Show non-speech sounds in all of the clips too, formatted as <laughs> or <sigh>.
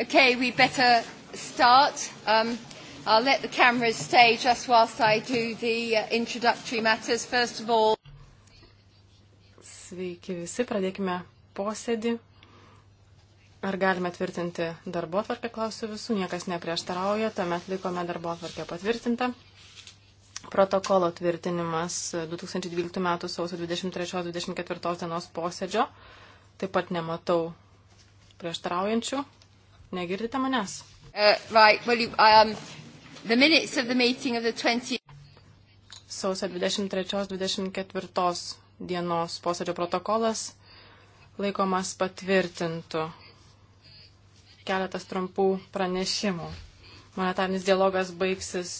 Okay, we better start. Um, I'll let the cameras stay just whilst I do the uh, introductory matters. First of all. Sveiki visi, pradėkime posėdį. Ar galime tvirtinti darbo atvarkę, klausiu visų, niekas neprieštarauja, tuomet laikome darbo atvarkę patvirtintą. Protokolo tvirtinimas 2012 m. sausio 23-24 dienos posėdžio. Taip pat nematau prieštaraujančių. Negirdite manęs? Uh, right, well, you, um, the minutes of the meeting of the 20... Sausio 23-24 dienos posėdžio protokolas laikomas patvirtintu. Keletas trumpų pranešimų. Monetarnis dialogas baigsis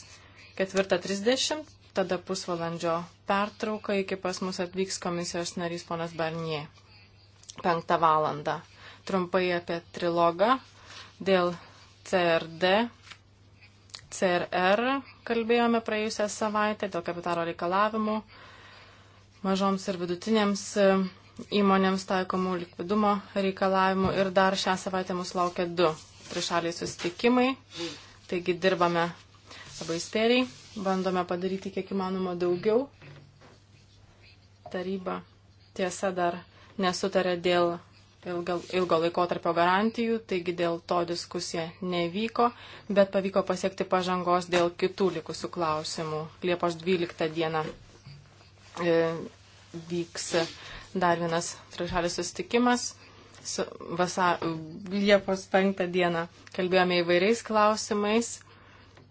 4.30, tada pusvalandžio pertrauka, iki pas mus atvyks komisijos narys ponas Barnie. 5 valandą. Trumpai apie trilogą. Dėl CRD, CRR kalbėjome praėjusią savaitę, dėl kapitalo reikalavimų mažoms ir vidutinėms e, įmonėms taikomų likvidumo reikalavimų ir dar šią savaitę mus laukia du trišaliai susitikimai. Taigi dirbame labai spėriai, bandome padaryti kiek įmanoma daugiau. Taryba tiesa dar nesutarė dėl ilgo, ilgo laiko tarpio garantijų, taigi dėl to diskusija nevyko, bet pavyko pasiekti pažangos dėl kitų likusių klausimų. Liepos 12 dieną e, vyks dar vienas trišalis susitikimas. Su vasa, Liepos 5 dieną kalbėjome įvairiais klausimais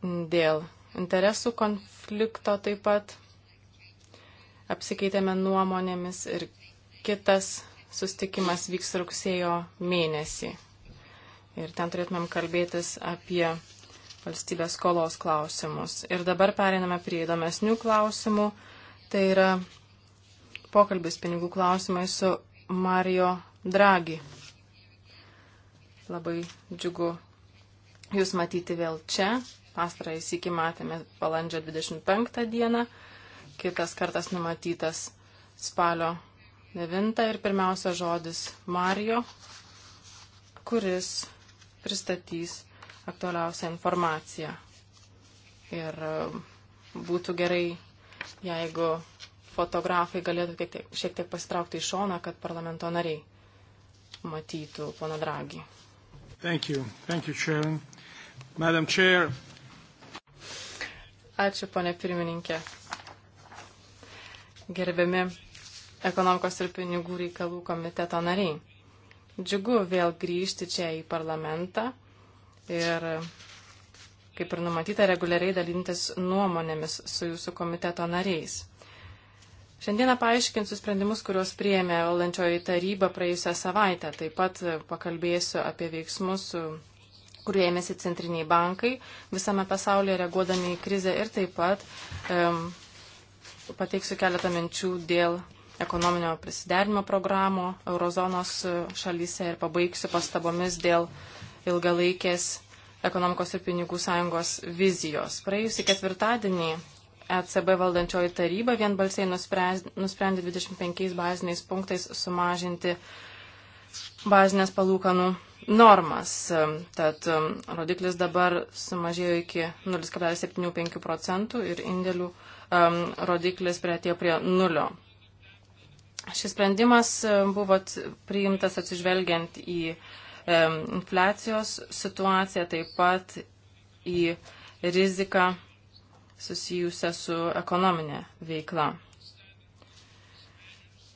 dėl interesų konflikto taip pat. Apsikeitėme nuomonėmis ir kitas sustikimas vyks rugsėjo mėnesį. Ir ten turėtumėm kalbėtis apie valstybės skolos klausimus. Ir dabar periname prie įdomesnių klausimų. Tai yra pokalbis pinigų klausimai su Mario Draghi. Labai džiugu Jūs matyti vėl čia. Pastarąjį sėki matėme balandžio 25 dieną. Kitas kartas numatytas spalio 9 ir pirmiausia žodis Mario, kuris pristatys aktualiausią informaciją. Ir e, būtų gerai, jeigu fotografai galėtų kiek tiek, šiek tiek pasitraukti į šoną, kad parlamento nariai matytų pono Dragį. Thank you. Thank you, Chair. Madam Chair. Ačiū, ponė pirmininkė. Gerbiami ekonomikos ir pinigų reikalų komiteto nariai. Džiugu vėl grįžti čia į parlamentą ir, kaip ir numatyta, reguliariai dalintis nuomonėmis su jūsų komiteto nariais. Šiandieną paaiškinsiu sprendimus, kuriuos priėmė valdančioji taryba praėjusią savaitę. Taip pat pakalbėsiu apie veiksmus, kurie ėmėsi centriniai bankai visame pasaulyje reaguodami į krizę ir taip pat um, pateiksiu keletą minčių dėl ekonominio prisiderimo programų eurozonos šalyse ir pabaigsiu pastabomis dėl ilgalaikės ekonomikos ir pinigų sąjungos vizijos. Praėjusį ketvirtadienį ECB valdančioji taryba vienbalsiai nusprendė 25 baziniais punktais sumažinti bazinės palūkanų normas. Tad um, rodiklis dabar sumažėjo iki 0,75 procentų ir indėlių um, rodiklis prieatėjo prie nulio. Prie Šis sprendimas e, buvo priimtas atsižvelgiant į e, infliacijos situaciją, taip pat į riziką susijusią su ekonominė veikla.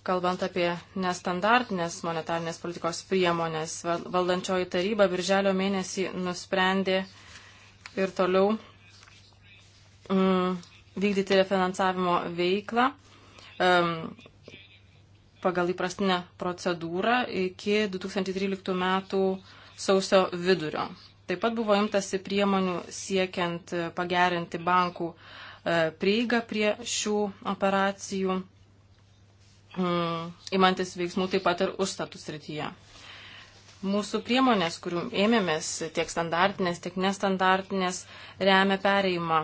Kalbant apie nestandartinės monetarnės politikos priemonės, valdančioji taryba birželio mėnesį nusprendė ir toliau mm, vykdyti refinansavimo veiklą, um, pagal įprastinę procedūrą iki 2013 metų sausio vidurio. Taip pat buvo imtasi priemonių siekiant pagerinti bankų e, prieigą prie šių operacijų, mm, imantis veiksmų taip pat ir užstatų srityje. Mūsų priemonės, kurių ėmėmės tiek standartinės, tiek nestandartinės, remia pereimą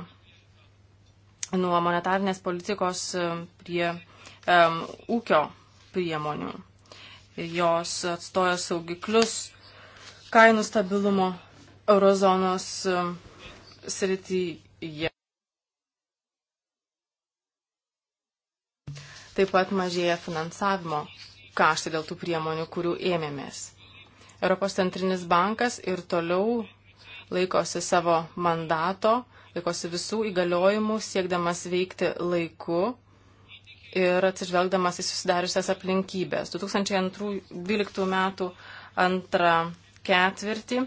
nuo monetarnės politikos e, prie um, ūkio priemonių. Ir jos atstoja saugiklius kainų stabilumo eurozonos um, srityje. Taip pat mažėja finansavimo kaštai dėl tų priemonių, kurių ėmėmės. Europos centrinis bankas ir toliau laikosi savo mandato, laikosi visų įgaliojimų, siekdamas veikti laiku ir atsižvelgdamas į susidariusias aplinkybės. 2012 metų antrą ketvirtį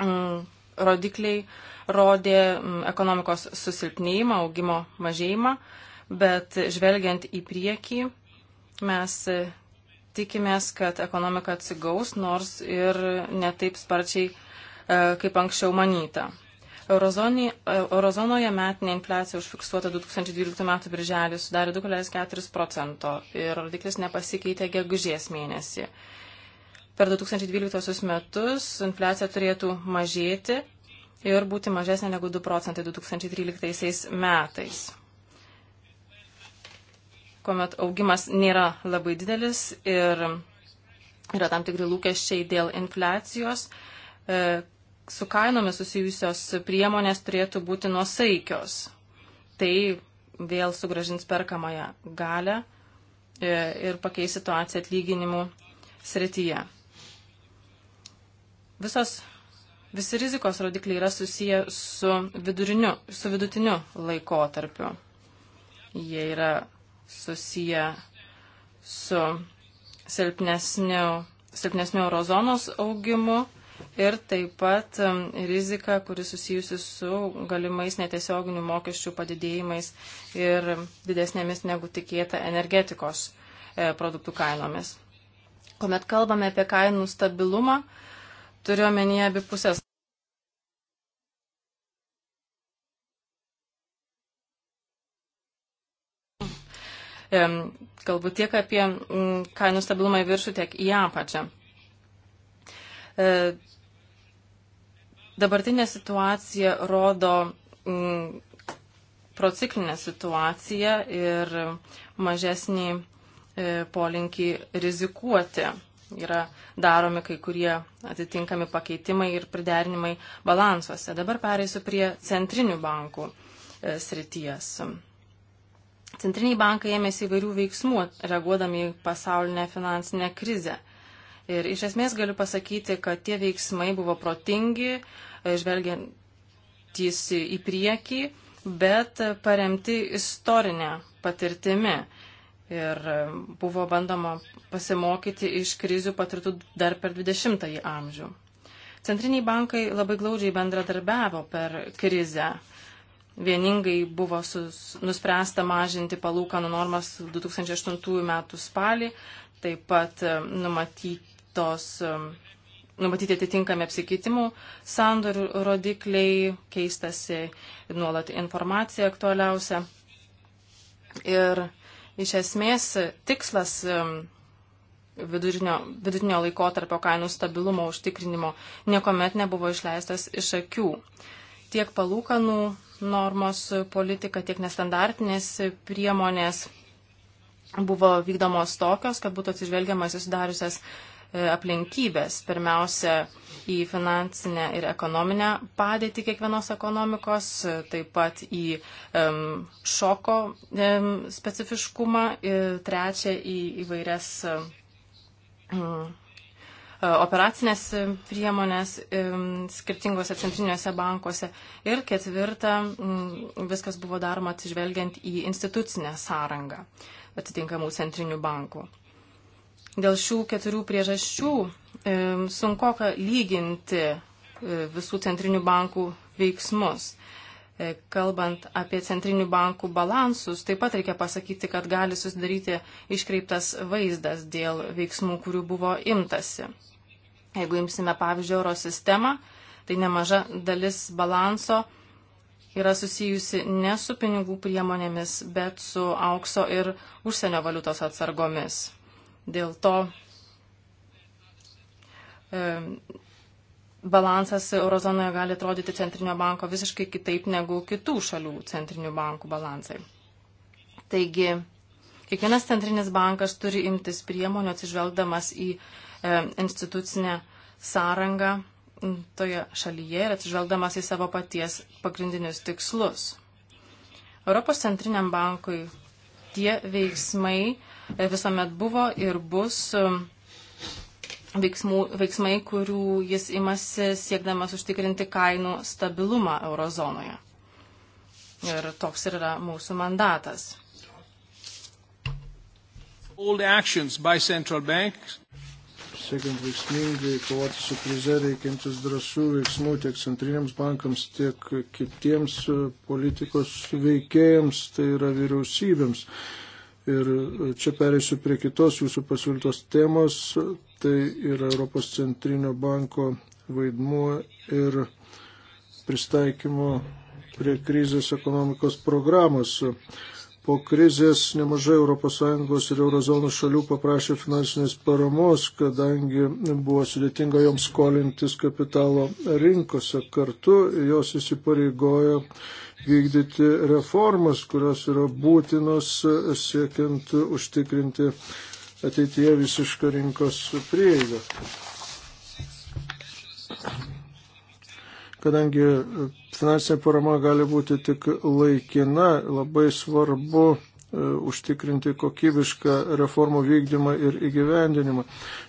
mm, rodikliai rodė mm, ekonomikos susilpnėjimą, augimo mažėjimą, bet žvelgiant į priekį mes e, tikimės, kad ekonomika atsigaus, nors ir netaip sparčiai, e, kaip anksčiau manyta. Eurozonį, eurozonoje metinė infliacija užfiksuota 2012 m. birželį sudarė 2,4 procento ir rodiklis nepasikeitė gegužės mėnesį. Per 2012 metus infliacija turėtų mažėti ir būti mažesnė negu 2 procentai 2013 metais kuomet augimas nėra labai didelis ir yra tam tikri lūkesčiai dėl infliacijos, e, su kainomis susijusios priemonės turėtų būti nuosaikios. Tai vėl sugražins perkamąją galę e, ir pakeis situaciją atlyginimų srityje. Visos, visi rizikos rodikliai yra susiję su, viduriniu, su vidutiniu laikotarpiu. Jie yra susiję su silpnesniu, silpnesniu eurozonos augimu ir taip pat rizika, kuris susijusi su galimais netiesioginių mokesčių padidėjimais ir didesnėmis negu tikėta energetikos e, produktų kainomis. Komet kalbame apie kainų stabilumą, turiu omenyje abi pusės. Kalbu tiek apie kainų stabilumą į viršų, tiek į apačią. E, dabartinė situacija rodo m, mm, prociklinę situaciją ir mažesnį e, polinkį rizikuoti. Yra daromi kai kurie atitinkami pakeitimai ir priderinimai balansuose. Dabar pereisiu prie centrinių bankų e, srities. Centriniai bankai ėmėsi įvairių veiksmų, reaguodami į pasaulinę finansinę krizę. Ir iš esmės galiu pasakyti, kad tie veiksmai buvo protingi, žvelgiantys į priekį, bet paremti istorinę patirtimi. Ir um, buvo bandoma pasimokyti iš krizių patirtų dar per 20-ąjį amžių. Centriniai bankai labai glaudžiai bendradarbiavo per krizę vieningai buvo sus, nuspręsta mažinti palūkanų normas 2008 metų spalį, taip pat um, numatyti numatytos, um, numatyti atitinkami apsikeitimų sandorių rodikliai, keistasi nuolat informacija aktualiausia. Ir iš esmės tikslas um, vidurinio, vidutinio laikotarpio kainų stabilumo užtikrinimo niekuomet nebuvo išleistas iš akių. Tiek palūkanų normos politika, tiek nestandartinės priemonės buvo vykdomos tokios, kad būtų atsižvelgiamas susidariusias E, aplinkybės. Pirmiausia, į finansinę ir ekonominę padėtį kiekvienos ekonomikos, e, taip pat į um, šoko um, specifiškumą, ir trečia, į įvairias um, operacinės priemonės skirtingose centriniuose bankuose. Ir ketvirta, viskas buvo daroma atsižvelgiant į institucinę sąrangą atitinkamų centrinių bankų. Dėl šių keturių priežasčių e, sunku lyginti e, visų centrinių bankų veiksmus. E, kalbant apie centrinių bankų balansus, taip pat reikia pasakyti, kad gali susidaryti iškreiptas vaizdas dėl veiksmų, kurių buvo imtasi. Jeigu imsime pavyzdžiui euro sistemą, tai nemaža dalis balanso yra susijusi ne su pinigų priemonėmis, bet su aukso ir užsienio valiutos atsargomis. Dėl to e, balansas eurozonoje gali atrodyti centrinio banko visiškai kitaip negu kitų šalių centrinių bankų balansai. Taigi, kiekvienas centrinis bankas turi imtis priemonių atsižvelgdamas į e, institucinę sąrangą toje šalyje ir atsižvelgdamas į savo paties pagrindinius tikslus. Europos centriniam bankui tie veiksmai, visuomet buvo ir bus um, veiksmų, veiksmai, kurių jis imasi siekdamas užtikrinti kainų stabilumą eurozonoje. Ir toks ir yra mūsų mandatas. Siekiant veiksmingai kovoti su krize, reikintis drąsų veiksmų tiek centriniams bankams, tiek kitiems politikos veikėjams, tai yra vyriausybėms. Uh, Ir čia pereisiu prie kitos jūsų pasiūlytos temos, tai yra Europos centrinio banko vaidmuo ir pristaikymo prie krizės ekonomikos programos. Po krizės nemažai ES ir Eurozonos šalių paprašė finansinės paramos, kadangi buvo sudėtinga joms skolintis kapitalo rinkose. Kartu jos įsipareigojo vykdyti reformas, kurios yra būtinos e, siekiant užtikrinti ateityje visišką rinkos prieigą. Kadangi finansinė parama gali būti tik laikina, labai svarbu e, užtikrinti kokybišką reformų vykdymą ir įgyvendinimą,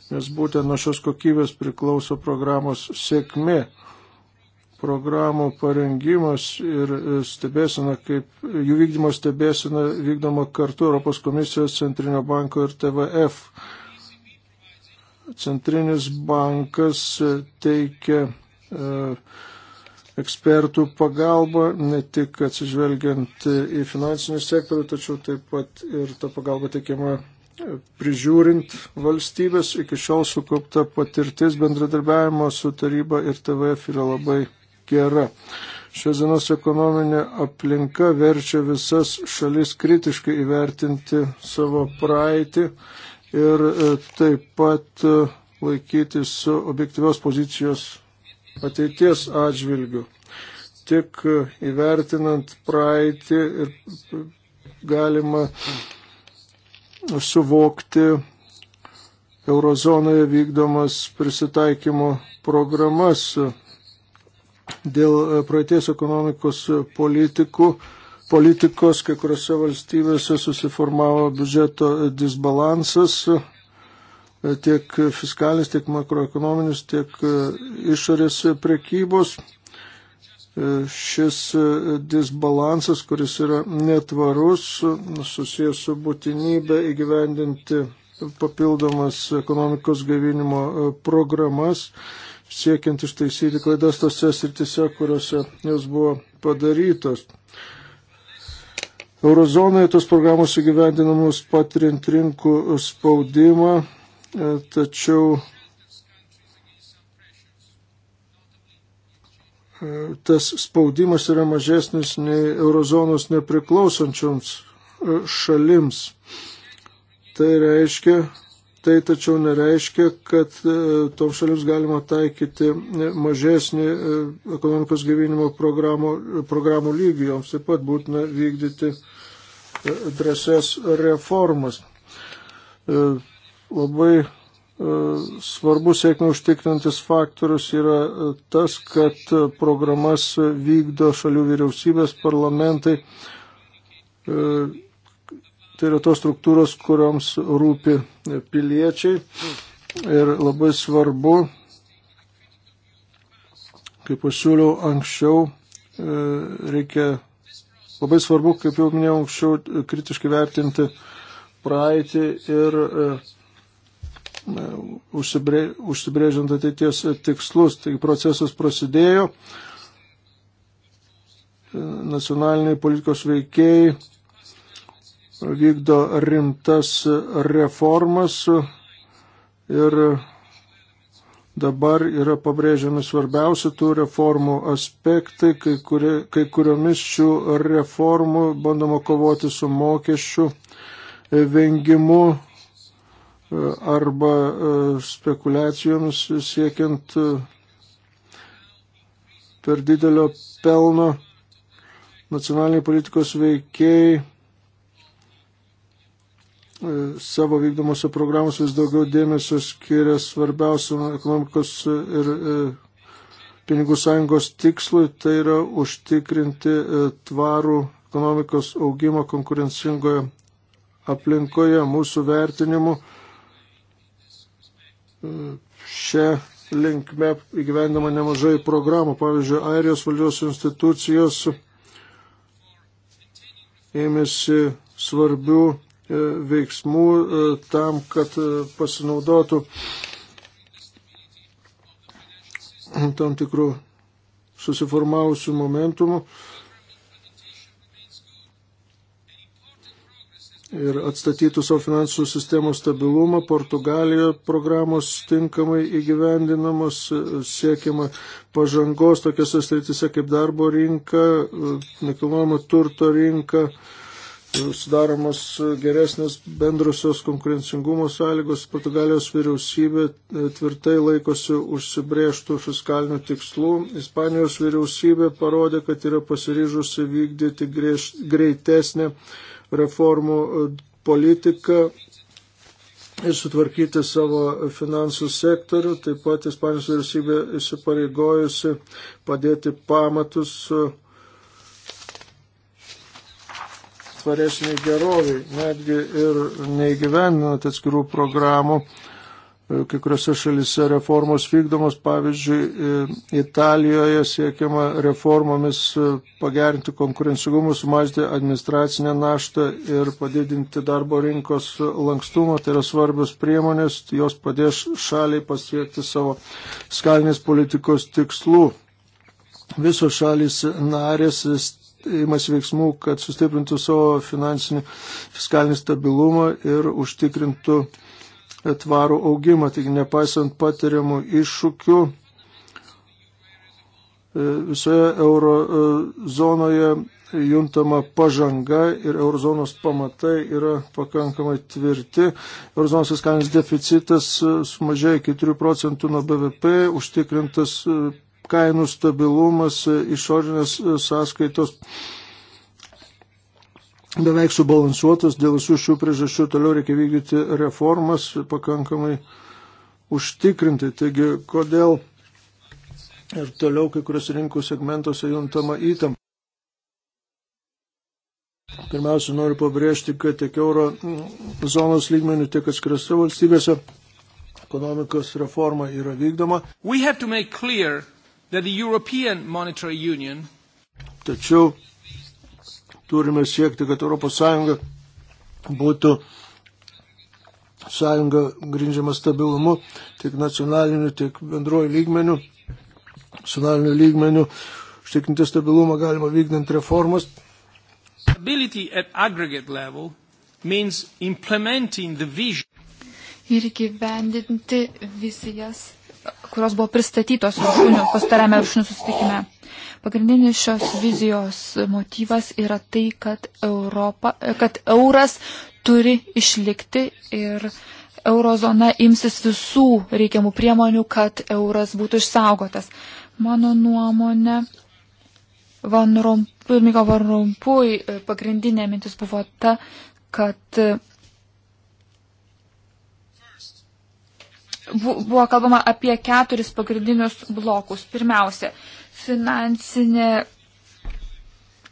nes būtent nuo šios kokybės priklauso programos sėkmė programų parengimas ir e, stebėsena, kaip jų vykdymo stebėsena vykdoma kartu Europos komisijos Centrinio banko ir TVF. Centrinis bankas e, teikia e, ekspertų pagalbą, ne tik atsižvelgiant į finansinį sektorių, tačiau taip pat ir ta pagalba teikiama prižiūrint valstybės, iki šiol sukaupta patirtis bendradarbiavimo su taryba ir TVF yra labai gera. Šios dienos ekonominė aplinka verčia visas šalis kritiškai įvertinti savo praeitį ir e, taip pat e, laikytis objektyvios pozicijos ateities atžvilgių. Tik e, įvertinant praeitį ir galima suvokti eurozonoje vykdomas prisitaikymo programas dėl e, praeities ekonomikos e, politikų, politikos, kai kuriuose valstybėse susiformavo biudžeto e, disbalansas, tiek fiskalinis, tiek makroekonominis, tiek išorės prekybos. Šis disbalansas, kuris yra netvarus, susijęs su būtinybė įgyvendinti papildomas ekonomikos gaivinimo programas, siekiant ištaisyti klaidas tose sritise, kuriuose jos buvo padarytos. Eurozonoje tos programos įgyvendinamos patiriant rinkų spaudimą, e, tačiau e, tas spaudimas yra mažesnis nei eurozonos nepriklausančioms e, šalims. Tai reiškia, tai tačiau nereiškia, kad e, tom šalims galima taikyti e, mažesnį e, ekonomikos gyvenimo programų, programų lygį, joms taip pat būtina vykdyti drąsias reformas. Labai svarbus sėkmė užtikrinantis faktorius yra tas, kad programas vykdo šalių vyriausybės, parlamentai Tai yra tos struktūros, kurioms rūpi piliečiai. Ir labai svarbu, kaip pasiūliau anksčiau, e, reikia labai svarbu, kaip jau minėjau anksčiau, kritiškai vertinti praeitį ir e, e, užsibrėžiant ateities tikslus. Taigi procesas prasidėjo, nacionaliniai politikos veikėjai vykdo rimtas reformas ir dabar yra pabrėžiami svarbiausi tų reformų aspektai, kai, kurie, kai kuriomis šių reformų bandoma kovoti su mokesčių vengimu e, arba e, spekulacijoms siekiant e, per didelio pelno nacionaliniai politikos veikėjai E, savo vykdomose programos vis daugiau dėmesio skiria svarbiausiam ekonomikos ir e, pinigų sąjungos tikslui, tai yra užtikrinti e, tvarų ekonomikos augimą konkurencingoje aplinkoje mūsų vertinimu. Šią linkme įgyvendama nemažai programų, pavyzdžiui, Airijos valdžios institucijos ėmėsi svarbių E, veiksmų e, tam, kad e, pasinaudotų tam tikrų susiformavusių momentumų ir atstatytų savo finansų sistemos stabilumą. Portugalijoje programos tinkamai įgyvendinamos, siekiama pažangos tokiose sritise kaip darbo rinka, nekilnojamo turto rinka, sudaromos geresnės bendrusios konkurencingumo sąlygos. Portugalijos vyriausybė e, tvirtai laikosi užsibrėžtų fiskalinių tikslų. Ispanijos vyriausybė parodė, kad yra pasiryžusi vykdyti griež, greitesnę reformų e, politiką ir sutvarkyti savo finansų sektorių. Taip pat Ispanijos vyriausybė įsipareigojusi padėti pamatus e, tvaresniai geroviai, netgi ir neįgyveninant atskirų programų. E, kai kuriuose šalise reformos vykdomos, pavyzdžiui, e, Italijoje siekiama reformomis e, pagerinti konkurencingumą, sumažinti administracinę naštą ir padidinti darbo rinkos lankstumą. Tai yra svarbios priemonės, jos padės šaliai pasiekti savo skalinės politikos tikslų visos šalis narės imasi veiksmų, kad sustiprintų savo finansinį fiskalinį stabilumą ir užtikrintų tvarų augimą. Taigi, nepaisant patiriamų iššūkių, e, visoje eurozonoje juntama pažanga ir eurozonos pamatai yra pakankamai tvirti. Eurozonos fiskalinis deficitas e, sumažėjo iki 3 procentų nuo BVP, užtikrintas e, kainų stabilumas, e, išorinės e, sąskaitos beveik subalansuotas, dėl visų šių priežasčių toliau reikia vykdyti reformas pakankamai užtikrinti. Taigi, kodėl ir toliau kai kurios rinkų segmentuose juntama įtampa. Pirmiausia, noriu pabrėžti, kad tiek euro zonos lygmenių, tiek atskirose valstybėse ekonomikos reforma yra vykdoma that the European Monetary Union Tačiau turime siekti, kad ES būtų sąjunga grindžiama stabilumu tiek nacionaliniu, tiek bendruoju lygmeniu. Nacionaliniu lygmeniu užtikrinti stabilumą galima vykdant reformas. Ir gyvendinti vizijas kurios buvo pristatytos viršūnių, pastarame viršūnių susitikime. Pagrindinis šios vizijos motyvas yra tai, kad, Europa, kad euras turi išlikti ir eurozona imsis visų reikiamų priemonių, kad euras būtų išsaugotas. Mano nuomonė, Van Rompuy, Mika Van Rompuy e, pagrindinė mintis buvo ta, kad buvo kalbama apie keturis pagrindinius blokus. Pirmiausia, finansinė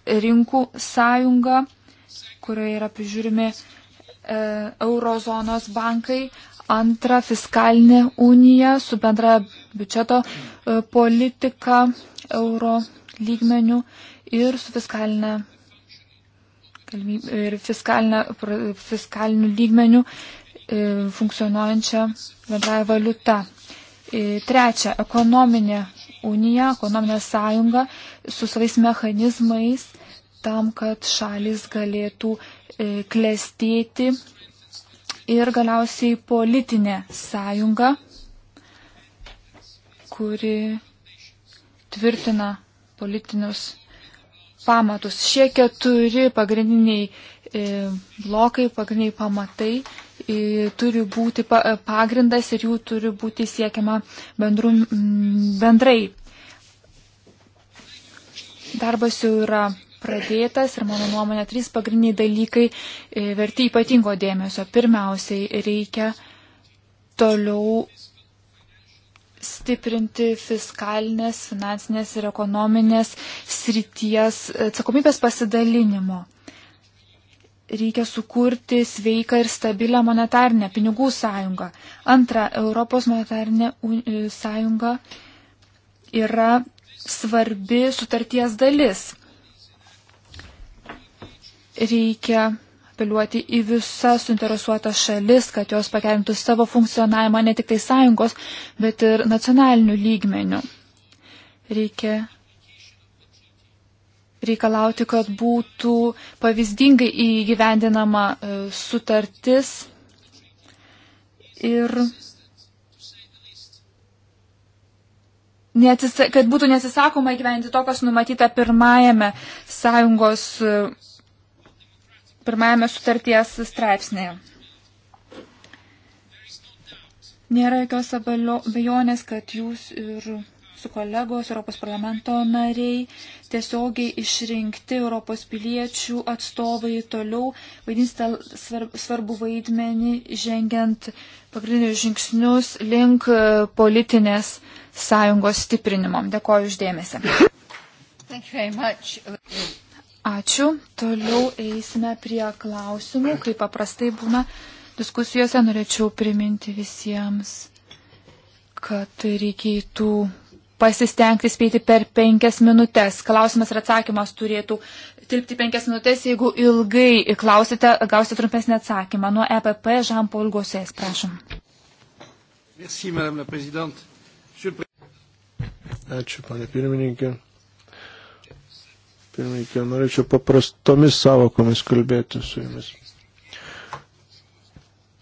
rinkų sąjunga, kurioje yra prižiūrimi e, eurozonos bankai. Antra, fiskalinė unija su bendra biudžeto e, politika euro lygmenių ir su fiskalinė ir fiskalinė, fiskaliniu lygmeniu E, funkcionuojančią bendrąją valiutą. E, trečia, ekonominė unija, ekonominė sąjunga su savais mechanizmais tam, kad šalis galėtų e, klestėti ir galiausiai politinė sąjunga, kuri tvirtina politinius pamatus. Šie keturi pagrindiniai blokai, pagrindiniai pamatai turi būti pagrindas ir jų turi būti siekiama bendru, mm, bendrai. Darbas jau yra pradėtas ir mano nuomonė trys pagrindiniai dalykai e, verti ypatingo dėmesio. Pirmiausiai reikia toliau stiprinti fiskalinės, finansinės ir ekonominės srities atsakomybės pasidalinimo reikia sukurti sveiką ir stabilę monetarinę pinigų sąjungą. Antra, Europos monetarinė e, sąjunga yra svarbi sutarties dalis. Reikia apeliuoti į visas suinteresuotas šalis, kad jos pakerintų savo funkcionavimą ne tik tai sąjungos, bet ir nacionalinių lygmenių. Reikia reikalauti, kad būtų pavyzdingai įgyvendinama e, sutartis ir neatsisa, kad būtų nesisakoma įgyvendinti to, kas numatyta pirmajame sąjungos, e, pirmajame sutarties straipsnėje. Nėra jokios abejonės, kad jūs ir su kolegos Europos parlamento nariai, tiesiogiai išrinkti Europos piliečių atstovai toliau vaidins svarbu vaidmenį žengiant pagrindinius žingsnius link e, politinės sąjungos stiprinimo. Dėkoju uždėmesi. Ačiū. Toliau eisime prie klausimų, kaip paprastai būna diskusijose norėčiau priminti visiems, kad reikėtų pasistengti spėti per penkias minutės. Klausimas ir atsakymas turėtų tilpti penkias minutės. Jeigu ilgai klausite, gausite trumpesnį atsakymą. Nuo EPP Žampol Gosės, prašom. Merci, Ačiū, panė pirmininkė. Pirmininkė, norėčiau paprastomis savokomis kalbėti su jumis.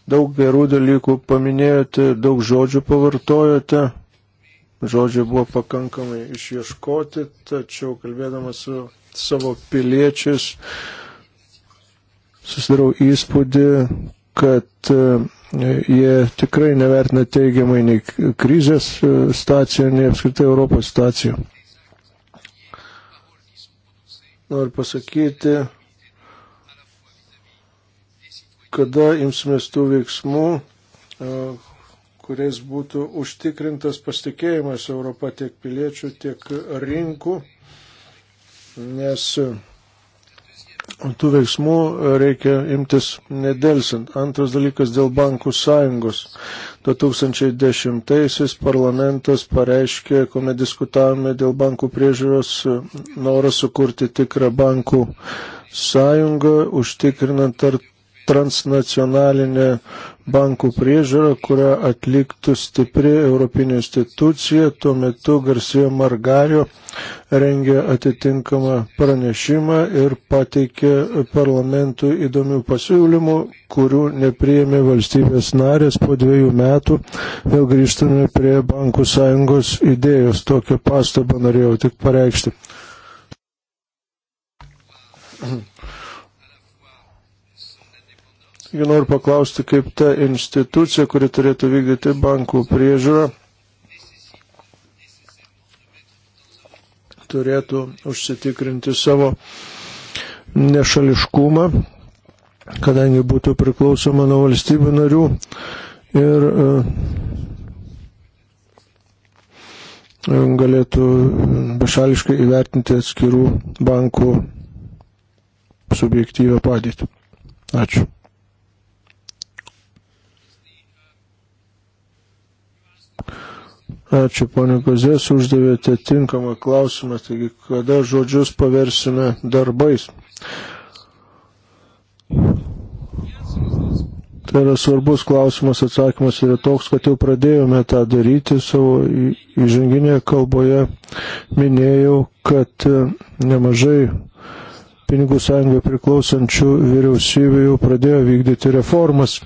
Daug gerų dalykų paminėjote, daug žodžių pavartojote, Žodžiai buvo pakankamai išieškoti, tačiau kalbėdamas su savo piliečiais susidarau įspūdį, kad e, jie tikrai nevertina teigiamai nei krizės e, staciją, nei apskritai Europos staciją. Noriu pasakyti, kada imsimės tų veiksmų, e, kuriais būtų užtikrintas pasitikėjimas Europą tiek piliečių, tiek rinkų, nes tų veiksmų reikia imtis nedelsint. Antras dalykas dėl bankų sąjungos. 2010-aisiais parlamentas pareiškė, kuomet diskutavome dėl bankų priežiūros, norą sukurti tikrą bankų sąjungą, užtikrinant tarp transnacionalinė bankų priežiūra, kurią atliktų stipri Europinė institucija. Tuo metu Garcia Margario rengė atitinkamą pranešimą ir pateikė parlamentui įdomių pasiūlymų, kurių nepriėmė valstybės narės po dviejų metų. Vėl grįžtame prie bankų sąjungos idėjos. Tokią pastabą norėjau tik pareikšti. Mm-hmm. Taigi noriu paklausti, kaip ta institucija, kuri turėtų vykdyti bankų priežiūrą, turėtų užsitikrinti savo nešališkumą, kadangi būtų priklausoma nuo valstybių narių ir e, galėtų bešališkai įvertinti atskirų bankų subjektyvę padėtį. Ačiū. Ačiū, ponė Gozės, uždavėte tinkamą klausimą, taigi kada žodžius paversime darbais. Tai yra svarbus klausimas, atsakymas yra toks, kad jau pradėjome tą daryti savo įžanginėje kalboje. Minėjau, kad e, nemažai pinigų sąjungai priklausančių vyriausybių jau pradėjo vykdyti reformas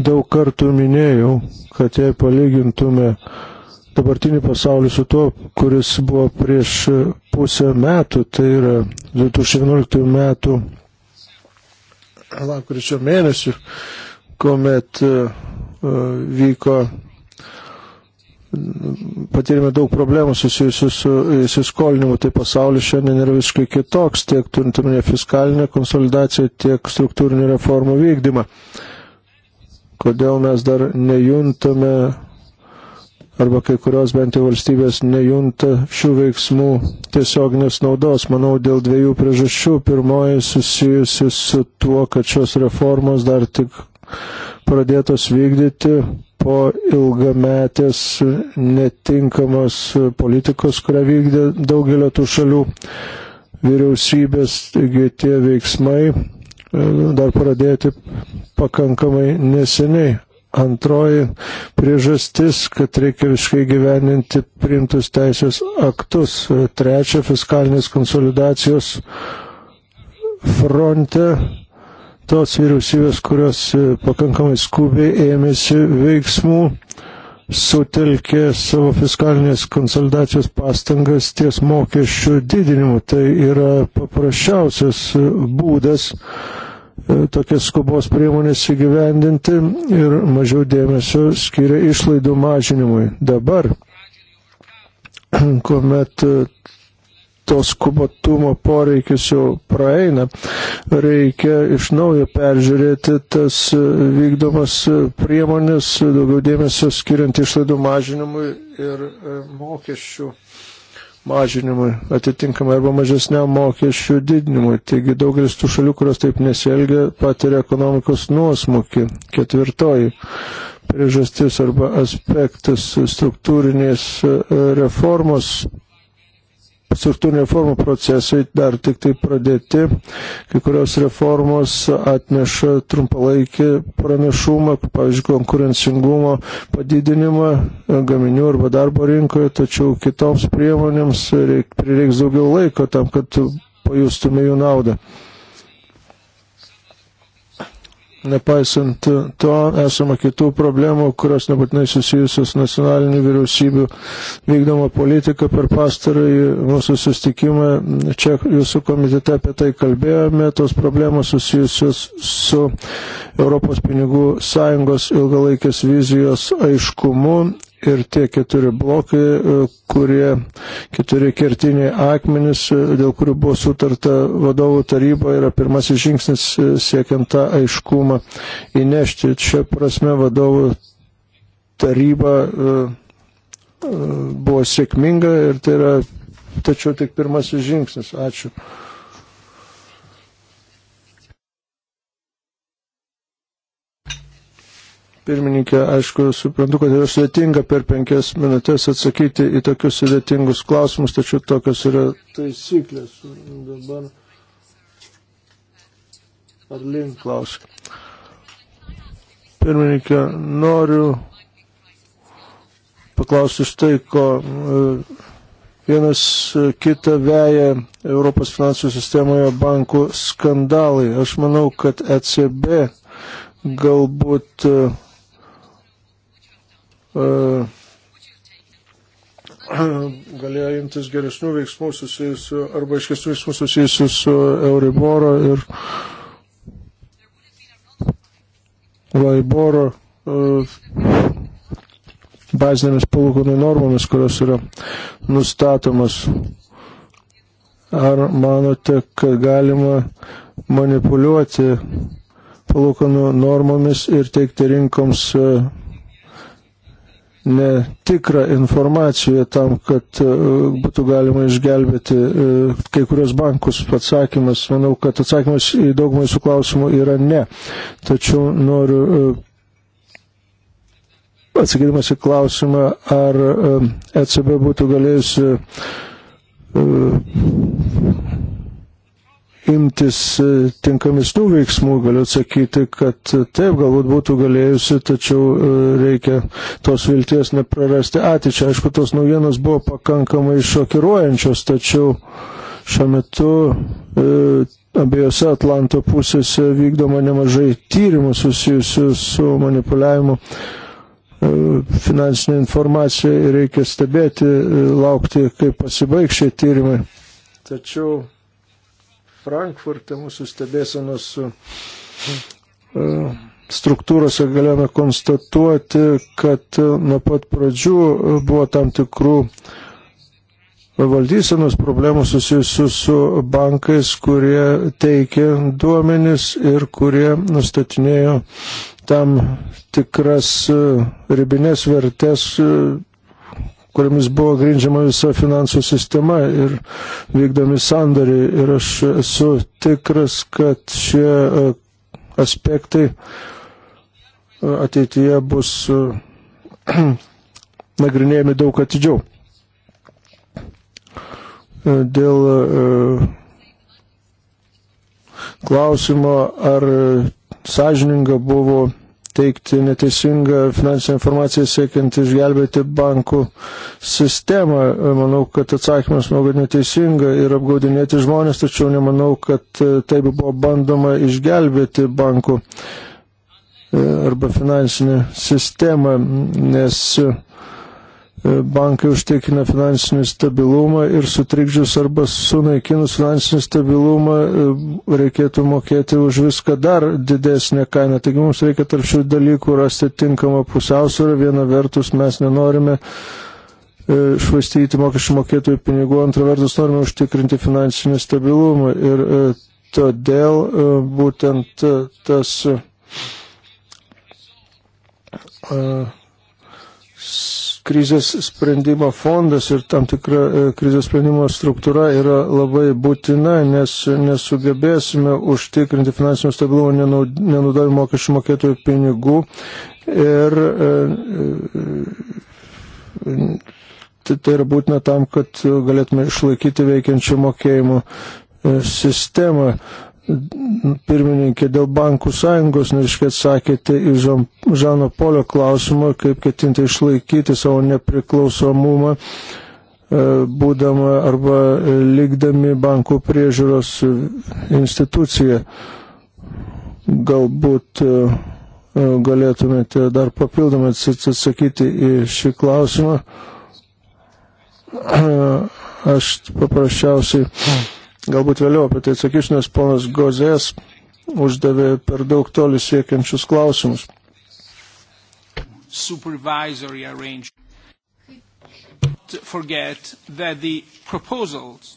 daug kartų minėjau, kad jei palygintume dabartinį pasaulį su tuo, kuris buvo prieš pusę metų, tai yra 2011 metų lapkričio mėnesių, kuomet e, e, vyko, patyrėme daug problemų susijusių su įsiskolinimu, tai pasaulis šiandien yra visiškai kitoks, tiek turint omenyje fiskalinę konsolidaciją, tiek struktūrinį reformų vykdymą kodėl mes dar nejuntame, arba kai kurios bent jau valstybės nejunta šių veiksmų tiesioginės naudos. Manau, dėl dviejų priežasčių. Pirmoji susijusi su tuo, kad šios reformos dar tik pradėtos vykdyti po ilgametės netinkamos politikos, kurią vykdė daugelio tų šalių vyriausybės, taigi tie veiksmai dar pradėti pakankamai neseniai. Antroji priežastis, kad reikia visiškai gyveninti priimtus teisės aktus. Trečia, fiskalinės konsolidacijos fronte tos vyriausybės, kurios pakankamai skubiai ėmėsi veiksmų, sutelkė savo fiskalinės konsolidacijos pastangas ties mokesčių didinimu. Tai yra paprasčiausias būdas e, tokias skubos priemonės įgyvendinti ir mažiau dėmesio skiria išlaidų mažinimui. Dabar, <clears throat> kuomet tos skubotumo poreikis jau praeina. Reikia iš naujo peržiūrėti tas vykdomas priemonės, daugiau dėmesio skiriant išlaidų mažinimui ir e, mokesčių mažinimui atitinkamai arba mažesniam mokesčių didinimui. Taigi daugelis tų šalių, kurios taip nesielgia, patiria ekonomikos nuosmukį. Ketvirtoji priežastis arba aspektas struktūrinės e, reformos struktūrinių reformų procesai dar tik tai pradėti. Kai kurios reformos atneša trumpalaikį pranašumą, pavyzdžiui, konkurencingumo padidinimą e, gaminių arba darbo rinkoje, tačiau kitoms priemonėms reik, prireiks daugiau laiko tam, kad pajustume jų naudą. Nepaisant to, esama kitų problemų, kurios nebūtinai susijusios nacionalinių vyriausybių vykdoma politika per pastarąjį mūsų sustikimą. Čia jūsų komitete apie tai kalbėjome, tos problemos susijusios su Europos pinigų sąjungos ilgalaikės vizijos aiškumu ir tie keturi blokai, e, kurie keturi kertiniai akmenys, e, dėl kurių buvo sutarta vadovų taryba, yra pirmasis žingsnis e, siekiant tą aiškumą įnešti. Čia prasme vadovų taryba buvo sėkminga ir tai yra tačiau tik pirmasis žingsnis. Ačiū. Pirmininkė, aišku, suprantu, kad yra sudėtinga per penkias minutės atsakyti į tokius sudėtingus klausimus, tačiau tokios yra taisyklės. Dabar ar link klausim. Pirmininkė, noriu paklausti štai, ko vienas kitą veja Europos finansų sistemoje bankų skandalai. Aš manau, kad ECB galbūt uh, E, <clears throat> galėjo imtis geresnių veiksmų susijusių arba iškesnių veiksmų susijusių su Euriboro ir Vaiboro e, bazinėmis palūkanų normomis, kurios yra nustatomas. Ar manote, kad galima manipuliuoti palūkanų normomis ir teikti rinkoms e, netikrą informaciją tam, kad e, būtų galima išgelbėti e, kai kurios bankus. Atsakymas, manau, kad atsakymas į daugumą jūsų klausimų yra ne. Tačiau noriu e, atsakydamas į klausimą, ar ECB būtų galėjusi imtis e, tinkamesnių veiksmų, galiu atsakyti, kad e, taip galbūt būtų galėjusi, tačiau e, reikia tos vilties neprarasti ateičiai. Aišku, tos naujienos buvo pakankamai šokiruojančios, tačiau šiuo metu e, abiejose Atlanto pusėse vykdoma nemažai tyrimų susijusių su manipuliavimu finansinė informacija ir reikia stebėti, laukti, kaip pasibaigs šie tyrimai. Tačiau Frankfurte mūsų stebėsenos e, struktūrose galėjome konstatuoti, kad e, nuo pat pradžių e, buvo tam tikrų valdysenos problemų susijusių su bankais, kurie teikė duomenis ir kurie nustatinėjo tam tikras ribinės vertės kuriamis buvo grindžiama visa finansų sistema ir vykdomi sandariai. Ir aš esu tikras, kad šie e, aspektai e, ateityje bus e, <clears throat> nagrinėjami daug atidžiau. Dėl klausimo, ar sąžininga buvo teikti neteisingą finansinę informaciją siekiant išgelbėti bankų sistemą. Manau, kad atsakymas, manau, kad neteisinga ir apgaudinėti žmonės, tačiau nemanau, kad e, taip buvo bandoma išgelbėti bankų e, arba finansinę sistemą, nes E, bankai užtikrina finansinį stabilumą ir sutrikdžius arba sunaikinus finansinį stabilumą e, reikėtų mokėti už viską dar didesnę kainą. Taigi mums reikia tarp šių dalykų rasti tinkamą pusiausvyrą. Viena vertus mes nenorime e, švaistyti mokesčių mokėtojų pinigų, antra vertus norime užtikrinti finansinį stabilumą. Ir todėl būtent tas. Uh, krizės sprendimo fondas ir tam tikra e, krizės sprendimo struktūra yra labai būtina, nes nesugebėsime užtikrinti finansinio stabilumo nenaudojant mokesčių mokėtojų pinigų ir e, e, tai, tai yra būtina tam, kad galėtume išlaikyti veikiančią mokėjimų sistemą pirmininkė, dėl bankų sąjungos, neiškai atsakėte į Žano Polio klausimą, kaip ketinti išlaikyti savo nepriklausomumą, e, būdama arba likdami bankų priežiūros instituciją. Galbūt e, e, galėtumėte dar papildomai atsakyti į šį klausimą. <clears throat> Aš paprasčiausiai Galbūt vėliau apie tai atsakysiu, nes ponas Gozės uždavė per daug toli siekiančius klausimus. Supervisory arrangement. Forget that the proposals.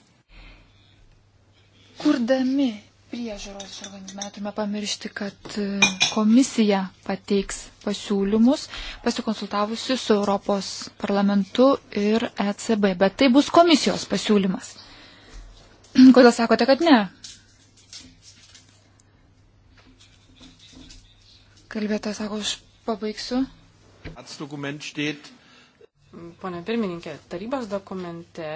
Kurdami priežiūros organizme turime pamiršti, kad e, komisija pateiks pasiūlymus pasikonsultavusi su Europos parlamentu ir ECB, bet tai bus komisijos pasiūlymas. <clears throat> Kodėl sakote, kad ne? Kalbėtą sako, aš pabaigsiu. Pone pirmininkė, tarybos dokumente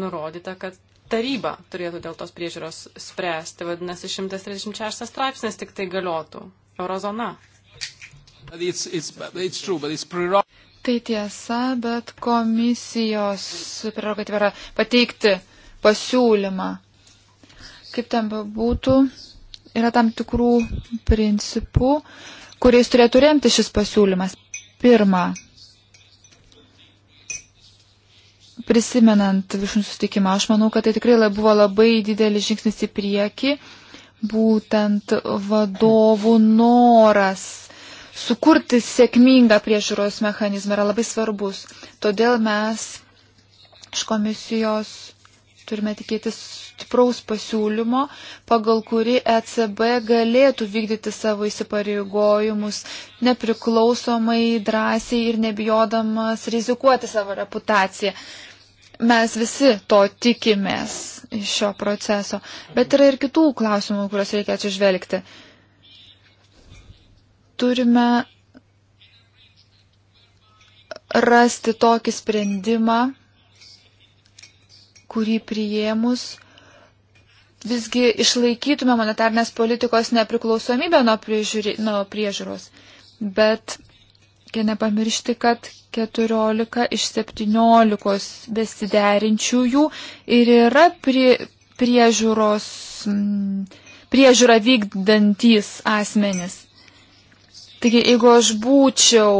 nurodyta, kad taryba turėtų dėl tos priežiūros spręsti, vadinasi, 136 straipsnis tik tai galiotų. Eurozona. It's, it's, it's true, tai tiesa, bet komisijos prerogatyva yra pateikti pasiūlymą. Kaip ten bebūtų, yra tam tikrų principų, kuriais turėtų remti šis pasiūlymas. Pirma, prisimenant viršūnų sustikimą, aš manau, kad tai tikrai buvo labai didelis žingsnis į priekį, būtent vadovų noras sukurti sėkmingą priežiūros mechanizmą yra labai svarbus. Todėl mes iš komisijos turime tikėtis stipraus pasiūlymo, pagal kurį ECB galėtų vykdyti savo įsipareigojimus nepriklausomai, drąsiai ir nebijodamas rizikuoti savo reputaciją. Mes visi to tikimės iš šio proceso, bet yra ir kitų klausimų, kuriuos reikia atsižvelgti. Turime rasti tokį sprendimą, kurį priėmus visgi išlaikytume monetarnės politikos nepriklausomybę nuo, priežiūri, nuo priežiūros. Bet reikia nepamiršti, kad 14 iš 17 besiderinčiųjų ir yra prie, priežiūros, mm, priežiūra vykdantys asmenys. Taigi, jeigu aš būčiau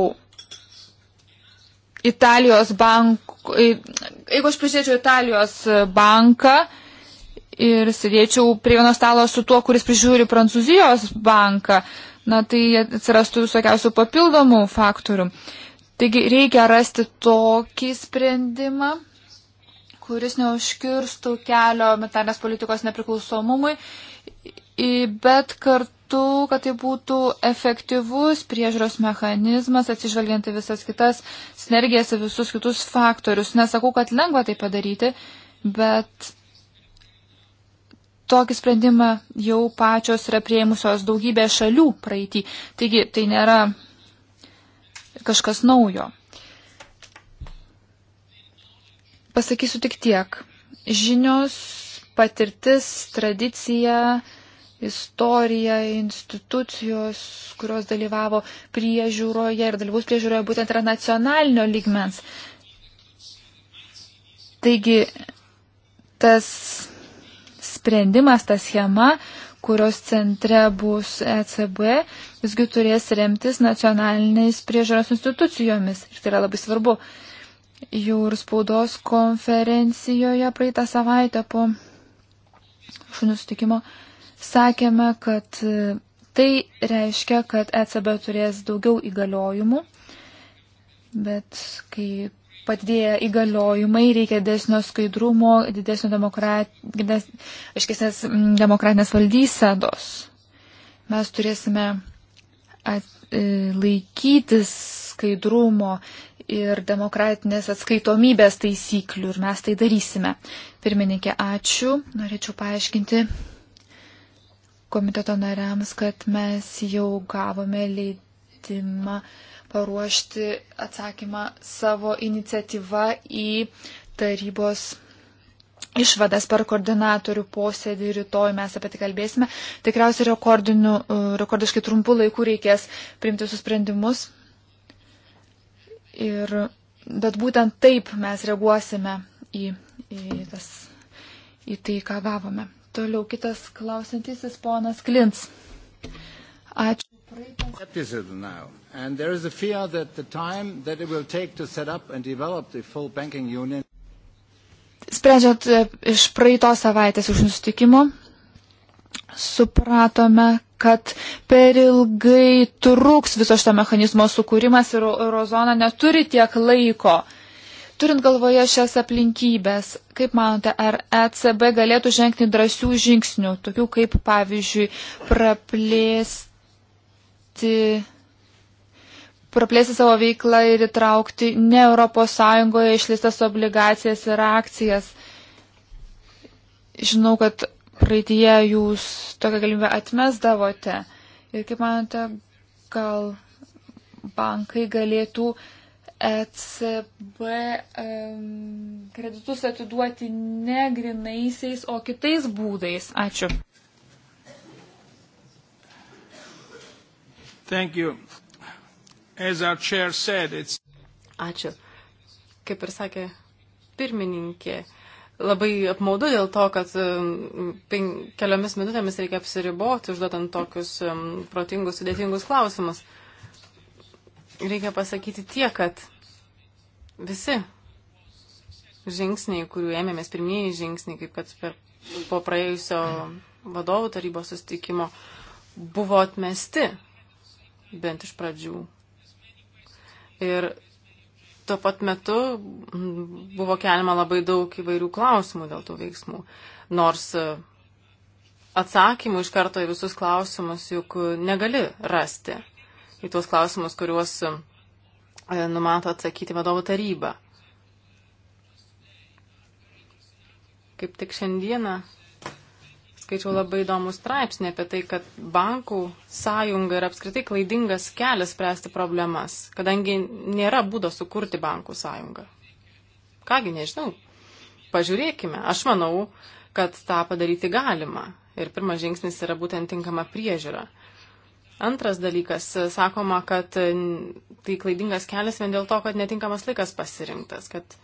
Italijos bankų, jeigu aš prižiūrėčiau Italijos e, banką ir sėdėčiau prie vieno stalo su tuo, kuris prižiūri Prancūzijos banką, na tai atsirastų visokiausių papildomų faktorių. Taigi reikia rasti tokį sprendimą, kuris neužkirstų kelio metalinės politikos nepriklausomumui, bet kartu kartu, kad tai būtų efektyvus priežiūros mechanizmas, atsižvelgiant į visas kitas sinergijas ir visus kitus faktorius. Nesakau, kad lengva tai padaryti, bet tokį sprendimą jau pačios yra prieimusios daugybė šalių praeitį. Taigi tai nėra kažkas naujo. Pasakysiu tik tiek. Žinios, patirtis, tradicija istorija, institucijos, kurios dalyvavo priežiūroje ir dalyvus priežiūroje būtent yra nacionalinio ligmens. Taigi tas sprendimas, ta schema, kurios centre bus ECB, visgi turės remtis nacionaliniais priežiūros institucijomis. Ir tai yra labai svarbu. Jau ir spaudos konferencijoje praeitą savaitę po šunų sutikimo sakėme, kad e, tai reiškia, kad ECB turės daugiau įgaliojimų, bet kai padidėja įgaliojimai, reikia desnio skaidrumo, didesnio demokrat, des, aiškesnės demokratinės valdysedos. Mes turėsime at, e, laikytis skaidrumo ir demokratinės atskaitomybės taisyklių ir mes tai darysime. Pirmininkė, ačiū. Norėčiau paaiškinti komiteto nariams, kad mes jau gavome leidimą paruošti atsakymą savo iniciatyvą į tarybos išvadas per koordinatorių posėdį rytoj mes apie tai kalbėsime. Tikriausiai rekordiškai trumpu laiku reikės priimti visus sprendimus. Ir, bet būtent taip mes reaguosime į, į, tas, į tai, ką gavome. Toliau kitas klausantisis ponas Klins. Ačiū. And there is a fear that the time that it will take to set up and develop the full banking union. Sprendžiant e, iš praeitos savaitės už nusitikimo, supratome, kad per ilgai truks viso šito mechanizmo sukūrimas ir eurozona neturi tiek laiko uh, Turint galvoje šias aplinkybės, kaip manote, ar ECB galėtų žengti drąsių žingsnių, tokių kaip, pavyzdžiui, praplėsti, praplėsti savo veiklą ir įtraukti ne ES išlistas obligacijas ir akcijas? Žinau, kad praeitie jūs tokią galimybę atmesdavote. Ir kaip manote, gal bankai galėtų uh, ECB um, kreditus atiduoti ne grinaisiais, o kitais būdais. Ačiū. Said, Ačiū. Kaip ir sakė pirmininkė, labai apmaudu dėl to, kad pen, keliomis minutėmis reikia apsiriboti, užduodant tokius um, protingus, sudėtingus klausimus reikia pasakyti tiek, kad visi žingsniai, kurių ėmėmės pirmieji žingsniai, kaip kad per, po praėjusio vadovų tarybos sustikimo, buvo atmesti bent iš pradžių. Ir tuo pat metu buvo keliama labai daug įvairių klausimų dėl tų veiksmų. Nors e, atsakymų iš karto į visus klausimus juk negali rasti į tuos klausimus, kuriuos e, numato atsakyti vadovų taryba. Kaip tik šiandieną skaičiau labai įdomų straipsnį apie tai, kad bankų sąjunga yra apskritai klaidingas kelias spręsti problemas, kadangi nėra būdo sukurti bankų sąjungą. Kągi, nežinau. Pažiūrėkime. Aš manau, kad tą padaryti galima. Ir pirmas žingsnis yra būtent tinkama priežiūra. Antras dalykas, sakoma, kad e, tai klaidingas kelias vien dėl to, kad netinkamas laikas pasirinktas, kad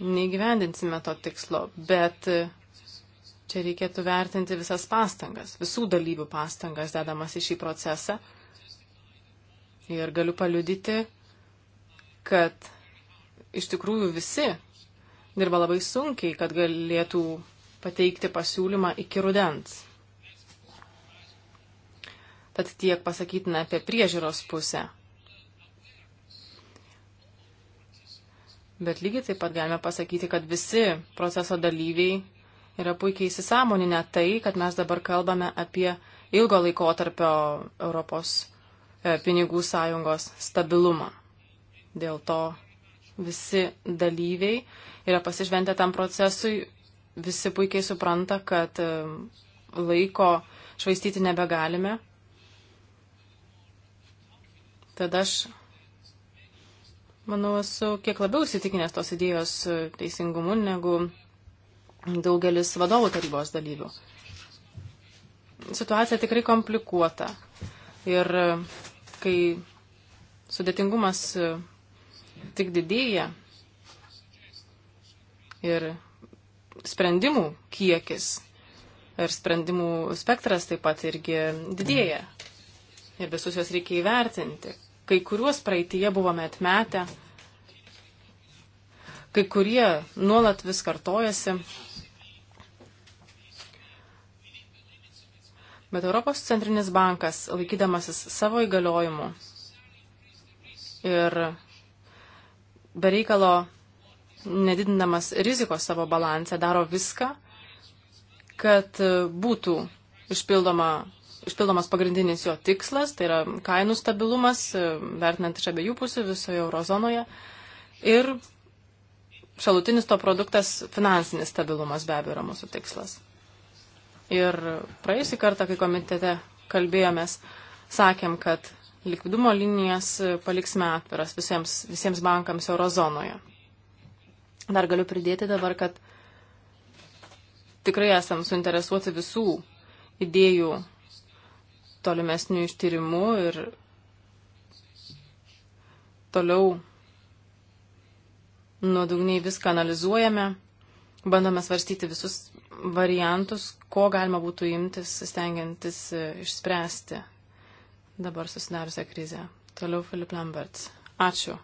neįgyvendinsime to tikslo, bet e, čia reikėtų vertinti visas pastangas, visų dalyvių pastangas dedamas į šį procesą. Ir galiu paliudyti, kad iš tikrųjų visi dirba labai sunkiai, kad galėtų pateikti pasiūlymą iki rudens. Tad tiek pasakytina apie priežiūros pusę. Bet lygiai taip pat galime pasakyti, kad visi proceso dalyviai yra puikiai įsisamoninę tai, kad mes dabar kalbame apie ilgo laiko tarpio Europos e, pinigų sąjungos stabilumą. Dėl to visi dalyviai yra pasižventę tam procesui, visi puikiai supranta, kad e, laiko švaistyti nebegalime Tada aš, manau, esu kiek labiau įsitikinęs tos idėjos e, teisingumu negu daugelis vadovų tarybos dalyvių. Situacija tikrai komplikuota. Ir e, kai sudėtingumas e, tik didėja ir sprendimų kiekis ir sprendimų spektras taip pat irgi didėja. Ir visus juos reikia įvertinti kai kuriuos praeitie buvome atmetę, kai kurie nuolat vis kartojasi. Bet Europos centrinis bankas, laikydamasis savo įgaliojimų ir bereikalo nedidindamas rizikos savo balansę, daro viską, kad būtų išpildoma išpildomas pagrindinis jo tikslas, tai yra kainų stabilumas, e, vertinant iš abiejų pusių visoje eurozonoje. Ir šalutinis to produktas finansinis stabilumas be abejo yra mūsų tikslas. Ir praėjusį kartą, kai komitete kalbėjomės, sakėm, kad likvidumo linijas paliksime atviras visiems, visiems bankams eurozonoje. Dar galiu pridėti dabar, kad tikrai esam suinteresuoti visų idėjų tolimesnių ištyrimų ir toliau nuodugniai viską analizuojame, bandome svarstyti visus variantus, ko galima būtų imtis, stengiantis e, išspręsti dabar susidariusią krizę. Toliau Filip Lamberts. Ačiū.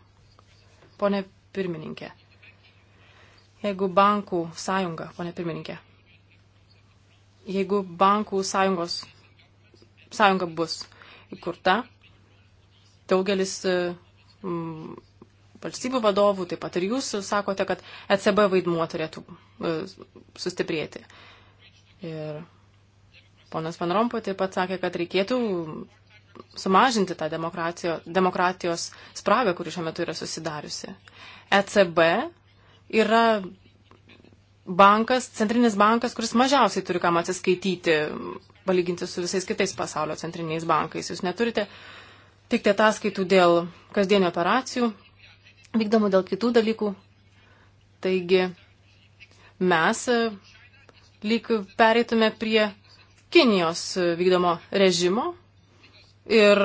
Pone pirmininkė. Jeigu bankų sąjunga, pone pirmininkė, jeigu bankų sąjungos sąjunga bus įkurta. Daugelis mm, valstybių vadovų, taip pat ir jūs sakote, kad ECB vaidmuo turėtų e, sustiprėti. Ir ponas Van Rompuy taip pat sakė, kad reikėtų sumažinti tą demokratijos spragą, kuri šiuo metu yra susidariusi. ECB yra bankas, centrinis bankas, kuris mažiausiai turi kam atsiskaityti, palyginti su visais kitais pasaulio centriniais bankais. Jūs neturite tikti ataskaitų dėl kasdienio operacijų, vykdomų dėl kitų dalykų. Taigi mes e, lyg pereitume prie Kinijos e, vykdomo režimo ir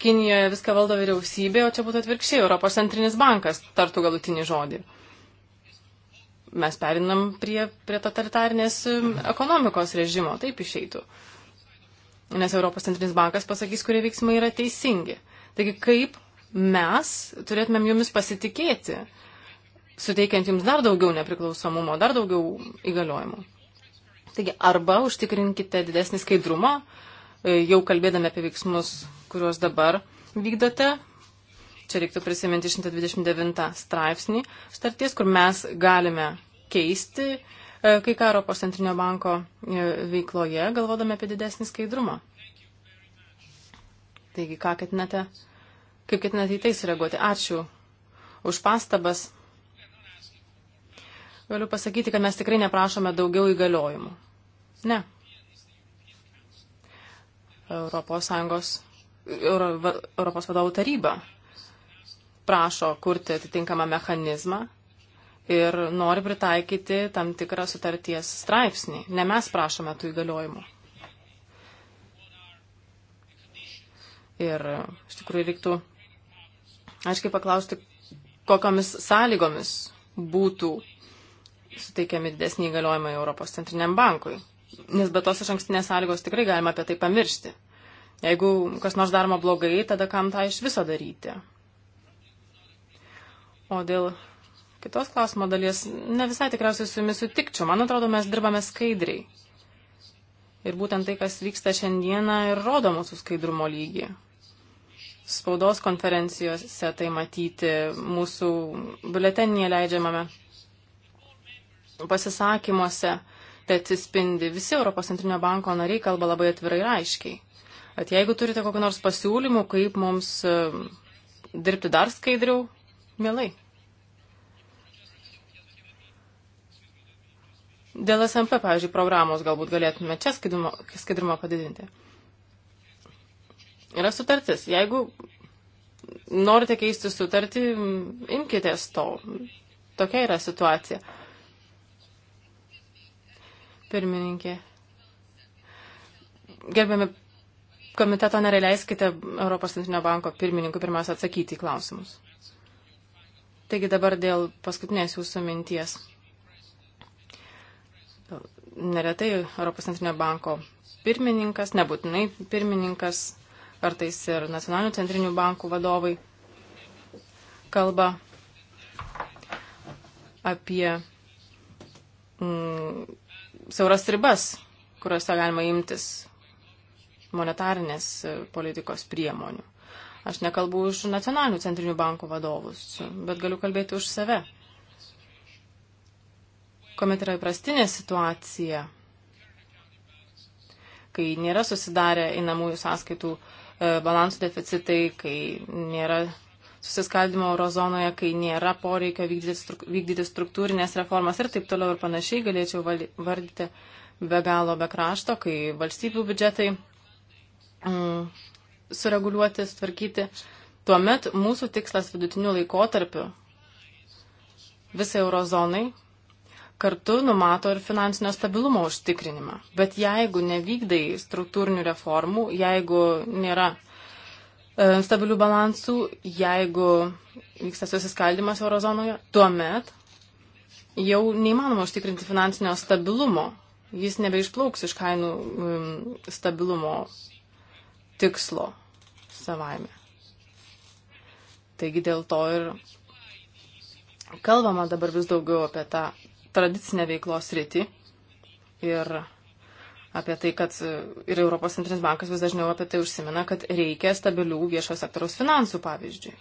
Kinijoje viską valdo vyriausybė, o čia būtų atvirkščiai, Europos centrinis bankas tartų galutinį žodį. Mes perinam prie, prie totalitarnės um, ekonomikos režimo, taip išeitų. Nes Europos centrinis bankas pasakys, kurie veiksmai yra teisingi. Taigi kaip mes turėtumėm jumis pasitikėti, suteikiant jums dar daugiau nepriklausomumo, dar daugiau įgaliojimų. Taigi arba užtikrinkite didesnį skaidrumą, e, jau kalbėdami apie veiksmus kuriuos dabar vykdote. Čia reiktų prisiminti 129 straipsnį starties, kur mes galime keisti e, kai ką Europos centrinio banko e, veikloje, galvodami apie didesnį skaidrumą. Taigi, ką ketinate, kaip ketinate į tai sureaguoti? Ačiū už pastabas. Galiu pasakyti, kad mes tikrai neprašome daugiau įgaliojimų. Ne. Europos Sąjungos Euro, Europos vadovų taryba prašo kurti atitinkamą mechanizmą ir nori pritaikyti tam tikrą sutarties straipsnį. Ne mes prašome tų įgaliojimų. Ir iš tikrųjų reiktų aiškiai paklausti, kokiamis sąlygomis būtų suteikiami didesnį įgaliojimą Europos centriniam bankui. Nes be tos iš ankstinės sąlygos tikrai galima apie tai pamiršti. Jeigu kas nors daroma blogai, tada kam tą iš viso daryti? O dėl kitos klausimo dalies ne visai tikriausiai su jumis sutikčiau. Man atrodo, mes dirbame skaidriai. Ir būtent tai, kas vyksta šiandieną, ir rodo mūsų skaidrumo lygį. Spaudos konferencijose tai matyti, mūsų biuletenyje leidžiamame pasisakymuose, tai atsispindi. Visi Europos centrinio banko nariai kalba labai atvirai ir aiškiai kad jeigu turite kokiu nors pasiūlymu, kaip mums e, dirbti dar skaidriau, mielai. Dėl SMP, pavyzdžiui, programos galbūt galėtume čia skaidrumo, skaidrumo padidinti. Yra sutartis. Jeigu norite keisti sutartį, imkitės to. Tokia yra situacija. Pirmininkė. Gerbiami komiteto nariai leiskite Europos centrinio banko pirmininkui pirmiausia atsakyti į klausimus. Taigi dabar dėl paskutinės jūsų minties. Neretai Europos centrinio banko pirmininkas, nebūtinai pirmininkas, kartais ir nacionalinių centrinių bankų vadovai kalba apie mm, siauras ribas, kuriuose galima imtis monetarinės e, politikos priemonių. Aš nekalbu už nacionalinių centrinių bankų vadovus, bet galiu kalbėti už save. Komet yra įprastinė situacija, kai nėra susidarę einamųjų sąskaitų e, balansų deficitai, kai nėra susiskaldimo eurozonoje, kai nėra poreikio vykdyti struktūrinės reformas ir taip toliau ir panašiai, galėčiau vardyti be galo be krašto, kai valstybių biudžetai Mm, sureguliuoti, tvarkyti, tuomet mūsų tikslas vidutiniu laikotarpiu visai eurozonai kartu numato ir finansinio stabilumo užtikrinimą. Bet jeigu nevykdai struktūrinių reformų, jeigu nėra e, stabilių balansų, jeigu vyksta susiskaldimas eurozonoje, tuomet jau neįmanoma užtikrinti finansinio stabilumo. Jis nebeišplauks iš kainų stabilumo tikslo savaime. Taigi dėl to ir kalbama dabar vis daugiau apie tą tradicinę veiklos rytį ir apie tai, kad ir Europos centrinis bankas vis dažniau apie tai užsimena, kad reikia stabilių viešo sektoriaus finansų, pavyzdžiui.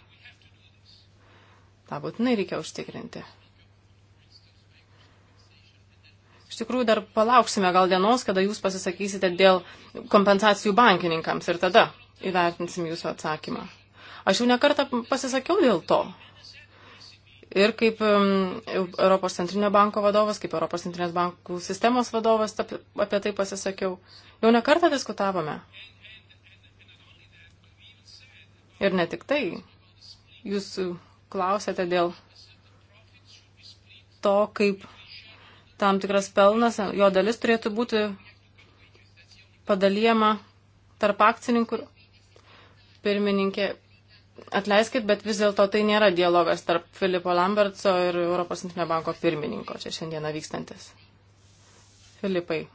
Ta būtinai reikia užtikrinti. Iš tikrųjų, dar palauksime gal dienos, kada jūs pasisakysite dėl kompensacijų bankininkams ir tada įvertinsim jūsų atsakymą. Aš jau nekartą pasisakiau dėl to. Ir kaip um, Europos centrinio banko vadovas, kaip Europos centrinės bankų sistemos vadovas apie tai pasisakiau. Jau nekartą diskutavome. Ir ne tik tai. Jūs klausėte dėl to, kaip tam tikras pelnas, jo dalis turėtų būti padalyjama tarp akcininkų. Pirmininkė, atleiskit, bet vis dėlto tai nėra dialogas tarp Filipo Lambertso ir Europos Centrinio banko pirmininko čia šiandieną vykstantis. Filipai.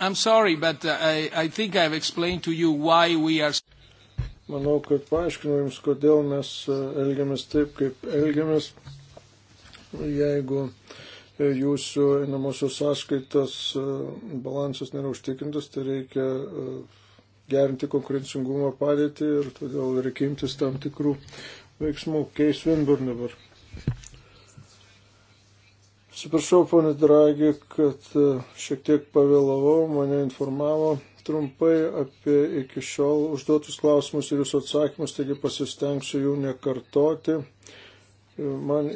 I'm sorry, but uh, I, I think I've explained to you why we are. Manau, kad paaiškinau Jums, kodėl mes uh, elgiamės taip, kaip elgiamės jeigu e, jūsų einamosios sąskaitos e, balansas nėra užtikrintas, tai reikia e, gerinti konkurencingumo padėtį ir todėl reikia imtis tam tikrų veiksmų. Keis Winburn dabar. Atsiprašau, ponė Dragi, kad šiek tiek pavėlavau, mane informavo trumpai apie iki šiol užduotus klausimus ir jūsų atsakymus, taigi pasistengsiu jų nekartoti. Man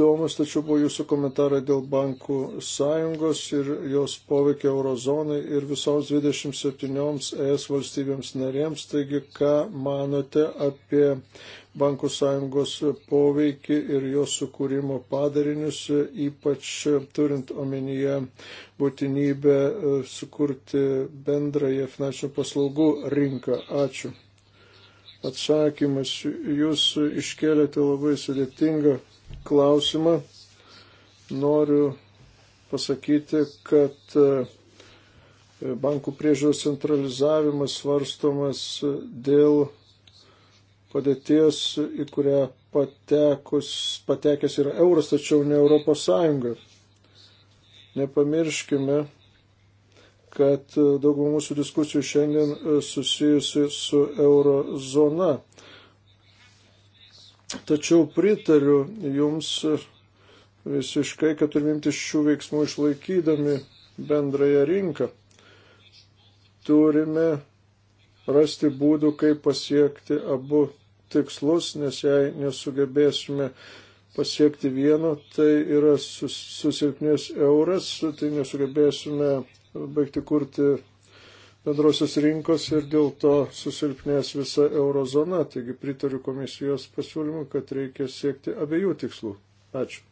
įdomus, tačiau buvo jūsų komentarai dėl bankų sąjungos ir jos poveikio eurozonai ir visoms 27 ES valstybėms narėms. Taigi, ką manote apie bankų sąjungos poveikį ir jos sukūrimo padarinius, ypač turint omenyje būtinybę e, sukurti bendrąją finansinių paslaugų rinką. Ačiū. Atsakymas, jūs iškėlėte labai sudėtingą klausimą, noriu pasakyti, kad e, bankų priežiūros centralizavimas svarstomas dėl padėties, į kurią patekus, patekęs yra euras, tačiau ne Europos Sąjunga. Nepamirškime, kad daugumą mūsų diskusijų šiandien e, susijusi su euro zona. Tačiau pritariu Jums visiškai, kad turim imtis šių veiksmų išlaikydami bendrąją rinką. Turime rasti būdų, kaip pasiekti abu tikslus, nes jei nesugebėsime pasiekti vieno, tai yra sus, susilpnės euras, tai nesugebėsime baigti kurti bendrosios rinkos ir dėl to susilpnės visa eurozona. Taigi pritariu komisijos pasiūlymui, kad reikia siekti abiejų tikslų. Ačiū.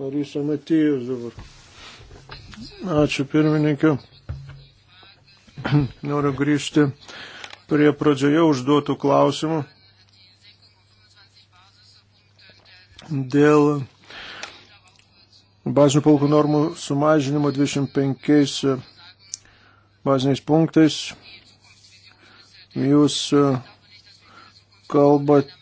Marisa Matijos dabar. Ačiū pirmininkė. <clears throat> Noriu grįžti prie pradžioje užduotų klausimų dėl bazinių palūkanų normų sumažinimo 25 e, baziniais punktais. Jūs e, kalbate,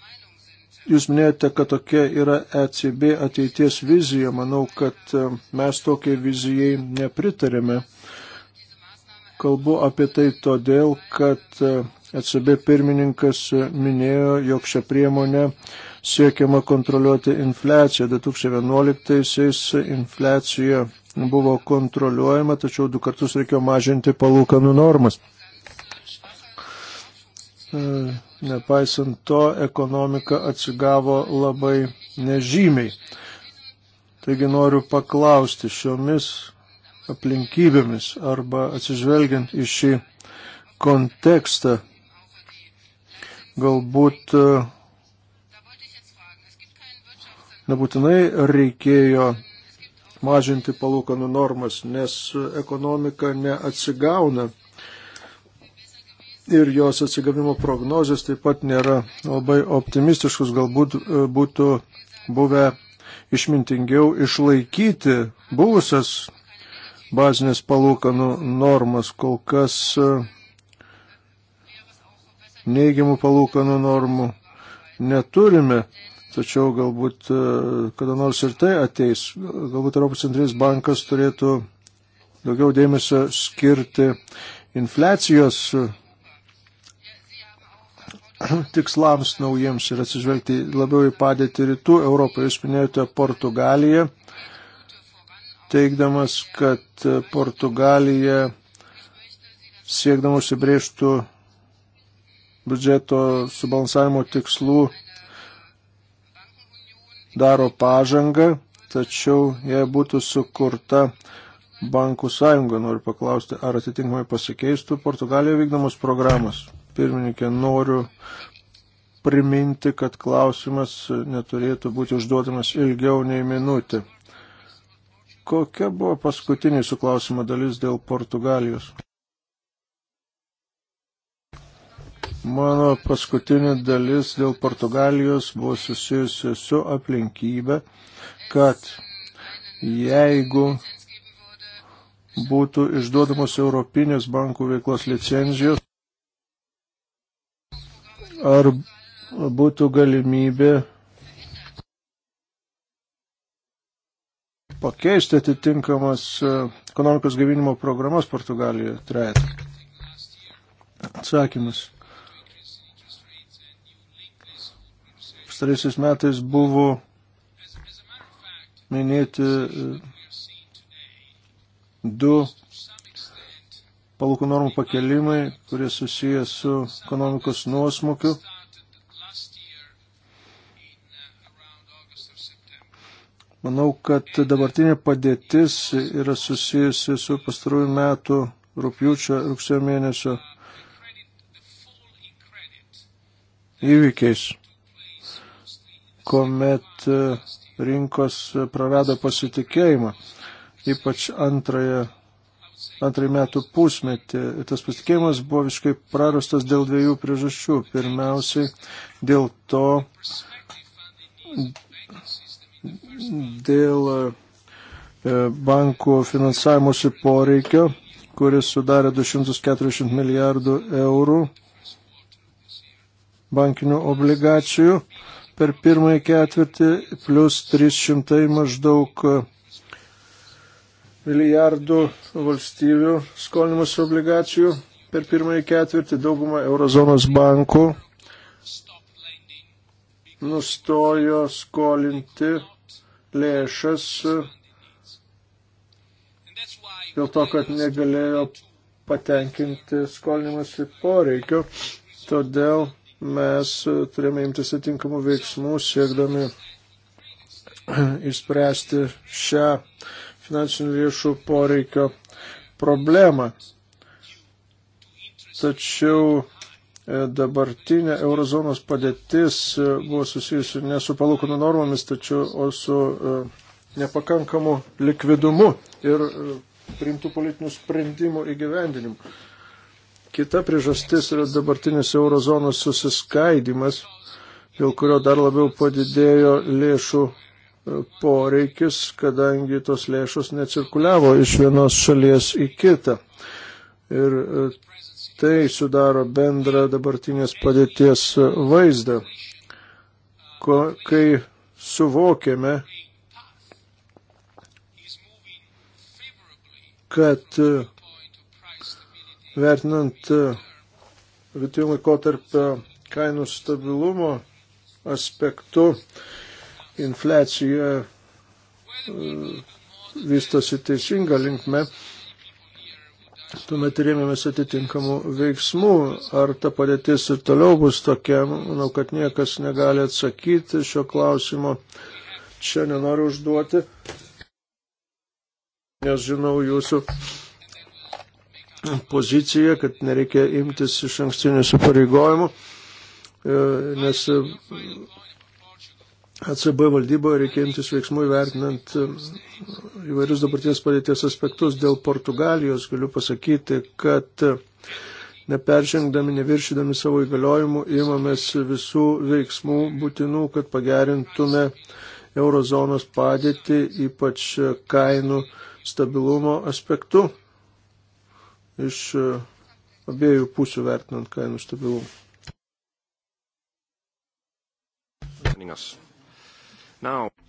jūs minėjote, kad tokia yra ECB ateities vizija. Manau, kad e, mes tokiai vizijai nepritarėme. Kalbu apie tai todėl, kad ECB pirmininkas minėjo, jog šią priemonę siekiama kontroliuoti infliaciją. 2011-aisiais infliacija buvo kontroliuojama, tačiau du kartus reikėjo mažinti palūkanų normas. E, nepaisant to, ekonomika atsigavo labai nežymiai. Taigi noriu paklausti šiomis aplinkybėmis arba atsižvelgiant į šį kontekstą, galbūt uh, nebūtinai reikėjo mažinti palūkanų normas, nes ekonomika neatsigauna ir jos atsigavimo prognozijas taip pat nėra labai optimistiškus, galbūt e, būtų buvę išmintingiau išlaikyti buvusias bazinės palūkanų normas, kol kas e, neigiamų palūkanų normų neturime. Tačiau galbūt e, kada nors ir tai ateis. Galbūt Europos centrinis bankas turėtų daugiau dėmesio skirti infliacijos e, <clears throat> tikslams naujiems ir atsižvelgti labiau į padėtį rytų Europoje. Jūs minėjote Portugaliją, teikdamas, kad e, Portugalija siekdama užsibrėžtų biudžeto subalansavimo tikslų daro pažangą, tačiau jei būtų sukurta bankų sąjunga, noriu paklausti, ar atitinkamai pasikeistų Portugalijoje vykdomos programos. Pirmininkė, noriu priminti, kad klausimas neturėtų būti užduodamas ilgiau nei minutė. Kokia buvo paskutinė jūsų klausimo dalis dėl Portugalijos? Mano paskutinė dalis dėl Portugalijos buvo susijusi su aplinkybė, kad jeigu būtų išduodamos Europinės bankų veiklos licenzijos, ar būtų galimybė pakeisti atitinkamas e, ekonomikos gavinimo programas Portugalijoje. Trejetą. Atsakymas. pastaraisiais metais buvo minėti e, du palūkų normų pakelimai, kurie susiję su ekonomikos nuosmukiu. Manau, kad dabartinė padėtis yra susijusi su pastarųjų metų rūpjūčio rugsėjo mėnesio įvykiais kuomet e, rinkos prarado pasitikėjimą, ypač antrąją, antrąjį metų pusmetį. Tas pasitikėjimas buvo visiškai prarastas dėl dviejų priežasčių. Pirmiausiai dėl to, dėl e, bankų finansavimosi poreikio, kuris sudarė 240 milijardų eurų bankinių obligacijų per pirmąjį ketvirtį, plus 300 maždaug e, milijardų valstybių skolinimus obligacijų per pirmąjį ketvirtį. Dauguma eurozonos bankų nustojo skolinti lėšas dėl to, kad negalėjo patenkinti skolinimuose poreikio. Todėl mes turėjome imtis atinkamų veiksmų siekdami išspręsti šią finansinių lėšų poreikio problemą. Tačiau e, dabartinė eurozonos padėtis e, buvo susijusi ne su palūkanų normomis, tačiau o su e, nepakankamu likvidumu ir primtų politinių sprendimų įgyvendinimu. Kita priežastis yra dabartinis eurozonos susiskaidimas, dėl kurio dar labiau padidėjo lėšų e, poreikis, kadangi tos lėšos necirkuliavo iš vienos šalies į kitą. Ir e, tai sudaro bendrą dabartinės padėties vaizdą. Ko, kai suvokėme, kad e, vertinant e, vidutinio laikotarpio kainų stabilumo aspektu infliacija e, vystosi teisinga linkme, tuomet rėmėmės atitinkamų veiksmų. Ar ta padėtis ir toliau bus tokia, manau, kad niekas negali atsakyti šio klausimo. Čia nenoriu užduoti, nes žinau jūsų poziciją, kad nereikia imtis iš ankstinių supareigojimų, e, nes e, ACB valdyboje reikia imtis veiksmų įvertinant e, įvairius dabarties padėties aspektus. Dėl Portugalijos galiu pasakyti, kad neperžengdami, neviršydami savo įgaliojimų, imamės visų veiksmų būtinų, kad pagerintume eurozonos padėtį, ypač kainų stabilumo aspektu iš e, abiejų pusių vertinant kainų stabilumą.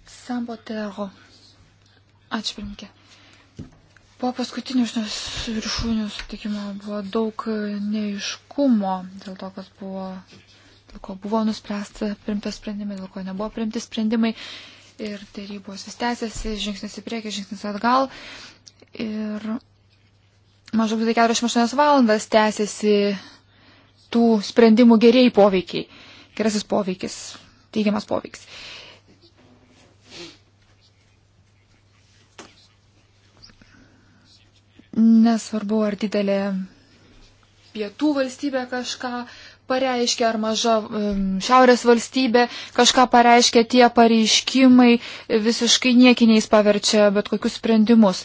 Sambo Tero. Ačiū, pirmininkė. Po paskutinių užsienio viršūnių sutikimo buvo daug neiškumo dėl to, kas buvo, dėl ko buvo nuspręsta primtas sprendimai, dėl ko nebuvo primti sprendimai. Ir tarybos vis tęsiasi, žingsnis į priekį, žingsnis atgal. Ir maždaug 48 valandas tęsiasi tų sprendimų geriai poveikiai, gerasis poveikis, teigiamas poveikis. Nesvarbu, ar didelė pietų valstybė kažką pareiškia, ar maža šiaurės valstybė kažką pareiškia, tie pareiškimai visiškai niekiniais paverčia bet kokius sprendimus.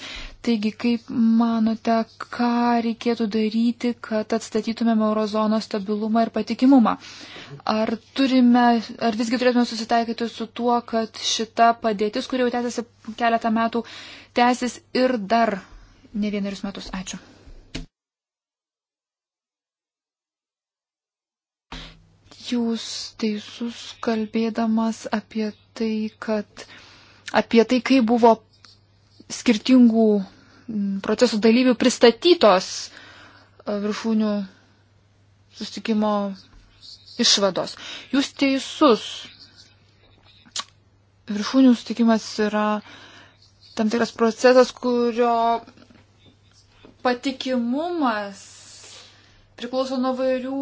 Taigi, kaip manote, ką reikėtų daryti, kad atstatytumėm eurozono stabilumą ir patikimumą? Ar, turime, ar visgi turėtume susitaikyti su tuo, kad šita padėtis, kuri jau tęsiasi keletą metų, tęsis ir dar ne vienerius metus? Ačiū. Jūs teisus kalbėdamas apie tai, kad apie tai, kaip buvo skirtingų procesų dalyvių pristatytos e, viršūnių sustikimo išvados. Jūs teisus. Viršūnių sustikimas yra tam tikras procesas, kurio patikimumas priklauso nuo vairių,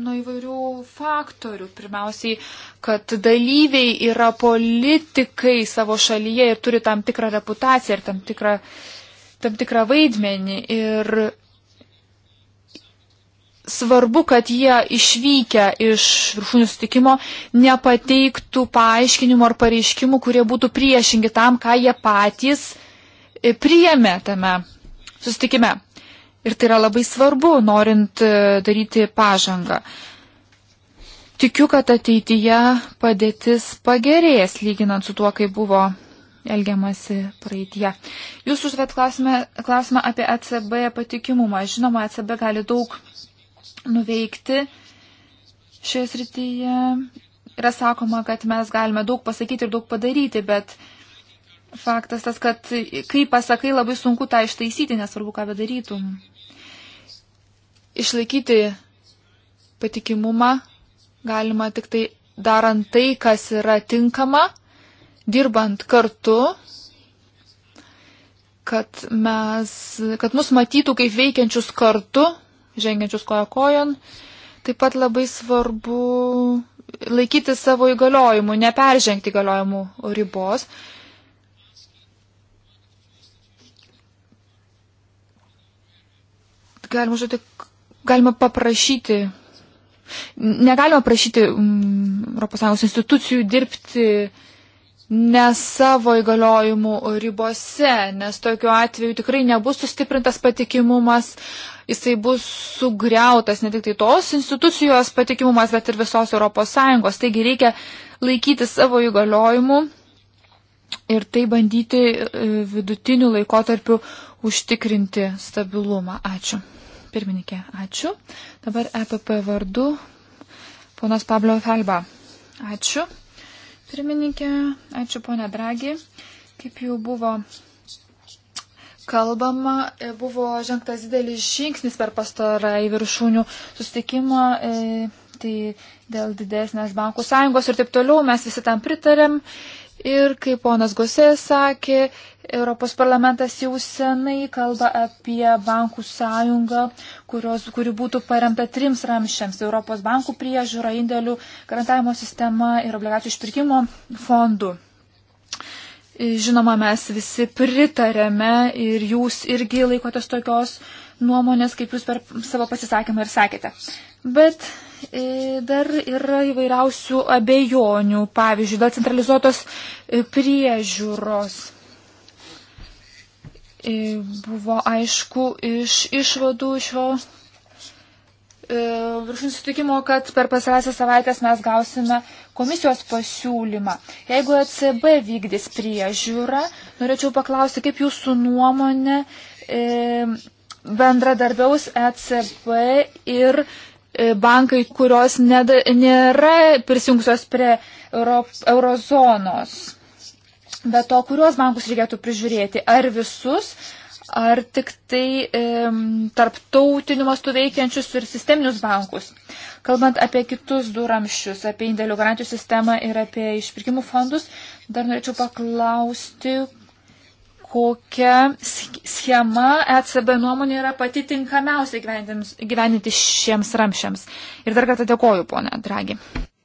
nuo įvairių faktorių. Pirmiausiai, kad dalyviai yra politikai savo šalyje ir turi tam tikrą reputaciją ir tam tikrą uh, tam tikrą vaidmenį ir svarbu, kad jie išvykę iš viršūnių sutikimo nepateiktų paaiškinimų ar pareiškimų, kurie būtų priešingi tam, ką jie patys e, priėmė tame sustikime. Ir tai yra labai svarbu, norint e, daryti pažangą. Tikiu, kad ateityje padėtis pagerės, lyginant su tuo, kai buvo elgiamasi praeitie. Jūs užduot klausimą, klausimą apie ECB patikimumą. Žinoma, ECB gali daug nuveikti šioje srityje. Yra sakoma, kad mes galime daug pasakyti ir daug padaryti, bet faktas tas, kad kai pasakai, labai sunku tą ištaisyti, nesvarbu, ką bedarytum. Išlaikyti patikimumą galima tik tai darant tai, kas yra tinkama dirbant kartu, kad, mes, kad mus matytų kaip veikiančius kartu, žengiančius koja kojon. Taip pat labai svarbu laikyti savo įgaliojimų, neperžengti įgaliojimų ribos. Galima, žodį, galima paprašyti, negalima prašyti mm, ES institucijų dirbti uh, ne savo įgaliojimų ribose, nes tokiu atveju tikrai nebus sustiprintas patikimumas, jisai bus sugriautas ne tik tai tos institucijos patikimumas, bet ir visos ES. Taigi reikia laikyti savo įgaliojimų ir tai bandyti e, vidutiniu laikotarpiu užtikrinti stabilumą. Ačiū. Pirmininkė, ačiū. Dabar EPP vardu ponas Pablo Felba. Ačiū pirmininkė. Ačiū, ponia Dragi. Kaip jau buvo kalbama, e, buvo žengtas didelis žingsnis per pastarą į viršūnių sustikimą. E, tai dėl didesnės bankų sąjungos ir taip toliau mes visi tam pritarėm. Ir kaip ponas Gusė sakė, Europos parlamentas jau senai kalba apie bankų sąjungą, kurios, kuri būtų paremta trims ramšiams - Europos bankų priežiūra, indėlių garantavimo sistema ir obligacijų išpirkimo fondų. Žinoma, mes visi pritarėme ir jūs irgi laikotės tokios nuomonės, kaip jūs per savo pasisakymą ir sakėte. Bet e, dar yra įvairiausių abejonių, pavyzdžiui, dėl centralizuotos e, priežiūros E, buvo aišku iš išvadų šio e, viršūnių sutikimo, kad per pasarąsias savaitės mes gausime komisijos pasiūlymą. Jeigu ECB vykdys priežiūrą, norėčiau paklausti, kaip jūsų nuomonė e, bendradarbiaus ECB ir e, bankai, kurios neda, nėra prisijungusios prie Euro, eurozonos. Be to, kuriuos bankus reikėtų prižiūrėti? Ar visus, ar tik tai e, tarptautiniu mastu veikiančius ir sisteminius bankus? Kalbant apie kitus du ramščius, apie indėlių garantijų sistemą ir apie išpirkimų fondus, dar norėčiau paklausti, kokia schema ECB nuomonė yra pati tinkamiausia gyveninti šiems ramšiams. Ir dar kartą dėkoju, ponė Dragi.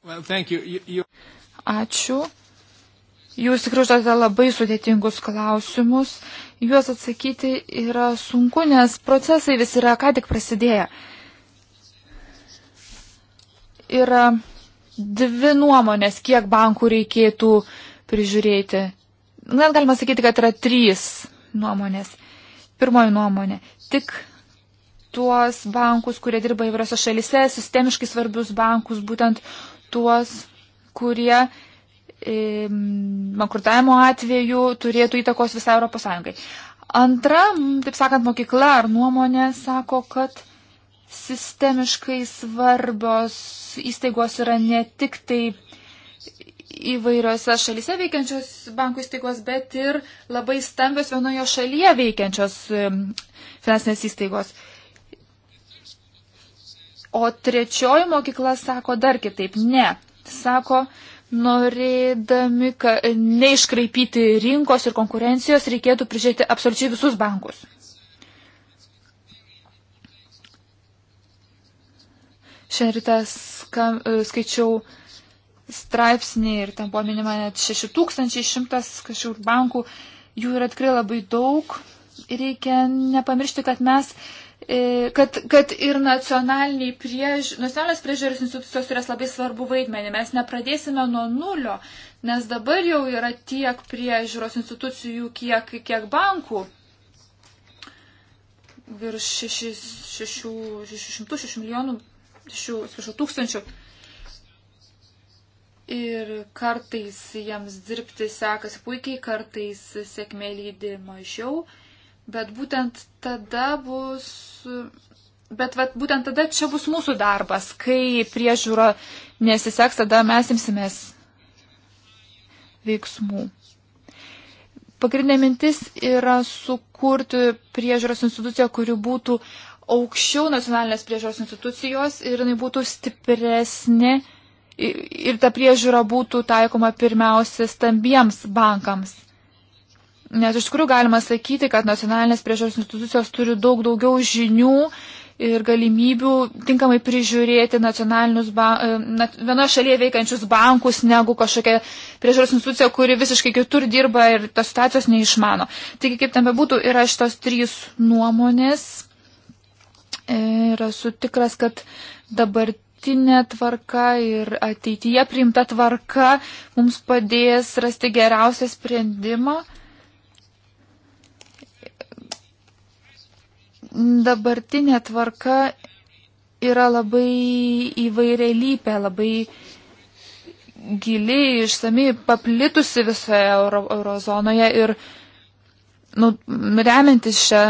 Well, you. You, you... Ačiū Jūs tikrai užduodate labai sudėtingus klausimus, juos atsakyti yra sunku, nes procesai vis yra ką tik prasidėję. Yra dvi nuomonės, kiek bankų reikėtų prižiūrėti. Net galima sakyti, kad yra trys nuomonės. Pirmoji nuomonė. Tik tuos bankus, kurie dirba įvairiose šalise, sistemiškai svarbius bankus, būtent tuos, kurie bankrutavimo atveju turėtų įtakos visai Europos Sąjungai. Antra, taip sakant, mokykla ar nuomonė sako, kad sistemiškai svarbios įstaigos yra ne tik tai įvairiose šalyse veikiančios bankų įstaigos, bet ir labai stambios vienoje šalyje veikiančios finansinės įstaigos. O trečioji mokykla sako dar kitaip. Ne. Sako, norėdami ka, neiškraipyti rinkos ir konkurencijos, reikėtų prižiūrėti absoliučiai visus bankus. Šiandien ryte skaičiau straipsnį ir ten buvo minima net 6100 kažkur bankų, jų yra tikrai labai daug. Reikia nepamiršti, kad mes E, kad, kad ir priež, nacionalinės priežiūros institucijos turės labai svarbu vaidmenį. Mes nepradėsime nuo nulio, nes dabar jau yra tiek priežiūros institucijų, kiek, kiek bankų. Virš 600 milijonų, 6 tūkstančių. Ir kartais jiems dirbti sekasi puikiai, kartais sėkmė lydi mažiau. Uh, Bet būtent tada bus. Bet vat, būtent tada čia bus mūsų darbas, kai priežiūra nesiseks, tada mes imsimės veiksmų. Pagrindinė mintis yra sukurti priežiūros instituciją, kuri būtų aukščiau nacionalinės priežiūros institucijos ir jinai būtų stipresnė ir ta priežiūra būtų taikoma pirmiausia stambiems bankams. Nes iš tikrųjų galima sakyti, kad nacionalinės priežiūros institucijos turi daug daugiau žinių ir galimybių tinkamai prižiūrėti nacionalinius, ban... E, viena šalyje veikiančius bankus, negu kažkokia priežiūros institucija, kuri visiškai kitur dirba ir tos situacijos neišmano. Taigi, kaip tam bebūtų, yra šitos trys nuomonės. E, ir esu tikras, kad dabar dabartinė tvarka ir ateityje priimta tvarka mums padės rasti geriausią sprendimą. dabartinė tvarka yra labai įvairialypė, labai giliai, išsamei paplitusi visoje euro, eurozonoje ir nu, remiantis šią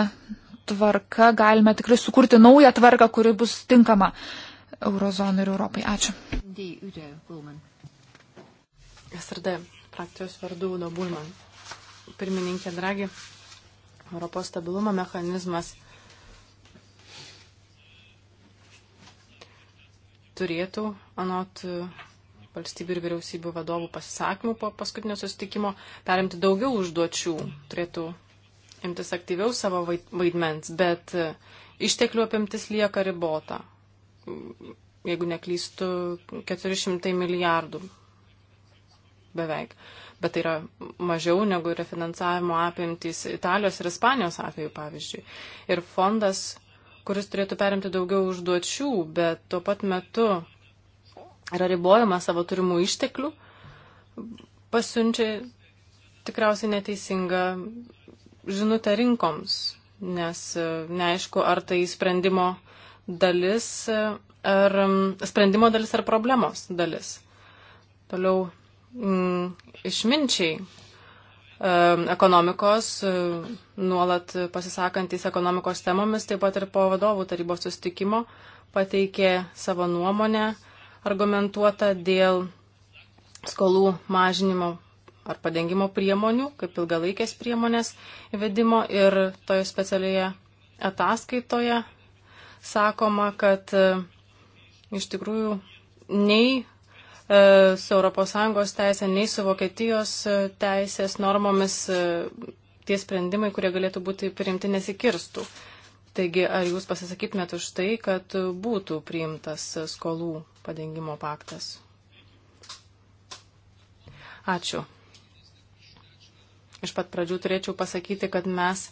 tvarką galime tikrai sukurti naują tvarką, kuri bus tinkama eurozonai ir Europai. Ačiū. SRD frakcijos vardu Udo Bulman. Pirmininkė Dragi, Europos stabilumo mechanizmas turėtų, anot valstybių ir vyriausybių vadovų pasisakymų po paskutinio susitikimo, perimti daugiau užduočių, turėtų imtis aktyviau savo vaidmens, bet e, išteklių apimtis lieka ribota. Jeigu neklystu, 400 milijardų beveik. Bet tai yra mažiau negu yra finansavimo apimtys Italijos ir Ispanijos atveju, pavyzdžiui. Ir fondas kuris turėtų perimti daugiau užduočių, bet tuo pat metu yra ribojama savo turimų išteklių, pasiunčia tikriausiai neteisingą žinutę rinkoms, nes e, neaišku, ar tai sprendimo dalis, e, ar sprendimo dalis ar problemos dalis. Toliau m, išminčiai ekonomikos, e, nuolat pasisakantys ekonomikos temomis, taip pat ir po vadovų tarybos sustikimo pateikė savo nuomonę argumentuotą dėl skolų mažinimo ar padengimo priemonių, kaip ilgalaikės priemonės įvedimo ir toje specialioje ataskaitoje sakoma, kad e, iš tikrųjų nei E, su ES teisė, nei su Vokietijos e, teisės normomis e, tie sprendimai, kurie galėtų būti priimti, nesikirstų. Taigi, ar jūs pasisakytumėte už tai, kad būtų priimtas skolų padengimo paktas? Ačiū. Iš pat pradžių turėčiau pasakyti, kad mes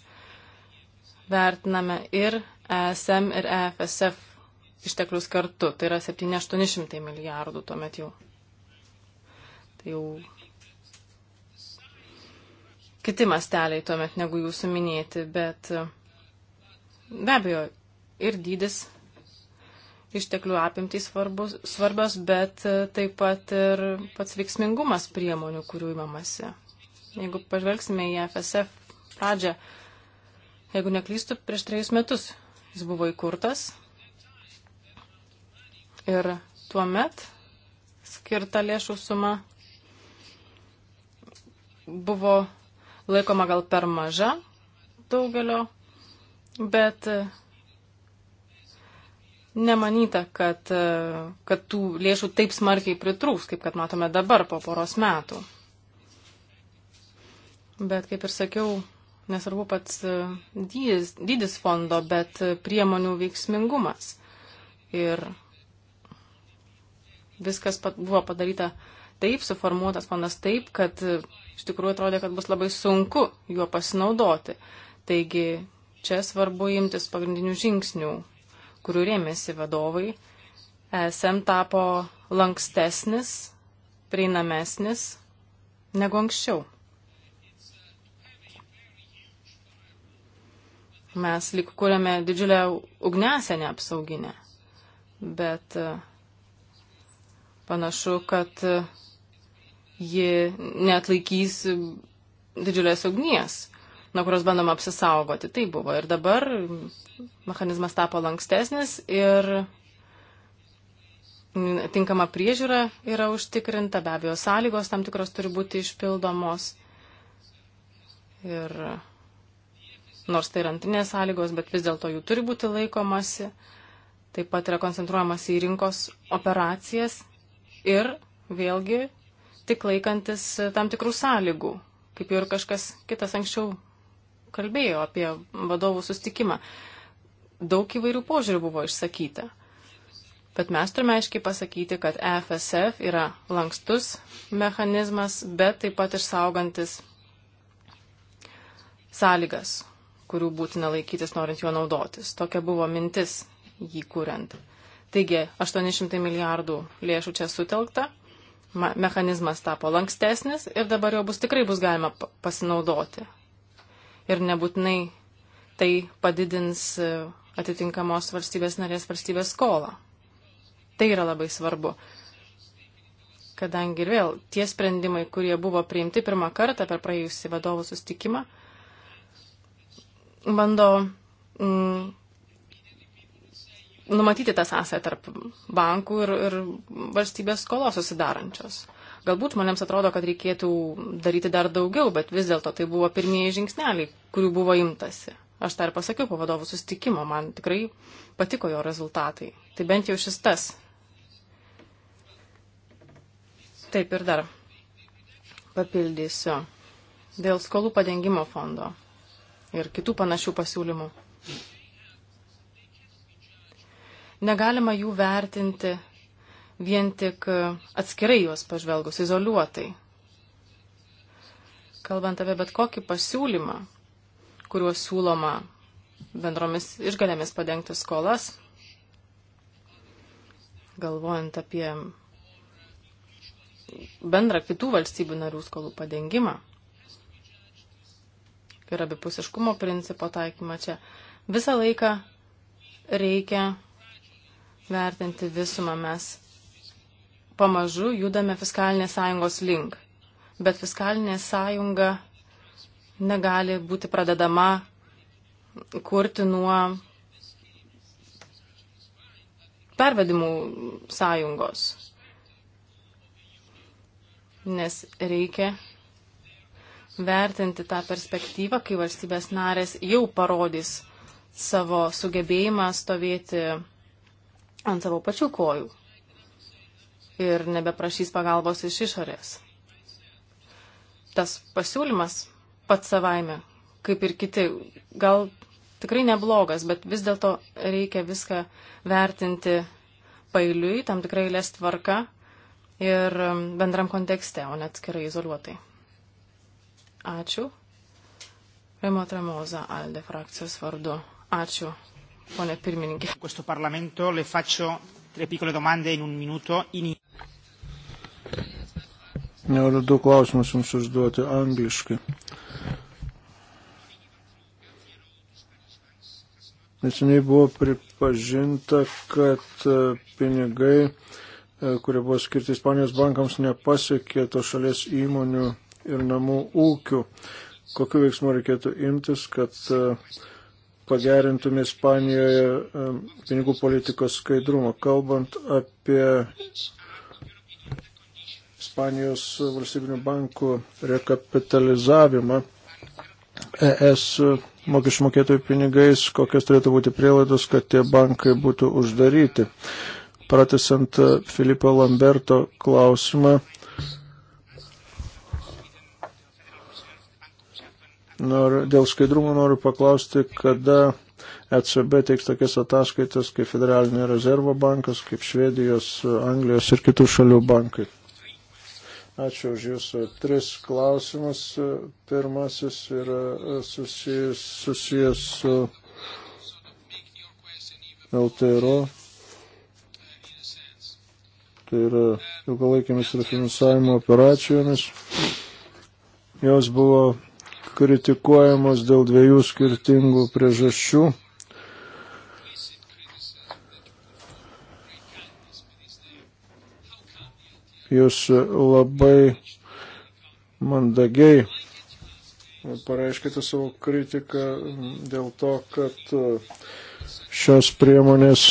vertiname ir ESM, ir EFSF išteklius kartu. Tai yra 7-800 milijardų tuomet jau. Tai jau kiti masteliai tuomet negu jūsų minėti, bet be abejo ir dydis išteklių apimtys svarbus, svarbios, bet e, taip pat ir pats veiksmingumas priemonių, kurių įmamasi. Jeigu pažvelgsime į FSF pradžią, jeigu neklystu, prieš trejus metus jis buvo įkurtas ir tuo met skirta lėšų suma buvo laikoma gal per maža daugelio, bet e, nemanyta, kad, e, kad tų lėšų taip smarkiai pritrūks, kaip kad matome dabar po poros metų. Bet kaip ir sakiau, nesvarbu pats e, dydis, dydis fondo, bet priemonių veiksmingumas. Ir viskas pat, buvo padaryta taip, suformuotas fondas taip, kad iš tikrųjų atrodė, kad bus labai sunku juo pasinaudoti. Taigi čia svarbu imtis pagrindinių žingsnių, kurių rėmėsi vadovai. ESM tapo lankstesnis, prieinamesnis negu anksčiau. Mes lik kūrėme didžiulę ugnesenę apsauginę, bet e, panašu, kad ji netlaikys didžiulės ugnies, nuo kurios bandoma apsisaugoti. Tai buvo. Ir dabar mechanizmas tapo lankstesnis ir tinkama priežiūra yra užtikrinta, be abejo, sąlygos tam tikros turi būti išpildomos. Ir nors tai yra antrinės sąlygos, bet vis dėlto jų turi būti laikomasi. Taip pat yra koncentruojamas į rinkos operacijas ir vėlgi tik laikantis tam tikrų sąlygų, kaip jau ir kažkas kitas anksčiau kalbėjo apie vadovų sustikimą. Daug įvairių požiūrių buvo išsakyta. Bet mes turime aiškiai pasakyti, kad EFSF yra lankstus mechanizmas, bet taip pat išsaugantis sąlygas, kurių būtina laikytis, norint juo naudotis. Tokia buvo mintis jį kuriant. Taigi, 800 milijardų lėšų čia sutelkta, mechanizmas tapo lankstesnis ir dabar jo bus tikrai bus galima pasinaudoti. Ir nebūtinai tai padidins e, atitinkamos valstybės narės valstybės skolą. Tai yra labai svarbu. Kadangi ir vėl tie sprendimai, kurie buvo priimti pirmą kartą per praėjusį vadovų sustikimą, bando mm, numatyti tą sąsąją tarp bankų ir, ir valstybės skolos susidarančios. Galbūt žmonėms atrodo, kad reikėtų daryti dar daugiau, bet vis dėlto tai buvo pirmieji žingsneliai, kurių buvo imtasi. Aš tą ir pasakiau po vadovų sustikimo, man tikrai patiko jo rezultatai. Tai bent jau šis tas. Taip ir dar papildysiu. Dėl skolų padengimo fondo ir kitų panašių pasiūlymų. Negalima jų vertinti vien tik atskirai juos pažvelgus, izoliuotai. Kalbant apie bet kokį pasiūlymą, kuriuo siūloma bendromis išgalėmis padengti skolas, galvojant apie bendrą kitų valstybių narių skolų padengimą ir abipusiškumo principo taikymą čia, visą laiką reikia vertinti visumą mes pamažu judame fiskalinės sąjungos link. Bet fiskalinė sąjunga negali būti pradedama kurti nuo pervedimų sąjungos. Nes reikia vertinti tą perspektyvą, kai valstybės narės jau parodys savo sugebėjimą stovėti ant savo pačių kojų ir nebeprašys pagalbos iš išorės. Tas pasiūlymas pats savaime, kaip ir kiti, gal tikrai neblogas, bet vis dėlto reikia viską vertinti pailiui, tam tikrai lės tvarka ir um, bendram kontekste, o net skirai izoliuotai. Ačiū. Remo Tremoza, Alde frakcijos vardu. Ačiū, ponė pirmininkė. Noriu du klausimus jums užduoti angliškai. Neseniai buvo pripažinta, kad e, pinigai, e, kurie buvo skirti Ispanijos bankams, nepasiekė to šalies įmonių ir namų ūkių. Kokiu veiksmu reikėtų imtis, kad uh, pagerintume Ispanijoje pinigų politikos skaidrumą. Kalbant apie Ispanijos valstybinių bankų rekapitalizavimą ES mokesčių mokėtojų pinigais, kokios turėtų būti prielaidos, kad tie bankai būtų uždaryti. Pratesant Filipo Lamberto klausimą, Nor, dėl skaidrumo noriu paklausti, kada ECB teiks tokias ataskaitas kaip Federalinė rezervo bankas, kaip Švedijos, Anglijos ir kitų šalių bankai. Ačiū už Jūsų tris klausimus. Pirmasis yra susijęs, susijęs su LTRO. Tai yra ilgalaikėmis refinansavimo operacijomis. Jos buvo kritikuojamos dėl dviejų skirtingų priežasčių. Jūs labai mandagiai pareiškite savo kritiką dėl to, kad šios priemonės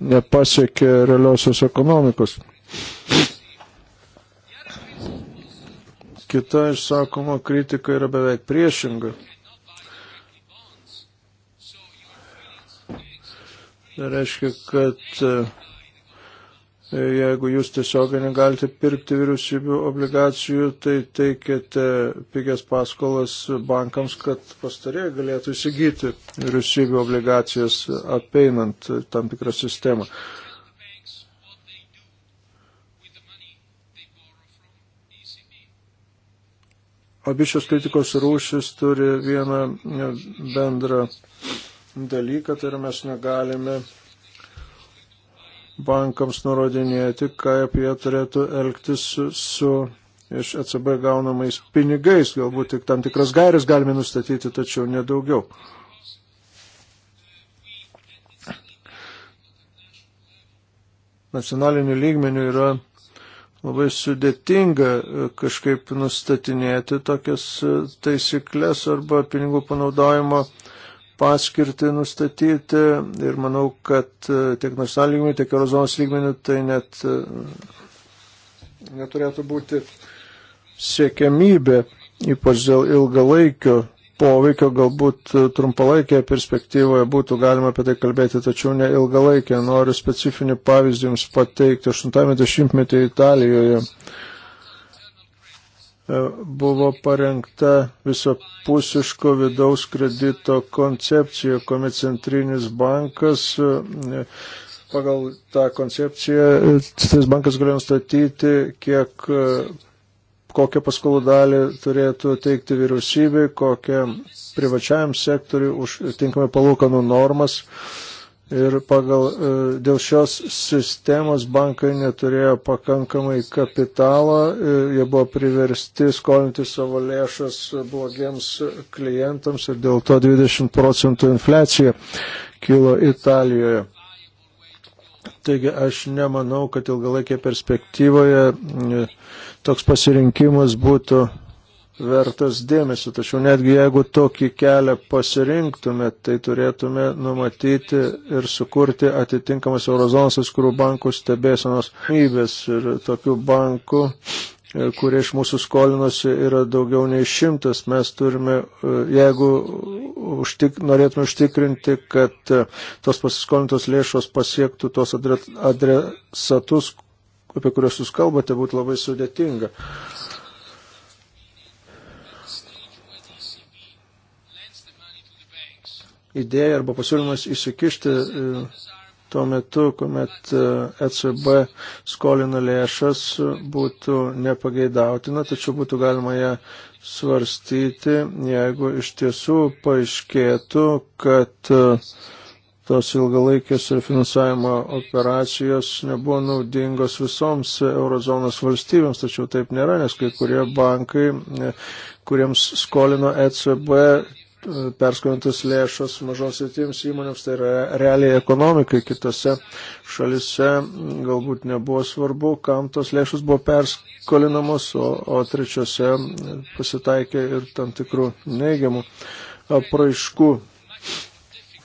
nepasiekė realiosios ekonomikos kita išsakoma kritika yra beveik priešinga. Tai reiškia, kad e, jeigu jūs tiesiog negalite pirkti vyriausybių obligacijų, tai teikėte pigias paskolas bankams, kad pastarė galėtų įsigyti vyriausybių obligacijas apeinant tam tikrą sistemą. abi šios kritikos rūšis turi vieną bendrą dalyką, tai yra mes negalime bankams nurodinėti, kaip jie turėtų elgtis su, su iš ECB gaunamais pinigais, galbūt tik tam tikras gairės galime nustatyti, tačiau nedaugiau. Nacionaliniu lygmeniu yra labai sudėtinga e, kažkaip nustatinėti tokias e, taisyklės arba pinigų panaudojimo paskirtį nustatyti ir manau, kad e, tiek nacionalinių lygmenių, tiek eurozonos lygmenių tai net neturėtų būti siekiamybė, ypač dėl ilgalaikio poveikio galbūt e, trumpalaikėje perspektyvoje būtų galima apie tai kalbėti, tačiau ne ilgalaikėje. Noriu specifinį pavyzdį Jums pateikti. 80-metį Italijoje e, buvo parengta visapusiško vidaus kredito koncepcija, kuomet centrinis bankas e, pagal tą koncepciją, centrinis bankas galėjo nustatyti, kiek kokią paskolų dalį turėtų teikti vyriausybė, kokią privačiajam sektoriui už tinkamai palūkanų normas. Ir pagal, e, dėl šios sistemos bankai neturėjo pakankamai kapitalo, e, jie buvo priversti skolinti savo lėšas blogiems klientams ir dėl to 20 procentų infliacija kilo Italijoje. Taigi aš nemanau, kad ilgalaikėje perspektyvoje e, toks pasirinkimas būtų vertas dėmesio. Tačiau netgi jeigu tokį kelią pasirinktume, tai turėtume numatyti ir sukurti atitinkamas eurozonos atskirų bankų stebėsenos mybės ir tokių bankų e, kurie iš mūsų skolinosi, yra daugiau nei šimtas. Mes turime, e, jeigu užtik, norėtume užtikrinti, kad e, tos pasiskolintos lėšos pasiektų tos adre, adresatus, apie kuriuos jūs kalbate, būtų labai sudėtinga. Idėja arba pasiūlymas įsikišti e, tuo metu, kuomet ECB e skolina lėšas, būtų nepageidautina, tačiau būtų galima ją svarstyti, jeigu iš tiesų paaiškėtų, kad uh, tos ilgalaikės ir finansavimo operacijos nebuvo naudingos visoms eurozonos valstybėms, tačiau taip nėra, nes kai kurie bankai, e, kuriems skolino ECB e, perskolintas lėšas mažos įtims įmonėms, tai yra realiai ekonomikai kitose šalise galbūt nebuvo svarbu, kam tos lėšas buvo perskolinamos, o, o trečiose pasitaikė ir tam tikrų neigiamų apraiškų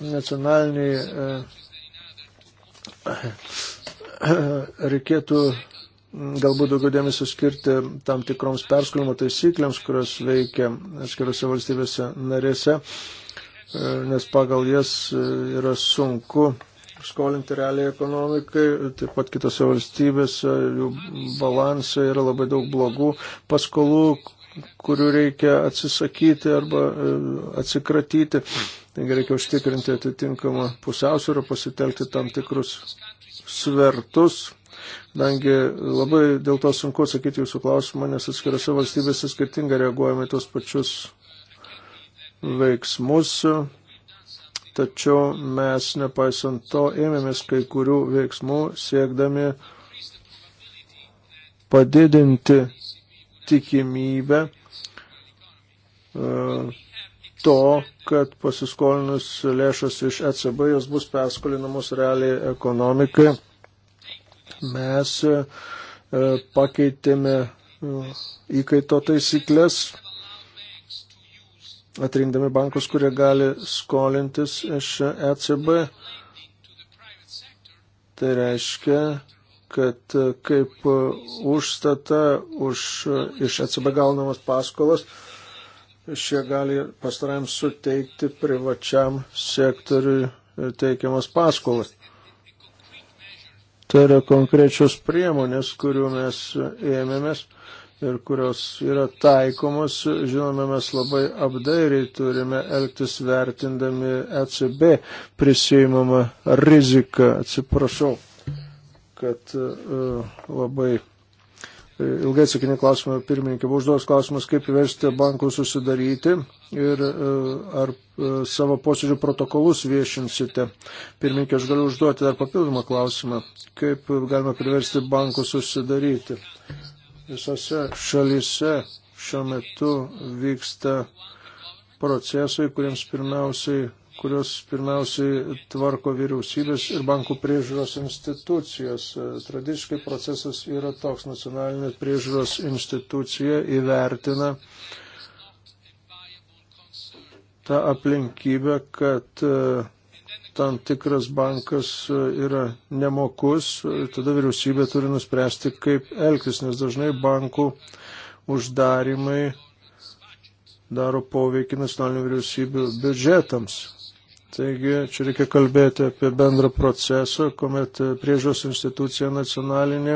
nacionaliniai e, <coughs> reikėtų galbūt daugiau dėmesio skirti tam tikroms perskolimo taisyklėms, kurios veikia atskirose valstybėse narėse, e, nes pagal jas e, yra sunku skolinti realiai ekonomikai, taip pat kitose valstybėse jų balansai yra labai daug blogų paskolų, kurių reikia atsisakyti arba e, atsikratyti. Taigi reikia užtikrinti atitinkamą pusiausvyrą, pasitelkti tam tikrus svertus. Dangi labai dėl to sunku atsakyti jūsų klausimą, nes atskirose valstybėse skirtingai reaguojame tos pačius veiksmus. Tačiau mes, nepaisant to, ėmėmės kai kurių veiksmų siekdami padidinti tikimybę e, to, kad pasiskolinus lėšas iš ECB, jos bus perskolinamos realiai ekonomikai. Mes e, pakeitėme e, įkaito taisyklės, atrinkdami bankus, kurie gali skolintis iš ECB. Tai reiškia, kad e, kaip e, užstata už e, iš atsibagaunamas paskolas šie gali pastarajam suteikti privačiam sektoriui teikiamas paskolas. Tai yra konkrečios priemonės, kurių mes ėmėmės ir kurios yra taikomos. Žinome, mes labai apdairiai turime elgtis vertindami ECB prisijimamą riziką. Atsiprašau kad e, labai e, ilgai atsakinė klausimą pirmininkė. Buvo užduos klausimas, kaip versti bankų susidaryti ir e, ar savo posėdžių protokolus viešinsite. Pirmininkė, aš galiu užduoti dar papildomą klausimą, kaip galima priversti bankų susidaryti. Visose šalise šiuo metu vyksta procesai, kuriems pirmiausiai kurios pirmiausiai tvarko vyriausybės ir bankų priežiūros institucijos. Tradiškai procesas yra toks, nacionalinė priežiūros institucija įvertina tą aplinkybę, kad e, tam tikras bankas e, yra nemokus, tada vyriausybė turi nuspręsti, kaip elgtis, nes dažnai bankų uždarimai daro poveikį nacionalinių vyriausybių biudžetams. Taigi čia reikia kalbėti apie bendrą procesą, kuomet priežos institucija nacionalinė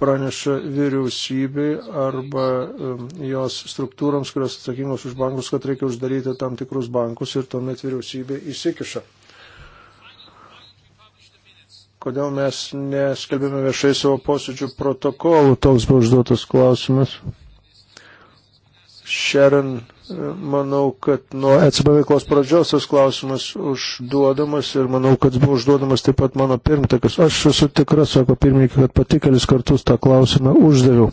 praneša vyriausybei arba um, jos struktūroms, kurios atsakingos už bankus, kad reikia uždaryti tam tikrus bankus ir tuomet vyriausybė įsikiša kodėl mes neskelbėme viešai savo posėdžių protokolų, toks buvo užduotas klausimas. Sharon, manau, kad nuo ECB veiklos pradžios tas klausimas užduodamas ir manau, kad buvo užduodamas taip pat mano pirmtakas. Aš esu tikras, sako pirmininkai, kad pati kelis kartus tą klausimą uždaviau.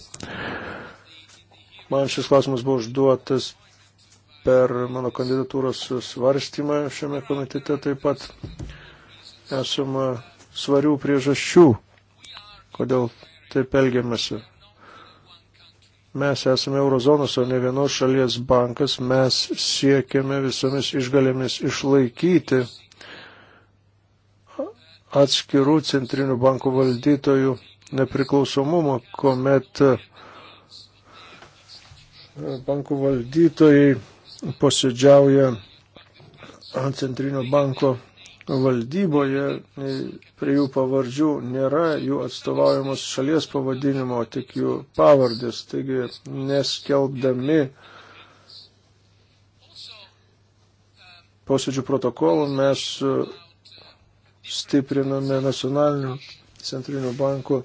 Man šis klausimas buvo užduotas per mano kandidatūros svarstymą šiame komitete taip pat esama svarių priežasčių, kodėl taip elgiamasi. Mes esame eurozonos, o ne vienos šalies bankas. Mes siekiame visomis išgalėmis išlaikyti atskirų centrinių bankų valdytojų nepriklausomumo, kuomet e, bankų valdytojai posėdžiauja centrinio banko valdyboje e, prie jų pavardžių nėra jų atstovaujamos šalies pavadinimo, tik jų pavardės. Taigi neskelbdami posėdžių protokolų mes e, stipriname nacionalinių centrinių bankų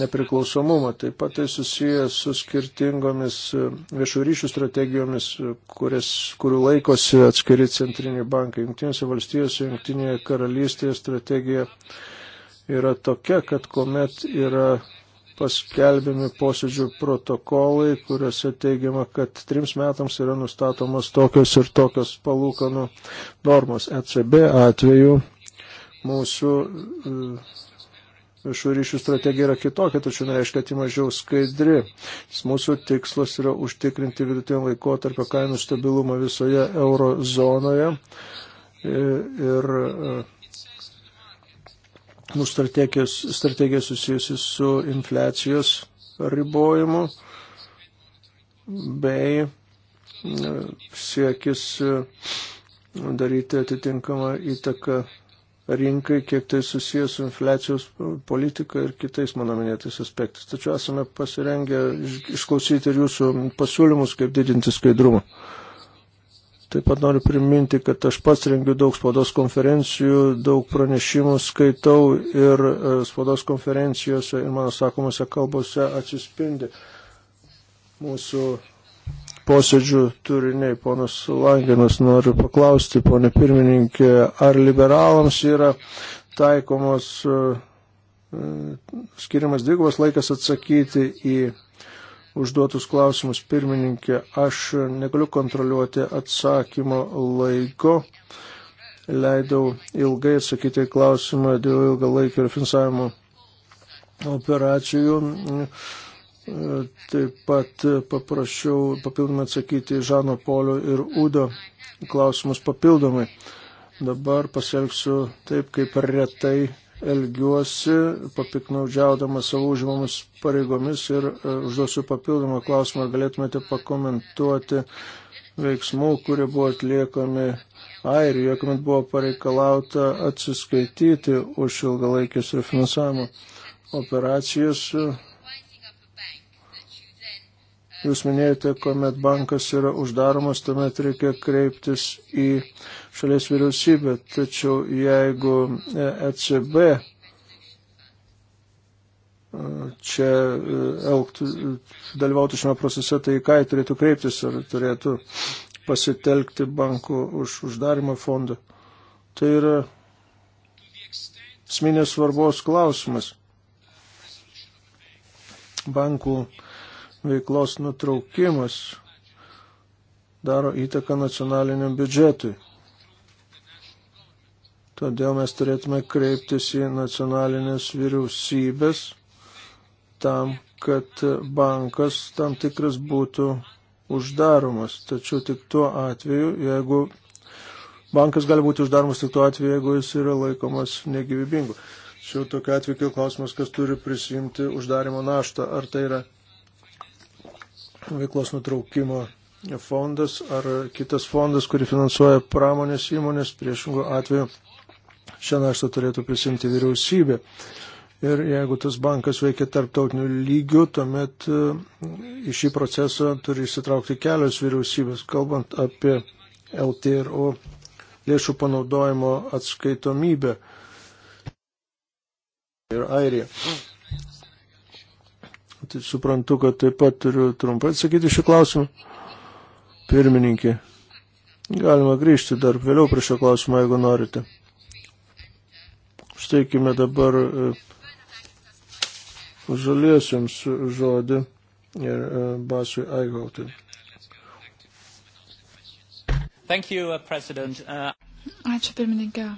nepriklausomumą. Taip pat tai susijęs su skirtingomis e, viešų ryšių strategijomis, e, kurias, kurių laikosi atskiri centriniai bankai. Junktinėse valstijose, Junktinėje karalystėje strategija yra tokia, kad kuomet yra paskelbiami posėdžių protokolai, kuriuose teigiama, kad trims metams yra nustatomas tokios ir tokios palūkanų normos. ECB atveju mūsų uh, Šių ryšių strategija yra kitokia, tačiau nereiškia, kad ji mažiau skaidri. Mūsų tikslas yra užtikrinti vidutinio laiko tarp kainų stabilumą visoje eurozonoje. Ir e, mūsų strategijos, strategija susijusi su infliacijos ribojimu bei e, siekis e, daryti atitinkamą įtaką rinkai, kiek tai susijęs su infliacijos politika ir kitais mano minėtais aspektais. Tačiau esame pasirengę išklausyti ir jūsų pasiūlymus, kaip didinti skaidrumą. Taip pat noriu priminti, kad aš pats rengiu daug spaudos konferencijų, daug pranešimų skaitau ir e, spaudos konferencijose ir mano sakomose kalbose atsispindi mūsų posėdžių turiniai. Ponas Langenas noriu paklausti, ponė pirmininkė, ar liberalams yra taikomos e, e, skiriamas dvigubas laikas atsakyti į užduotus klausimus pirmininkė. Aš negaliu kontroliuoti atsakymo laiko. Leidau ilgai atsakyti į klausimą dėl ilgalaikio refinansavimo operacijų Taip pat paprašiau papildomai atsakyti Žano Polio ir Udo klausimus papildomai. Dabar pasielgsiu taip, kaip retai elgiuosi, papiknaudžiaudama savo užimamus pareigomis ir e, užduosiu papildomą klausimą, ar galėtumėte pakomentuoti veiksmų, kurie buvo atliekami Airijoje, kuomet buvo pareikalauta atsiskaityti už ilgalaikės ir finansavimo operacijas Jūs minėjote, kuomet bankas yra uždaromas, tuomet reikia kreiptis į šalies vyriausybę. Tačiau jeigu ECB e e, čia e, elgtų, dalyvautų šiame procese, tai ką jį turėtų kreiptis ar turėtų pasitelkti bankų už uždarimą fondą. Tai yra sminės svarbos klausimas. Bankų veiklos nutraukimas daro įtaką nacionaliniam biudžetui. Todėl mes turėtume kreiptis į nacionalinės vyriausybės tam, kad bankas tam tikras būtų uždaromas. Tačiau tik tuo atveju, jeigu bankas gali būti uždaromas tik tuo atveju, jeigu jis yra laikomas negyvybingu. Tačiau tokia atveju klausimas, kas turi prisimti uždarimo naštą. Ar tai yra veiklos nutraukimo fondas ar kitas fondas, kurį finansuoja pramonės įmonės, priešingų atveju šią naštą turėtų prisimti vyriausybė. Ir jeigu tas bankas veikia tarptautiniu lygiu, tuomet e, į šį procesą turi įsitraukti kelios vyriausybės, kalbant apie LTRO lėšų panaudojimo atskaitomybę. Ir Airija. Tai suprantu, kad taip pat turiu trumpai atsakyti šį klausimą. Pirmininkė, galima grįžti dar vėliau prie šio klausimo, jeigu norite. Steikime dabar e, žaliesiams žodį ir e, basui Aigautui. Uh, uh, Ačiū pirmininkė.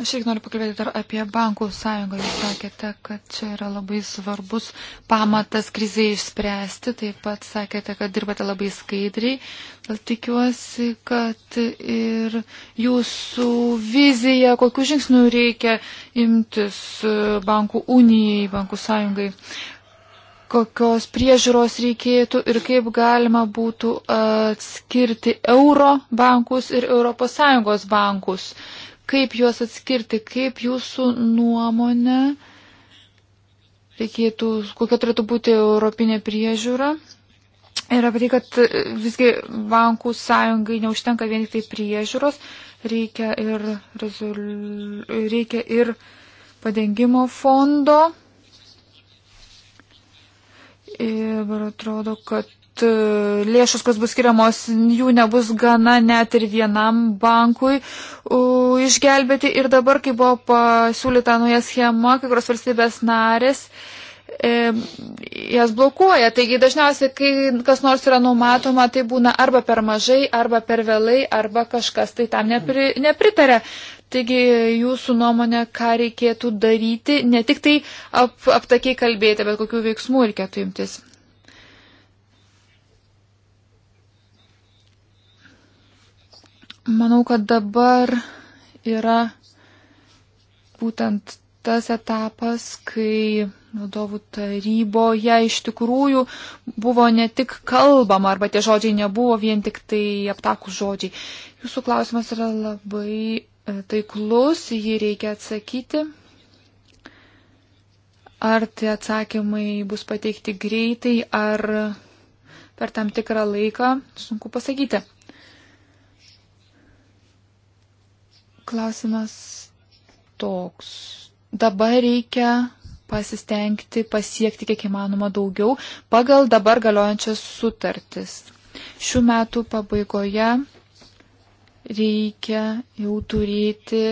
Aš irgi noriu pakalbėti dar apie bankų sąjungą. Jūs sakėte, kad čia yra labai svarbus pamatas kriziai išspręsti. Taip pat sakėte, kad dirbate labai skaidriai. Gal tikiuosi, kad ir jūsų vizija, kokiu žingsniu reikia imtis bankų unijai, bankų sąjungai, kokios priežiūros reikėtų ir kaip galima būtų atskirti euro bankus ir ES bankus Kaip juos atskirti, kaip jūsų nuomonė reikėtų, kokia turėtų būti europinė priežiūra. Ir apie tai, kad visgi bankų sąjungai neužtenka vien tik tai priežiūros, reikia ir, rezol... reikia ir padengimo fondo. Ir atrodo, kad E, lėšos, kas bus skiriamos, jų nebus gana net ir vienam bankui išgelbėti. Ir dabar, kai buvo pasiūlyta nauja schema, kai kurios valstybės narės e, jas blokuoja. Taigi dažniausiai, kai kas nors yra numatoma, tai būna arba per mažai, arba per vėlai, arba kažkas tai tam nepri, nepritarė. Taigi jūsų nuomonė, ką reikėtų daryti, ne tik tai ap, aptakiai kalbėti, bet kokių veiksmų reikėtų imtis. Manau, kad dabar yra būtent tas etapas, kai vadovų taryboje iš tikrųjų buvo ne tik kalbama, arba tie žodžiai nebuvo vien tik tai aptakus žodžiai. Jūsų klausimas yra labai e, taiklus, jį reikia atsakyti. Ar tie atsakymai bus pateikti greitai, ar per tam tikrą laiką, sunku pasakyti. Klausimas toks. Dabar reikia pasistengti pasiekti kiek įmanoma daugiau pagal dabar galiojančias sutartis. Šių metų pabaigoje reikia jau turėti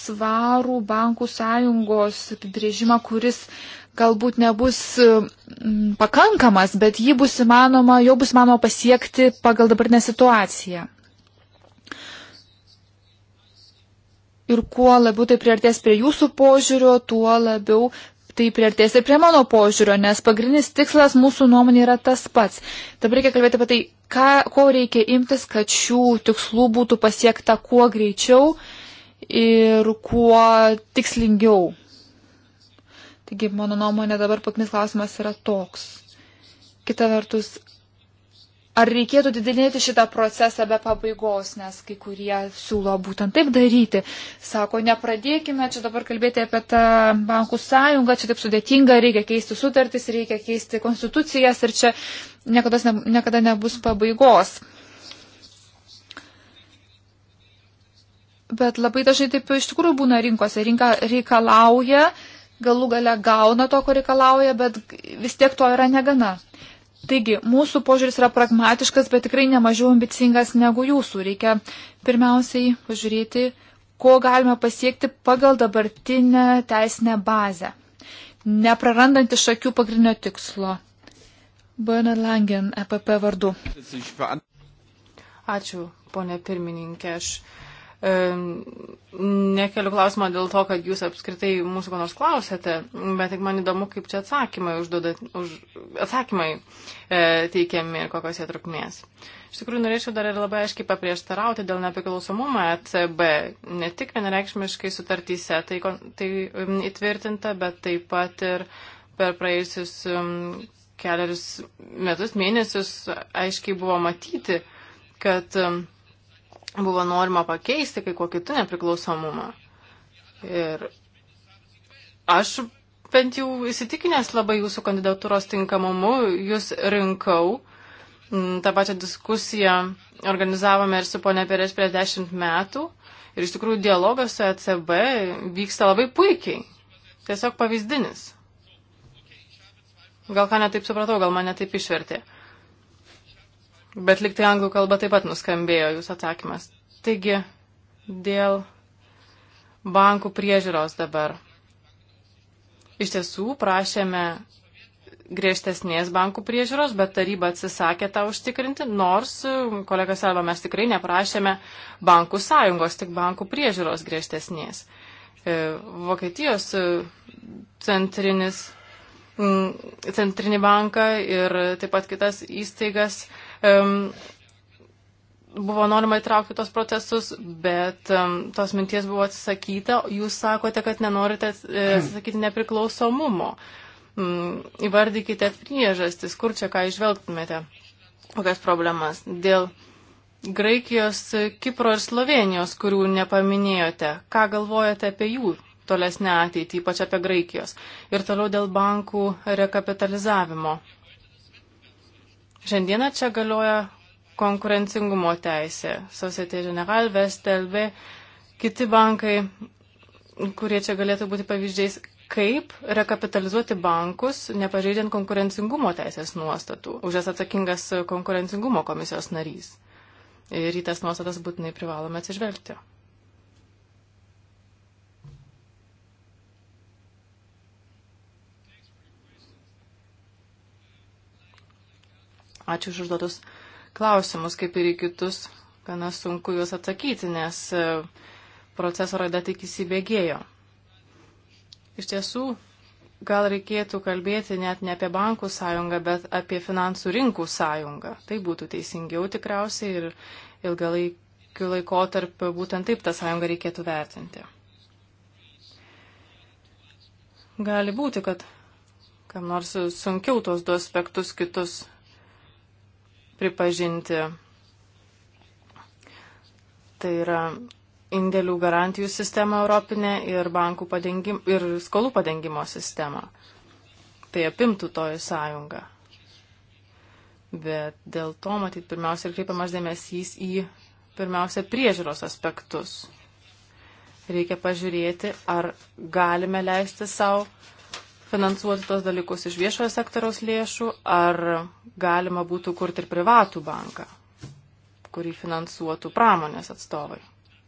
svarų bankų sąjungos apibrėžimą, kuris galbūt nebus pakankamas, bet jį bus įmanoma, jo bus įmanoma pasiekti pagal dabartinę situaciją. ir kuo labiau tai priartės prie jūsų požiūrio, tuo labiau tai priartės ir prie mano požiūrio, nes pagrindinis tikslas mūsų nuomonė yra tas pats. Dabar reikia kalbėti apie tai, ką, ko reikia imtis, kad šių tikslų būtų pasiekta kuo greičiau ir kuo tikslingiau. Taigi, mano nuomonė dabar pagrindinis klausimas yra toks. Kita vertus, ar reikėtų didinėti šitą procesą be pabaigos, nes kai kurie siūlo būtent taip daryti. Sako, nepradėkime čia dabar kalbėti apie tą bankų sąjungą, čia taip sudėtinga, reikia keisti sutartis, reikia keisti konstitucijas ir čia niekada, ne, niekada nebus pabaigos. Bet labai dažnai taip iš tikrųjų būna rinkose. Rinka reikalauja, galų gale gauna to, ko reikalauja, bet vis tiek to yra negana. Taigi, mūsų požiūris yra pragmatiškas, bet tikrai nemažiau ambicingas negu jūsų. Reikia pirmiausiai pažiūrėti, ko galime pasiekti pagal dabartinę teisinę bazę, neprarandant iš akių pagrindinio tikslo. Bernard Langen, EPP vardu. Ačiū, ponė pirmininkė. Aš nekeliu klausimą dėl to, kad jūs apskritai mūsų ko nors klausėte, bet tik man įdomu, kaip čia atsakymai, užduodat, už, atsakymai e, teikiami ir kokios jie trukmės. Iš tikrųjų, norėčiau dar ir labai aiškiai paprieštarauti dėl nepriklausomumo ECB. Ne tik vienareikšmiškai sutartyse tai, tai įtvirtinta, bet taip pat ir per praėjusius keliarius metus, mėnesius aiškiai buvo matyti, kad um, buvo norima pakeisti kai kokį kitų nepriklausomumą. Ir aš bent jau įsitikinęs labai jūsų kandidatūros tinkamumu, jūs rinkau. Mm, Ta pačia diskusija organizavome ir su ponia Pereš prieš dešimt metų. Ir iš tikrųjų dialogas su ECB vyksta labai puikiai. Tiesiog pavyzdinis. Gal ką netaip supratau, gal mane taip išvertė. Uh, Bet liktai anglų kalba taip pat nuskambėjo jūsų atsakymas. Taigi, dėl bankų priežiūros dabar. Iš tiesų prašėme griežtesnės bankų priežiūros, bet taryba atsisakė tą užtikrinti, nors, kolega Selva, mes tikrai neprašėme bankų sąjungos, tik bankų priežiūros griežtesnės. E, Vokietijos e, centrinis, centrinį banką ir taip pat kitas įstaigas buvo norima įtraukti tos procesus, bet um, tos minties buvo atsisakyta. Jūs sakote, kad nenorite e, atsisakyti nepriklausomumo. Um, įvardykite priežastis, kur čia ką išvelgtumėte, kokias problemas. Dėl Graikijos, Kipro ir Slovenijos, kurių nepaminėjote, ką galvojate apie jų tolesnę ateitį, ypač apie Graikijos. Ir toliau dėl bankų rekapitalizavimo. Šiandieną čia galioja konkurencingumo teisė. Societe General, Vestelbe, kiti bankai, kurie čia galėtų būti pavyzdžiais, kaip rekapitalizuoti bankus, nepažeidžiant konkurencingumo teisės nuostatų. Už jas atsakingas konkurencingumo komisijos narys. Ir į tas nuostatas būtinai privalome atsižvelgti. Ačiū už užduotus klausimus, kaip ir į kitus, gana sunku juos atsakyti, nes e, proceso raida tik įsibėgėjo. Iš tiesų, gal reikėtų kalbėti net ne apie bankų sąjungą, bet apie finansų rinkų sąjungą. Tai būtų teisingiau tikriausiai ir ilgalaikiu laikotarpiu būtent taip tą sąjungą reikėtų vertinti. Gali būti, kad kam nors sunkiau tos du aspektus kitus pripažinti. Tai yra indėlių garantijų sistemą Europinę ir, padengim, ir skolų padengimo sistemą. Tai apimtų toji sąjunga. Bet dėl to, matyt, pirmiausia ir kreipiamas dėmesys į pirmiausia priežiūros aspektus. Reikia pažiūrėti, ar galime leisti savo finansuoti tos dalykus iš viešojo sektoriaus lėšų, ar galima būtų kurti ir privatų banką, kurį finansuotų pramonės atstovai,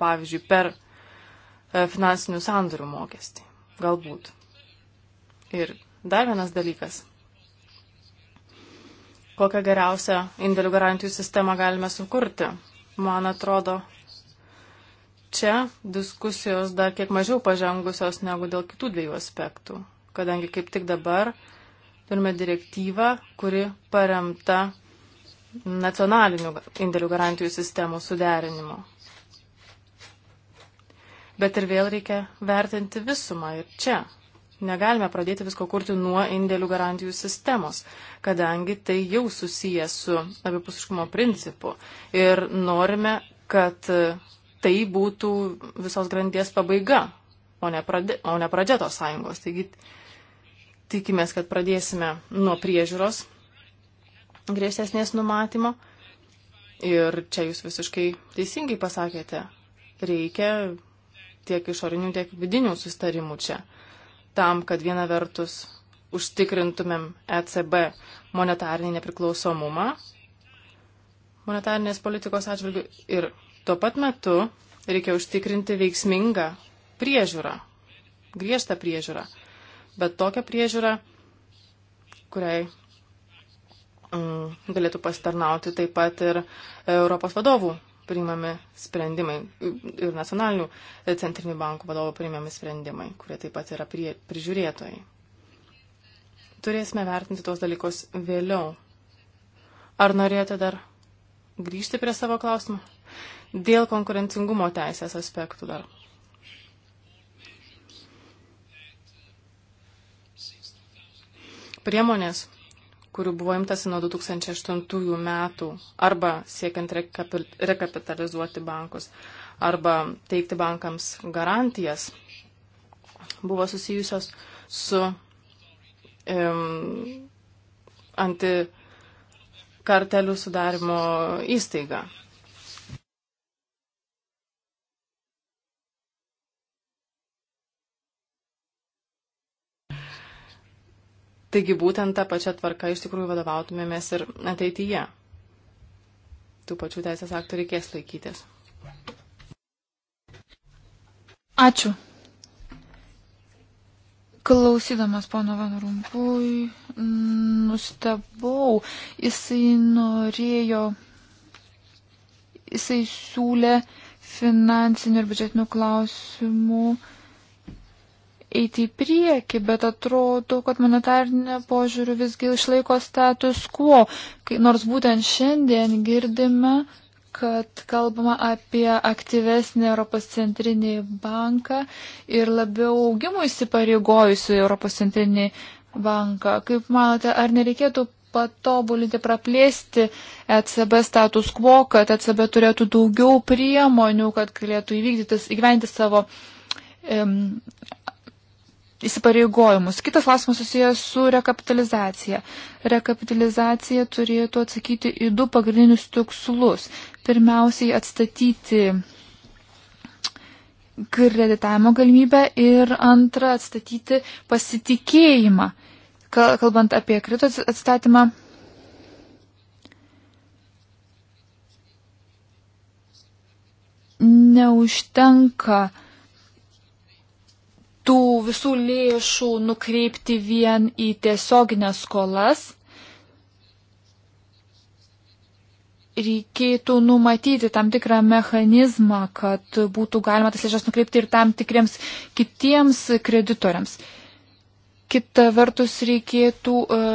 pavyzdžiui, per e, finansinių sandorių mokestį. Galbūt. Ir dar vienas dalykas. Kokią geriausią indėlių garantijų sistemą galime sukurti? Man atrodo, čia diskusijos dar kiek mažiau pažengusios negu dėl kitų dviejų aspektų kadangi kaip tik dabar turime direktyvą, kuri paremta nacionalinių indėlių garantijų sistemų suderinimo. Bet ir vėl reikia vertinti visumą ir čia. Negalime pradėti visko kurti nuo indėlių garantijų sistemos, kadangi tai jau susiję su abipusiškumo principu. Ir norime, kad tai būtų visos grandies pabaiga, o ne, pradė, o ne pradžia tos sąjungos. Taigi Tikimės, kad pradėsime nuo priežiūros grėsesnės numatymo. Ir čia jūs visiškai teisingai pasakėte, reikia tiek išorinių, tiek vidinių sustarimų čia, tam, kad viena vertus užtikrintumėm ECB monetarinį nepriklausomumą monetarinės politikos atžvilgių ir tuo pat metu reikia užtikrinti veiksmingą priežiūrą, griežtą priežiūrą bet tokią priežiūrą, kuriai mm, galėtų pasitarnauti taip pat ir Europos vadovų priimami sprendimai ir nacionalinių centrinių bankų vadovų priimami sprendimai, kurie taip pat yra prie, prižiūrėtojai. Turėsime vertinti tos dalykus vėliau. Ar norėjote dar grįžti prie savo klausimą? Dėl konkurencingumo teisės aspektų dar. priemonės, kurių buvo imtasi nuo 2008 metų, arba siekiant rekapitalizuoti bankus, arba teikti bankams garantijas, buvo susijusios su um, antikartelių sudarimo įstaiga. Taigi būtent tą pačią tvarką iš tikrųjų vadovautumėmės ir ateityje. Tų pačių teisės aktų reikės laikytis. Ačiū. Klausydamas pono Van Rumpui, nustebau, jisai norėjo, jisai siūlė finansinių ir biudžetinių klausimų uh, eiti į priekį, bet atrodo, kad monetarinė požiūrių visgi išlaiko status quo, nors būtent šiandien girdime, kad kalbama apie aktyvesnį Europos centrinį banką ir labiau augimų įsipareigojusių Europos centrinį banką. Kaip manote, ar nereikėtų patobulinti, praplėsti ECB status quo, kad ECB turėtų daugiau priemonių, kad galėtų įvykdyti, įgyventi savo um, įsipareigojimus. Kitas klausimas susijęs su rekapitalizacija. Rekapitalizacija turėtų atsakyti į du pagrindinius tikslus. Pirmiausiai atstatyti kreditavimo galimybę ir antrą atstatyti pasitikėjimą. Kalbant apie kredito atstatymą. Neužtenka uh, tų visų lėšų nukreipti vien į tiesioginės skolas, reikėtų numatyti tam tikrą mechanizmą, kad būtų galima tas lėšas nukreipti ir tam tikriems kitiems kreditoriams. Kita vertus, reikėtų e,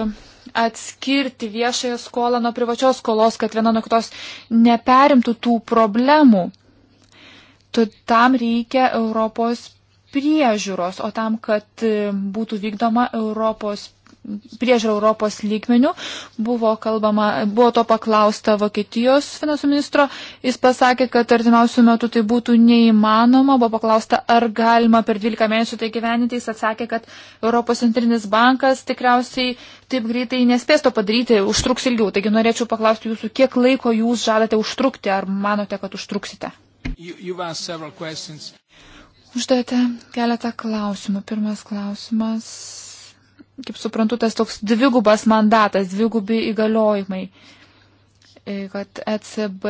atskirti viešąją skolą nuo privačios skolos, kad viena nuo kitos neperimtų tų problemų. Tad tam reikia Europos priežiūros, o tam, kad e, būtų vykdoma Europos priežiūra Europos lygmenių. Buvo, kalbama, buvo to paklausta Vokietijos finansų ministro. Jis pasakė, kad artimiausių metų tai būtų neįmanoma. Buvo paklausta, ar galima per 12 mėnesių tai gyveninti. Jis atsakė, kad Europos centrinis bankas tikriausiai taip greitai nespės to padaryti, užtruks ilgiau. Taigi norėčiau paklausti jūsų, kiek laiko jūs žadate užtrukti, ar manote, kad užtruksite. You, uždavėte keletą klausimų. Pirmas klausimas, kaip suprantu, tas toks dvigubas mandatas, dvigubi įgaliojimai e, kad ECB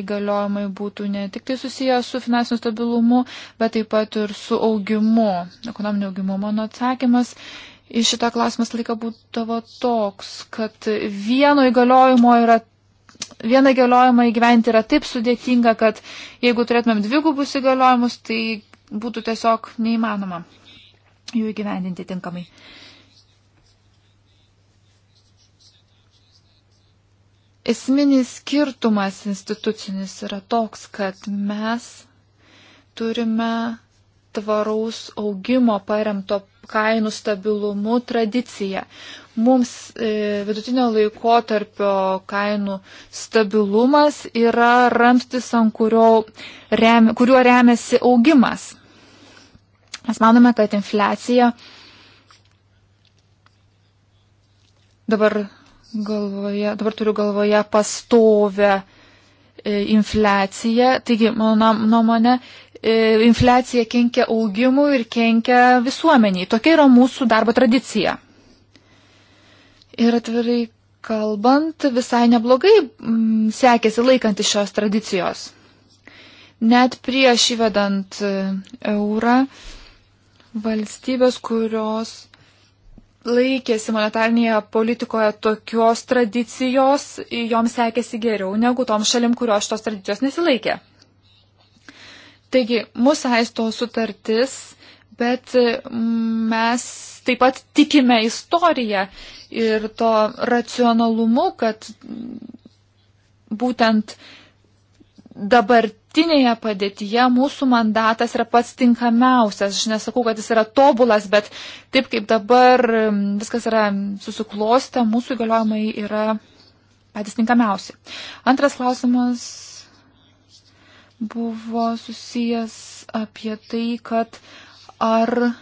įgaliojimai būtų ne tik tai susijęs su finansiniu stabilumu, bet taip pat ir su augimu, ekonominiu augimu. Mano atsakymas į šitą klausimą laiką būdavo toks, kad vieno įgaliojimo yra. Vieną įgaliojimą įgyventi yra taip sudėtinga, kad jeigu turėtumėm dvigubus įgaliojimus, tai būtų tiesiog neįmanoma jų įgyvendinti tinkamai. Esminis skirtumas institucinis yra toks, kad mes turime tvaraus augimo paremto kainų stabilumu tradicija. Mums e, vidutinio laiko tarpio kainų stabilumas yra ramstis, rem, kuriuo remiasi augimas. Mes manome, kad infliacija dabar, galvoje, dabar turiu galvoje pastovę e, infliaciją. Taigi, mano nuomonė, E, infliacija kenkia augimui ir kenkia visuomeniai. Tokia yra mūsų darbo tradicija. Ir atvirai kalbant, visai neblogai m, mm, sekėsi laikantis šios tradicijos. Net prieš įvedant e, eurą valstybės, kurios laikėsi monetarnėje politikoje tokios tradicijos, joms sekėsi geriau negu tom šalim, kurios šitos tradicijos nesilaikė. Taigi, mūsų aisto sutartis, bet mm, mes taip pat tikime istoriją ir to racionalumu, kad mm, būtent dabartinėje padėtyje mūsų mandatas yra pats tinkamiausias. Aš nesakau, kad jis yra tobulas, bet taip kaip dabar mm, viskas yra susiklostę, mūsų įgaliojimai yra patys tinkamiausi. Antras klausimas buvo susijęs apie tai, kad ar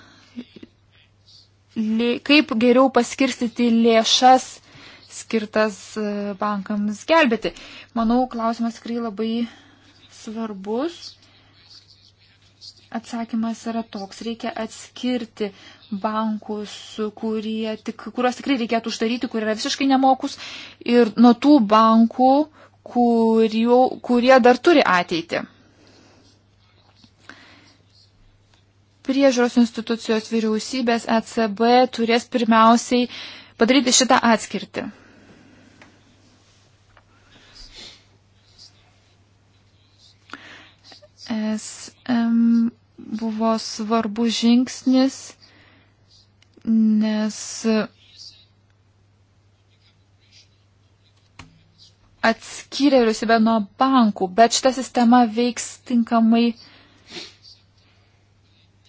kaip geriau paskirstyti lėšas skirtas e, bankams gelbėti. Manau, klausimas tikrai labai svarbus. Atsakymas yra toks, reikia atskirti bankus, kurie tik, kuriuos tikrai reikėtų uždaryti, kurie yra visiškai nemokus, ir nuo tų bankų, kurių, kurie dar turi ateitį. Priežiūros institucijos vyriausybės ECB turės pirmiausiai padaryti šitą atskirtį. SM buvo svarbus žingsnis, nes atskyrė vyriausybę nuo bankų, bet šita sistema veiks tinkamai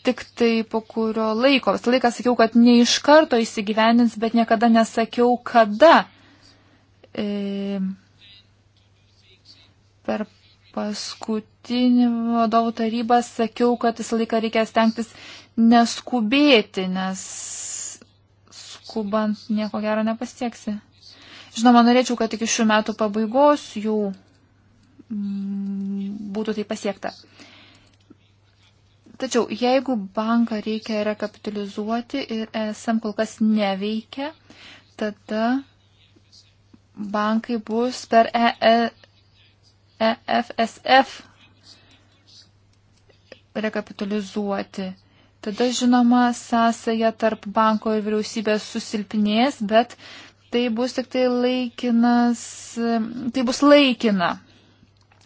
tik tai po kurio laiko. Visą laiką sakiau, kad ne iš karto įsigyvendins, bet niekada nesakiau, kada. E, per paskutinį vadovų tarybą sakiau, kad visą laiką reikia stengtis neskubėti, nes skubant nieko gero nepasieksi. Žinoma, norėčiau, kad iki šių metų pabaigos jų mm, būtų tai pasiekta. Tačiau jeigu banką reikia rekapitalizuoti ir ESM kol kas neveikia, tada bankai bus per EFSF e, e, rekapitalizuoti. Tada, žinoma, sąsaja tarp banko ir vyriausybės susilpnės, bet tai bus tik tai laikinas, tai bus laikina,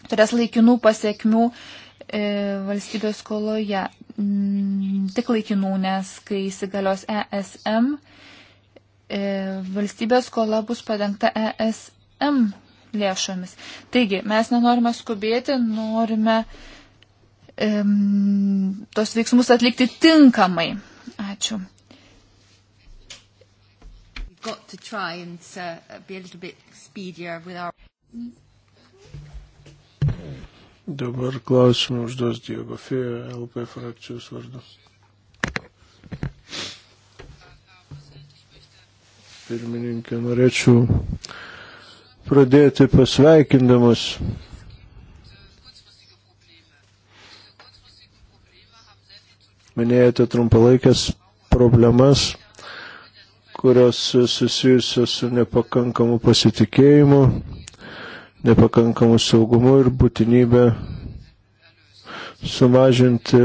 turės laikinų pasiekmių e, valstybės skoloje. Mm, tik laikinų, nes kai įsigalios ESM, e, valstybės skola bus padengta ESM lėšomis. Taigi, mes nenorime skubėti, norime um, tos veiksmus atlikti tinkamai. Ačiū got to try and uh, be a little bit speedier with our. Dabar klausimą užduos Diego Fėja, LP frakcijos vardu. Pirmininkė, norėčiau pradėti pasveikindamas minėjote trumpalaikės problemas kurios susijusios su nepakankamu pasitikėjimu, nepakankamu saugumu ir būtinybė sumažinti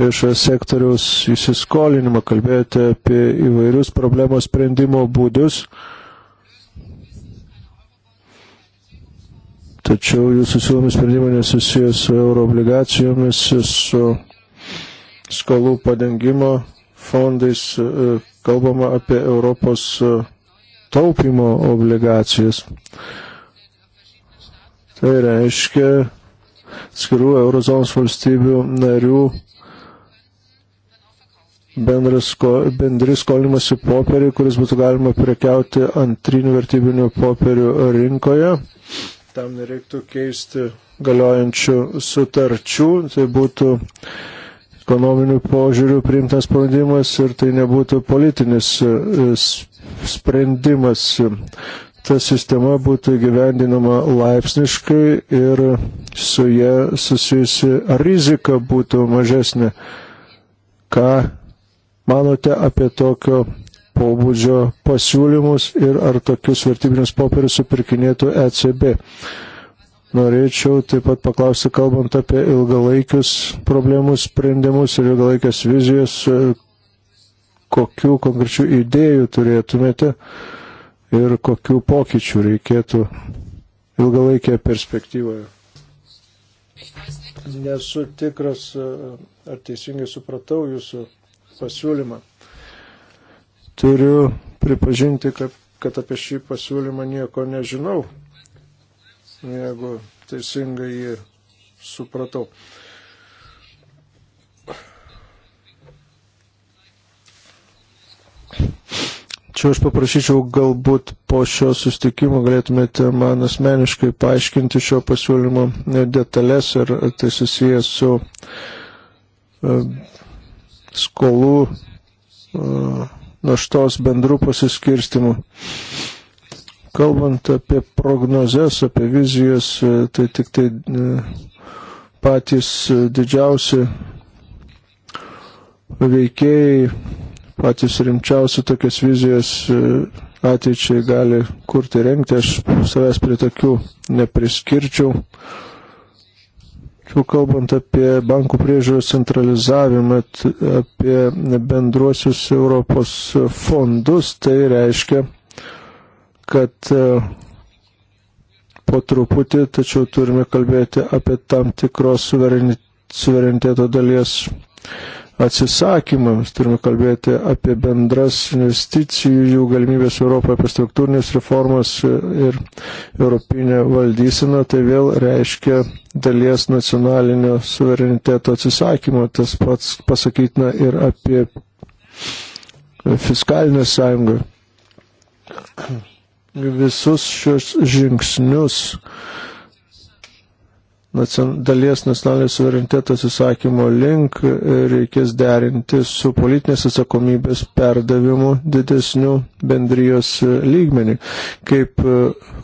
viešojo sektoriaus įsiskolinimą. Kalbėjote apie įvairius problemos sprendimo būdus. Tačiau jūsų siūlomi sprendimai nesusijęs su euroobligacijomis, su skolų padengimo fondais e, kalbama apie Europos e, taupimo obligacijas. Tai reiškia skirų eurozonos valstybių narių sko, bendri skolimasi popieriai, kuris būtų galima prekiauti antrinių vertybinių popierių rinkoje. Tam nereiktų keisti galiojančių sutarčių. Tai būtų uh, ekonominių požiūrių priimtas sprendimas ir tai nebūtų politinis e, sprendimas. Ta sistema būtų gyvendinama laipsniškai ir su ją susijusi rizika būtų mažesnė. Ką manote apie tokio pobūdžio pasiūlymus ir ar tokius vertybinius popierius supirkinėtų ECB? Norėčiau taip pat paklausti, kalbant apie ilgalaikius problemų sprendimus ir ilgalaikės vizijas, kokių konkrečių idėjų turėtumėte ir kokių pokyčių reikėtų ilgalaikėje perspektyvoje. Nesu tikras, ar teisingai supratau jūsų pasiūlymą. Turiu pripažinti, kad, kad apie šį pasiūlymą nieko nežinau jeigu teisingai jį supratau. Čia aš paprašyčiau, galbūt po šio sustikimo galėtumėte man asmeniškai paaiškinti šio pasiūlymo detalės ir tai susijęs su e, skolų e, naštos bendrų pasiskirstimu. Uh, Kalbant apie prognozes, apie vizijas, e, tai tik tai e, patys e, didžiausi veikėjai, patys rimčiausi tokias vizijas ateičiai gali kurti renkti. Aš savęs prie tokių nepriskirčiau. Tačiau kalbant apie bankų priežiūros centralizavimą, apie bendruosius Europos fondus, tai reiškia, kad e, po truputį, tačiau turime kalbėti apie tam tikros suvereniteto dalies atsisakymą. Mes turime kalbėti apie bendras investicijų, jų galimybės Europoje, apie struktūrinės reformas ir europinę valdysiną. Tai vėl reiškia dalies nacionalinio suvereniteto atsisakymą. Tas pats pasakytina ir apie fiskalinę sąjungą visus šios žingsnius dalies nacionalinio suvereniteto atsisakymo link reikės derinti su politinės atsakomybės perdavimu didesnių bendrijos lygmenį. Kaip e,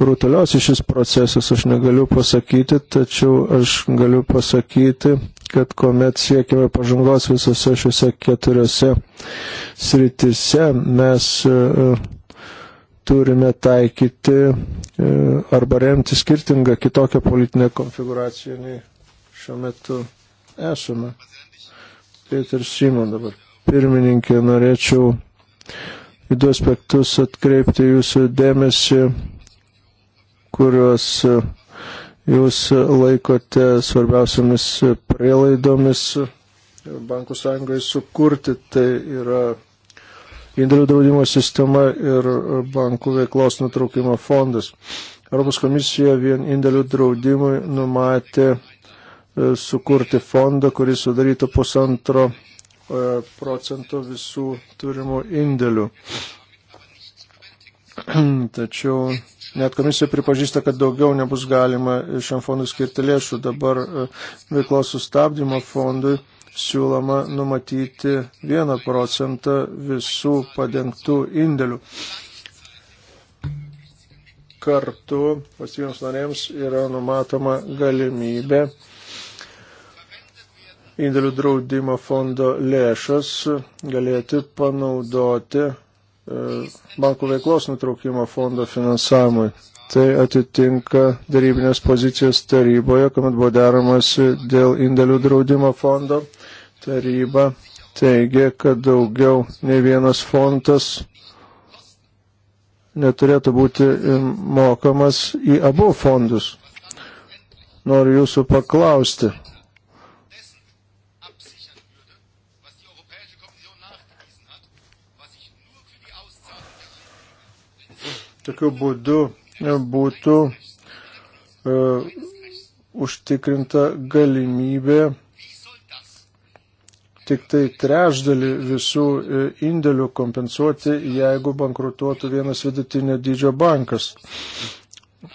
rutuliuosi šis procesas, aš negaliu pasakyti, tačiau aš galiu pasakyti, kad kuomet siekime pažangos visose šiuose keturiose sritise, mes e, turime taikyti e, arba remti skirtingą kitokią politinę konfiguraciją nei šiuo metu esame. Peter Simon dabar. Pirmininkė, norėčiau į du aspektus atkreipti jūsų dėmesį, kuriuos jūs laikote svarbiausiamis prielaidomis bankų sąjungai sukurti. Tai yra indėlių draudimo sistema ir bankų veiklos nutraukimo fondas. Europos komisija vien indėlių draudimui numatė e, sukurti fondą, kuris sudarytų pusantro e, procento visų turimų indėlių. <clears throat> Tačiau net komisija pripažįsta, kad daugiau nebus galima šiam fondui skirti lėšų. Dabar e, veiklos sustabdymo fondui siūloma numatyti 1 procentą visų padengtų indėlių. Kartu valstybėms narėms yra numatoma galimybė indėlių draudimo fondo lėšas galėti panaudoti e, bankų veiklos nutraukimo fondo finansavimui. Tai atitinka darybinės pozicijos taryboje, kuomet buvo deramasi dėl indėlių draudimo fondo Taryba teigia, kad daugiau nei vienas fondas neturėtų būti mokamas į abu fondus. Noriu jūsų paklausti. Tokiu būdu būtų uh, užtikrinta galimybė tik tai trešdalį visų e, indėlių kompensuoti, jeigu bankrutuotų vienas vidutinio dydžio bankas.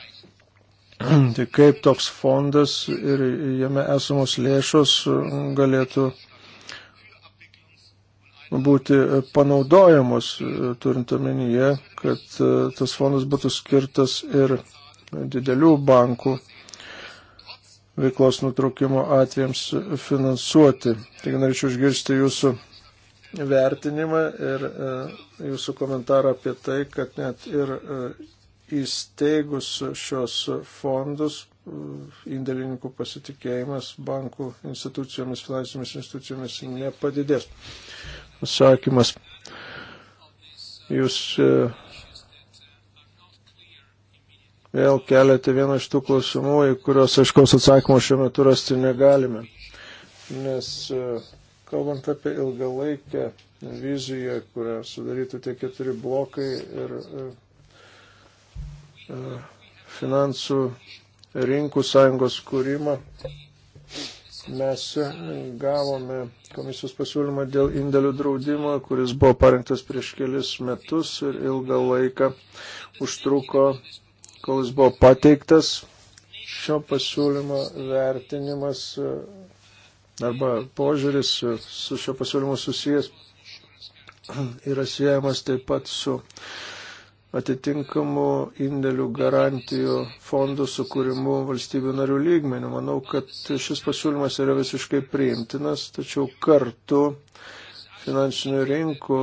<clears throat> Tai kaip toks fondas ir jame esamos lėšos e, galėtų būti panaudojamos, e, turint omenyje, kad tas fondas būtų skirtas ir didelių bankų veiklos nutraukimo atvejams finansuoti. Taigi norėčiau išgirsti jūsų vertinimą ir e, jūsų komentarą apie tai, kad net ir e, įsteigus šios fondus e, indėlininkų pasitikėjimas bankų institucijomis, finansinėmis institucijomis nepadidės. Sakymas. Jūs vėl keliate vieną iš tų klausimų, į kuriuos aiškaus atsakymo šiuo metu rasti negalime. Nes e, kalbant apie ilgalaikę viziją, kurią sudarytų tie keturi blokai ir e, e, finansų rinkų sąjungos kūrimą, mes gavome komisijos pasiūlymą dėl indėlių draudimo, kuris buvo parengtas prieš kelis metus ir ilgą laiką užtruko kol jis buvo pateiktas, šio pasiūlymo vertinimas e, arba požiūris e, su šio pasiūlymu susijęs <clears throat> yra siejamas taip pat su atitinkamų indėlių garantijų fondų sukūrimu valstybių narių lygmenių. Manau, kad šis pasiūlymas yra visiškai priimtinas, tačiau kartu finansinių rinkų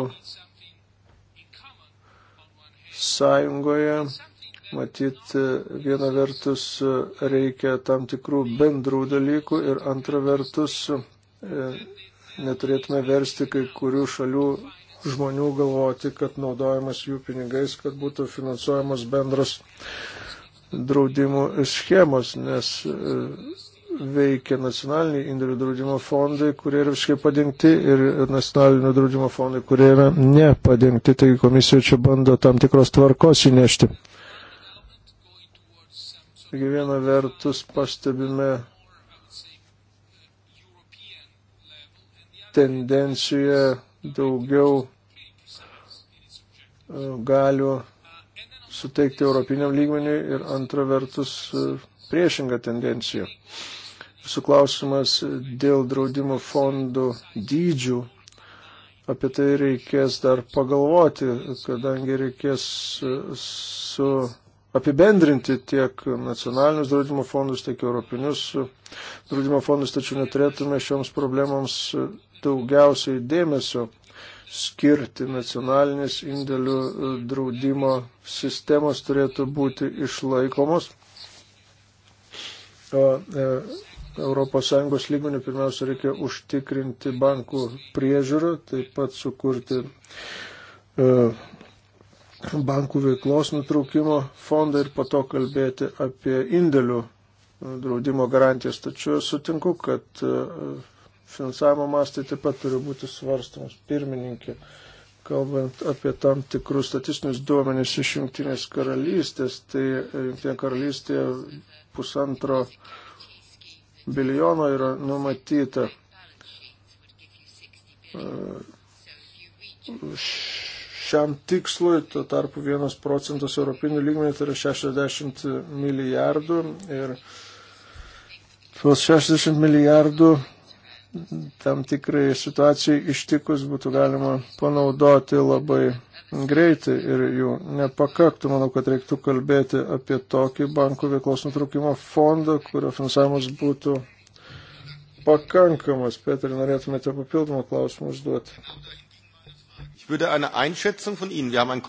sąjungoje Matyt, viena vertus reikia tam tikrų bendrų dalykų ir antra vertus e, neturėtume versti kai kurių šalių žmonių galvoti, kad naudojamas jų pinigais, kad būtų finansuojamos bendros draudimų schemos, nes e, veikia nacionaliniai indėlių draudimo fondai, kurie yra visiškai padengti ir nacionalinio draudimo fondai, kurie yra nepadengti. Taigi komisija čia bando tam tikros tvarkos įnešti. Taigi viena vertus pastebime tendenciją daugiau e, galių suteikti europiniam lygmeniui ir antra vertus e, priešinga tendencija. Visų klausimas dėl draudimo fondų dydžių. Apie tai reikės dar pagalvoti, kadangi reikės e, su apibendrinti tiek nacionalinius draudimo fondus, tiek europinius draudimo fondus, tačiau neturėtume šioms problemams daugiausiai dėmesio skirti nacionalinės indėlių draudimo sistemos turėtų būti išlaikomos. O ES lygmenių pirmiausia reikia užtikrinti bankų priežiūrą, taip pat sukurti e, bankų veiklos nutraukimo fondą ir po to kalbėti apie indėlių e, draudimo garantijas. Tačiau sutinku, kad e, finansavimo mastai taip pat turi būti svarstamas pirmininkė. Kalbant apie tam tikrus statistinius duomenis iš Junktinės karalystės, tai e, Junktinė karalystė pusantro bilijono yra numatyta šiam tikslui, tuo tarpu 1 procentas europinių lygmenių tai yra 60 milijardų ir tuos 60 milijardų tam tikrai situacijai ištikus būtų galima panaudoti labai greitai ir jų nepakaktų. Manau, kad reiktų kalbėti apie tokį bankų veiklos nutraukimo fondą, kurio finansavimas būtų pakankamas. Petri, norėtumėte papildomą klausimą užduoti? Ich würde eine Einschätzung von Ihnen. Wir haben ein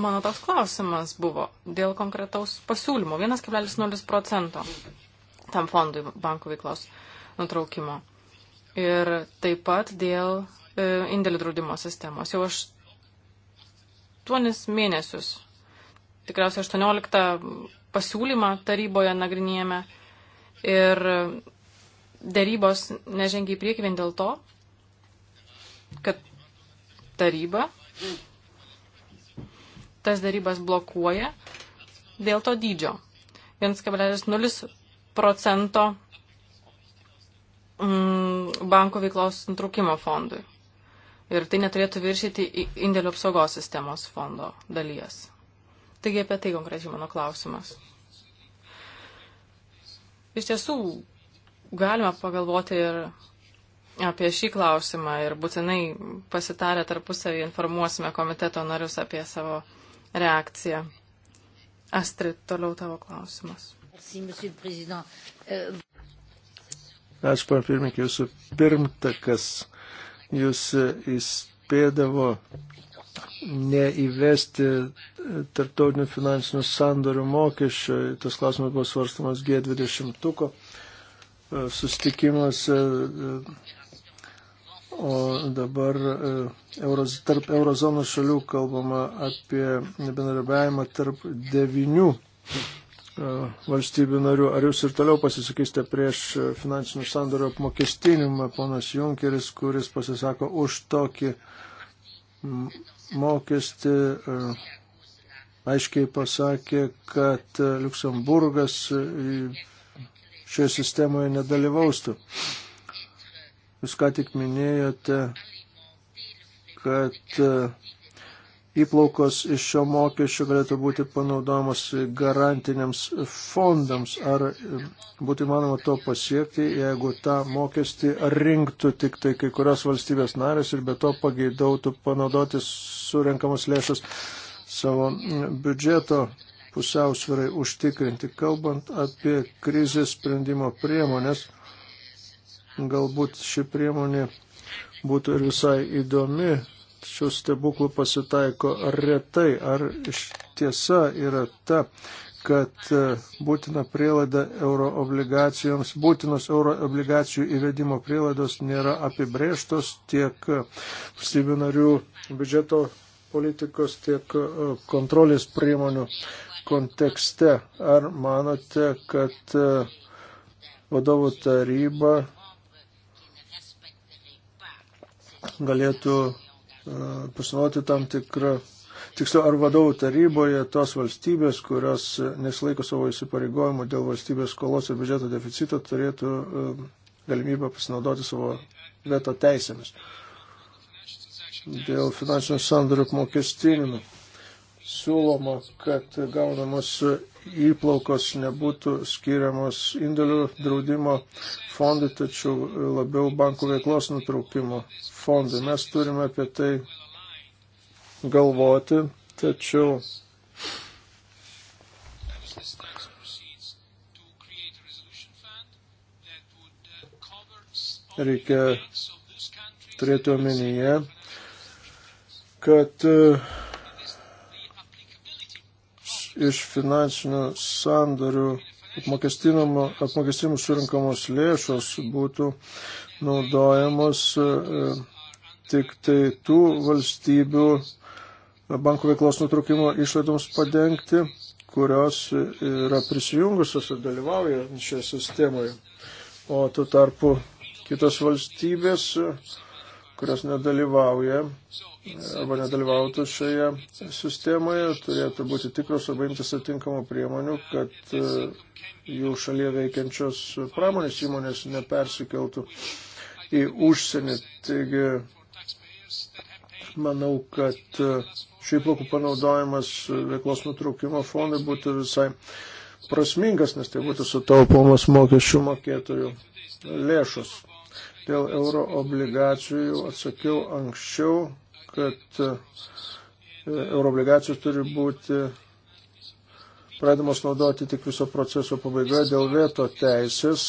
Mano toks klausimas buvo dėl konkretaus pasiūlymo 1,0 procento tam fondui bankų veiklos nutraukimo. Ir taip pat dėl e, indėlių draudimo sistemos. Jau aš 8 mėnesius, tikriausiai 18 pasiūlymą taryboje nagrinėjame ir dėrybos nežengia į priekį vien dėl to, kad taryba tas darybas blokuoja dėl to dydžio. 1,0 procento mm, banko veiklos nutraukimo fondui. Ir tai neturėtų viršyti indėlių apsaugos sistemos fondo dalies. Taigi apie tai konkrečiai mano klausimas. Iš tiesų, galima pagalvoti ir apie šį klausimą ir būtinai pasitarę tarpusavį informuosime komiteto narius apie savo reakciją. Astrid, toliau tavo klausimas. Euh, Ačiū, pan pirmininkė, jūsų pirmtakas jūs įspėdavo neįvesti tarptautinių finansinių sandorių mokesčio. Tas klausimas buvo svarstamas G20 e, sustikimuose e, O dabar e, euros, tarp eurozonos šalių kalbama apie bendradarbiavimą tarp devinių e, valstybių narių. Ar jūs ir toliau pasisakysite prieš finansinių sandario apmokestinimą, ponas Junkeris, kuris pasisako už tokį mokestį, e, aiškiai pasakė, kad Luksemburgas šioje sistemoje nedalyvaustų. Jūs ką tik minėjote, kad e, įplaukos iš šio mokesčio galėtų būti panaudojamos garantiniams fondams. Ar e, būtų įmanoma to pasiekti, jeigu tą mokestį rinktų tik tai kai kurios valstybės narės ir be to pageidautų panaudoti surenkamas lėšas savo biudžeto pusiausvirai užtikrinti, kalbant apie krizės sprendimo priemonės Galbūt ši priemonė būtų ir visai įdomi, tačiau stebuklų pasitaiko retai. Ar iš tiesa yra ta, kad e, būtina prielaida euro obligacijoms, būtinos euro obligacijų įvedimo prielaidos nėra apibrėžtos tiek e, valstybių narių biudžeto politikos, tiek e, kontrolės priemonių kontekste. Ar manote, kad vadovų taryba galėtų e, pasinaudoti tam tikrą, tiksliau, ar vadovų taryboje tos valstybės, kurios nesilaiko savo įsipareigojimų dėl valstybės skolos ir biudžeto deficito, turėtų e, galimybę pasinaudoti savo veto teisėmis dėl finansinio sandorio apmokestinimo siūloma, kad gaunamos įplaukos nebūtų skiriamos indėlių draudimo fondui, tačiau labiau bankų veiklos nutraukimo fondui. Mes turime apie tai galvoti, tačiau reikia turėti omenyje, kad uh, iš finansinių sandorių apmokestinimų surinkamos lėšos būtų naudojamos e, tik tai tų valstybių bankų veiklos nutraukimo išlaidoms padengti, kurios yra prisijungusios ir dalyvauja šioje sistemoje. O tuo tarpu kitos valstybės, kurios nedalyvauja, arba nedalyvautų šioje sistemoje, turėtų būti tikros arba imtis atinkamų priemonių, kad e, jų šalyje veikiančios pramonės įmonės nepersikeltų į užsienį. Taigi, manau, kad e, šių įplaukų panaudojimas veiklos nutraukimo fondai būtų visai prasmingas, nes tai būtų sutaupomas mokesčių mokėtojų lėšos. Dėl euro obligacijų atsakiau anksčiau, kad e, euroobligacijos turi būti pradamos naudoti tik viso proceso pabaigoje dėl veto teisės.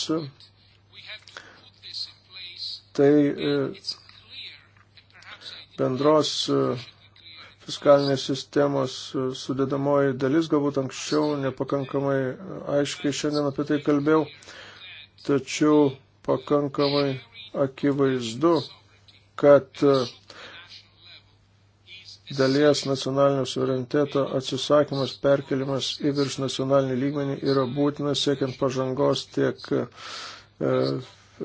Tai e, bendros e, fiskalinės sistemos sudėdamoji dalis, galbūt anksčiau nepakankamai aiškiai šiandien apie tai kalbėjau, tačiau pakankamai akivaizdu, kad uh, dalies nacionalinio suvereniteto atsisakymas, perkelimas į virš nacionalinį lygmenį yra būtinas siekiant pažangos tiek e,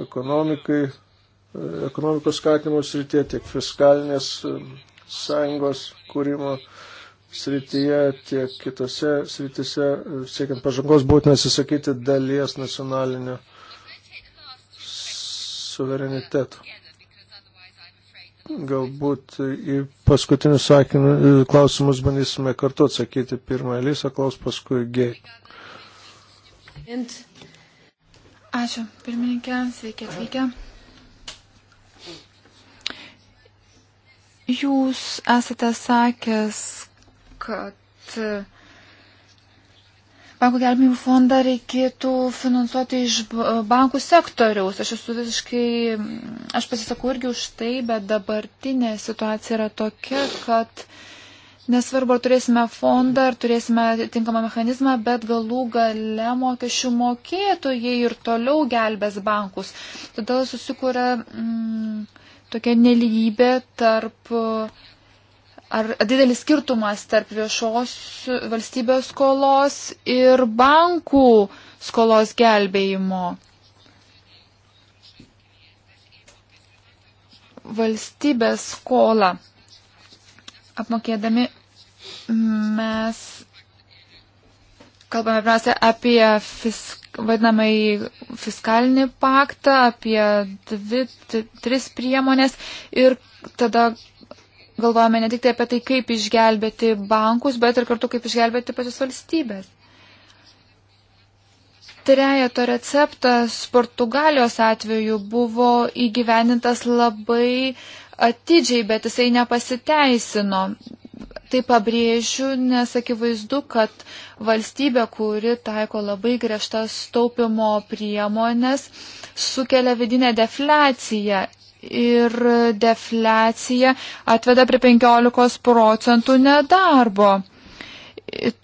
ekonomikai, e, ekonomikos skatinimo srityje, tiek fiskalinės e, sąjungos kūrimo srityje, tiek kitose srityse, siekiant pažangos būtina atsisakyti dalies nacionalinio suvereniteto. Galbūt į paskutinius sakinius klausimus bandysime kartu atsakyti. Pirmą Elisa klaus, paskui G. Ačiū, pirmininkė, sveiki atvykę. Jūs esate sakęs, kad bankų gelbėjimo fondą reikėtų finansuoti iš bankų sektoriaus. Aš esu visiškai, aš pasisakau irgi už tai, bet dabartinė situacija yra tokia, kad nesvarbu, ar turėsime fondą, ar turėsime tinkamą mechanizmą, bet galų gale mokesčių mokėtojai ir toliau gelbės bankus. Todėl susikūrė mm, tokia neligybė tarp. Uh, ar didelis skirtumas tarp viešos valstybės skolos ir bankų skolos gelbėjimo. Valstybės skolą apmokėdami mes kalbame pirmiausia apie fisk, vadinamai fiskalinį paktą, apie dvi, tris priemonės ir tada galvojame ne tik tai apie tai, kaip išgelbėti bankus, bet ir kartu kaip išgelbėti pačias valstybės. Trejato receptas Portugalijos atveju buvo įgyvenintas labai atidžiai, bet jisai nepasiteisino. Tai pabrėžiu, nes akivaizdu, kad valstybė, kuri taiko labai griežtas taupimo priemonės, sukelia vidinę defliaciją ir deflecija atveda prie 15 procentų nedarbo.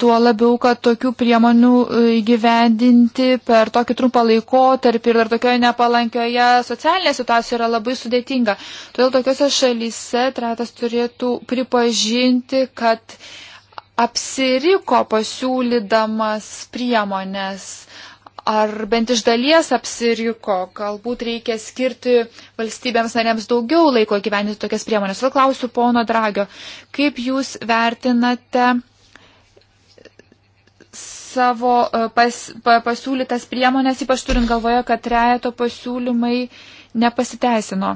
Tuo labiau, kad tokių priemonių e, įgyvendinti per tokį trumpą laikotarpį ir dar tokioje nepalankioje socialinėje situacijoje yra labai sudėtinga. Todėl tokiuose šalyse tretas turėtų pripažinti, kad apsiriko pasiūlydamas priemonės ar bent iš dalies apsiriko, galbūt reikia skirti valstybėms narėms daugiau laiko gyveninti tokias priemonės. Vėl klausiu pono Dragio, kaip jūs vertinate savo e, pas, pa, pasiūlytas priemonės, ypač turint galvoje, kad trejato pasiūlymai nepasiteisino.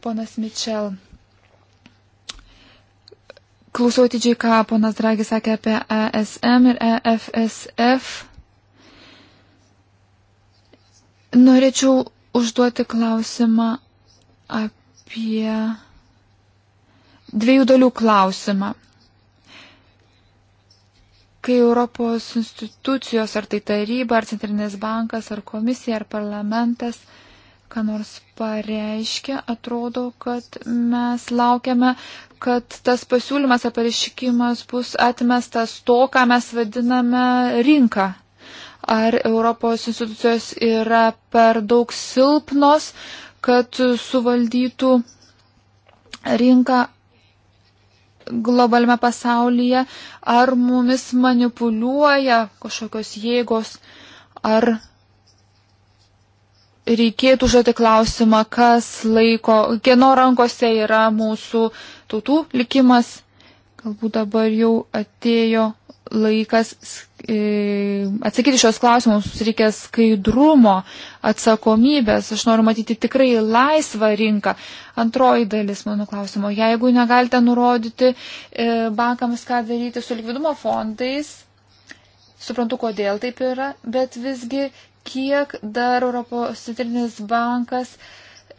Ponas Mičel. Klausau atidžiai, ką ponas Dragis sakė apie ESM ir EFSF. Norėčiau užduoti klausimą apie dviejų dalių klausimą. Kai Europos institucijos, ar tai taryba, ar centrinis bankas, ar komisija, ar parlamentas, uh, ką nors pareiškia, atrodo, kad mes laukiame, kad tas pasiūlymas ar pareiškimas bus atmestas to, ką mes vadiname rinką. Ar Europos institucijos yra per daug silpnos, kad suvaldytų rinką globaliame pasaulyje, ar mumis manipuliuoja kažkokios jėgos, ar reikėtų žodį klausimą, kas laiko, kieno rankose yra mūsų tautų likimas. Galbūt dabar jau atėjo laikas e, atsakyti šios klausimus, mums reikia skaidrumo, atsakomybės, aš noriu matyti tikrai laisvą rinką. Antroji dalis mano klausimo, jeigu negalite nurodyti e, bankams, ką daryti su likvidumo fondais, suprantu, kodėl taip yra, bet visgi kiek dar Europos centrinis bankas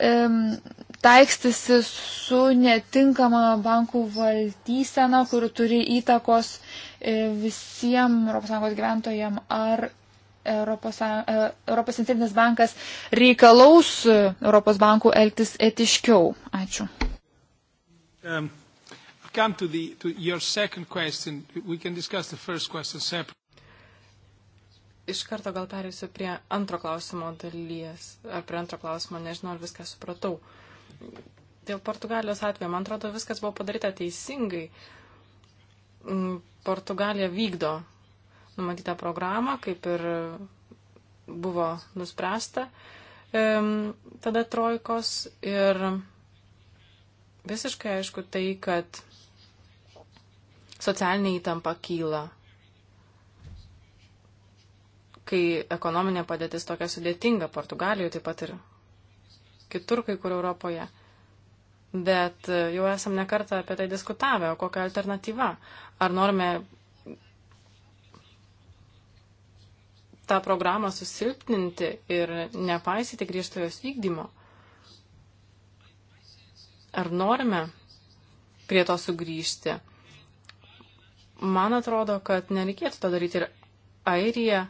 um, taikstasi su netinkama bankų valdysena, kuri turi įtakos e, visiems ES gyventojams ar Europos, e, Europos centrinis bankas reikalaus Europos bankų elgtis etiškiau. Ačiū. Um. Come to, the, to your second question. We can discuss the first question separately iš karto gal perėsiu prie antro klausimo dalies, ar prie antro klausimo, nežinau, ar viską supratau. Dėl Portugalijos atveju, man atrodo, viskas buvo padaryta teisingai. Mm, Portugalija vykdo numatytą programą, kaip ir buvo nuspręsta tada trojkos ir visiškai aišku tai, kad socialinė įtampa kyla kai ekonominė padėtis tokia sudėtinga Portugalijoje, taip pat ir kitur kai kur Europoje. Bet jau esam nekartą apie tai diskutavę, o kokia alternatyva. Ar norime tą programą susilpninti ir nepaisyti griežtojo vykdymo? Ar norime prie to sugrįžti? Man atrodo, kad nereikėtų to daryti ir Airija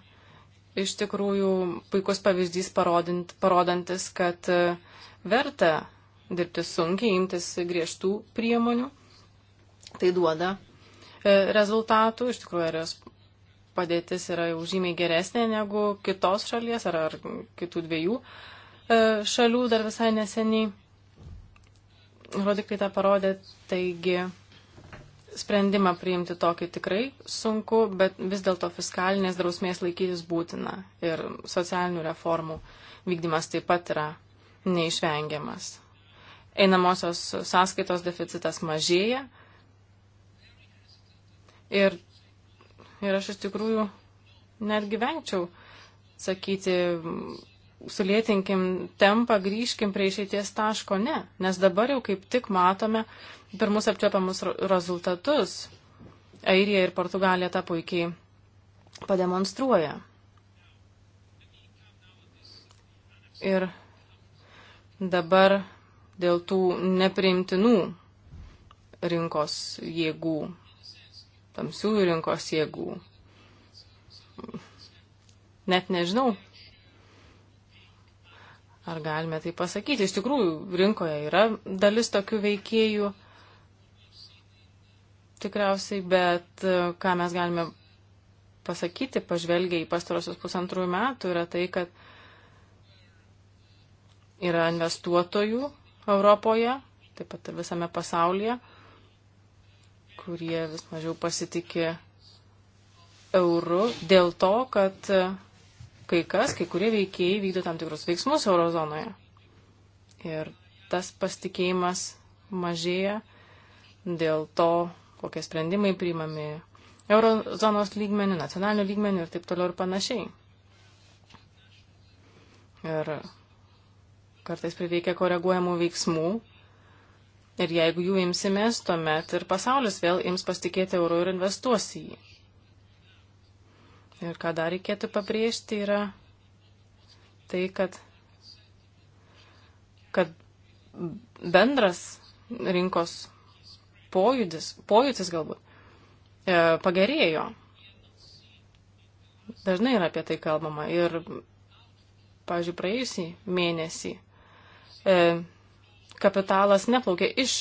iš tikrųjų puikus pavyzdys parodint, parodantis, kad e, verta dirbti sunkiai, imtis griežtų priemonių. Tai duoda e, rezultatų, iš tikrųjų ar jos padėtis yra jau žymiai geresnė negu kitos šalies ar, ar kitų dviejų e, šalių dar visai neseniai. Rodikliai tą parodė, taigi sprendimą priimti tokį tikrai sunku, bet vis dėlto fiskalinės drausmės laikytis būtina ir socialinių reformų vykdymas taip pat yra neišvengiamas. Einamosios sąskaitos deficitas mažėja ir, ir aš iš tikrųjų netgi vengčiau sakyti sulėtinkim tempą, grįžkim prie išeities taško, ne, nes dabar jau kaip tik matome pirmus apčiopiamus rezultatus. Airija ir Portugalija tą puikiai pademonstruoja. Ir dabar dėl tų nepriimtinų rinkos jėgų, tamsiųjų rinkos jėgų. Net nežinau, Ar galime tai pasakyti? Iš tikrųjų, rinkoje yra dalis tokių veikėjų tikriausiai, bet e, ką mes galime pasakyti, pažvelgia į pastarosius pusantrųjų metų, yra tai, kad yra investuotojų Europoje, taip pat ir visame pasaulyje, kurie vis mažiau pasitikė eurų dėl to, kad e, kai kas, kai kurie veikėjai vykdo tam tikrus veiksmus eurozonoje. Ir tas pasitikėjimas mažėja dėl to, kokie sprendimai priimami eurozonos lygmenių, nacionalinių lygmenių ir taip toliau ir panašiai. Ir kartais prireikia koreguojamų veiksmų. Ir jeigu jų imsimės, tuomet ir pasaulis vėl ims pasitikėti eurų ir investuos į jį. Ir ką dar reikėtų pabrėžti yra tai, kad, kad bendras rinkos pojūdis, pojūtis galbūt, e, pagerėjo. Dažnai yra apie tai kalbama. Ir, pažiūrėjau, praėjusį mėnesį e, kapitalas neplaukė iš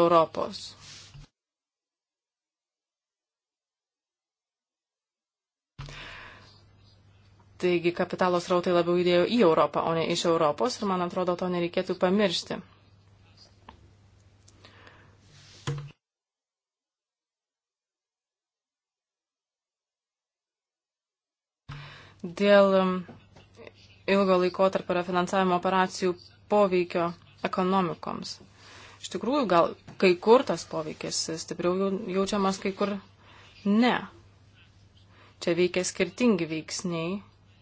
Europos. Taigi kapitalo srautai labiau judėjo į Europą, o ne iš Europos ir man atrodo to nereikėtų pamiršti. Dėl um, ilgo laiko tarp refinansavimo operacijų poveikio ekonomikoms. Iš tikrųjų, gal kai kur tas poveikis stipriau jaučiamas, kai kur ne. Čia veikia skirtingi veiksniai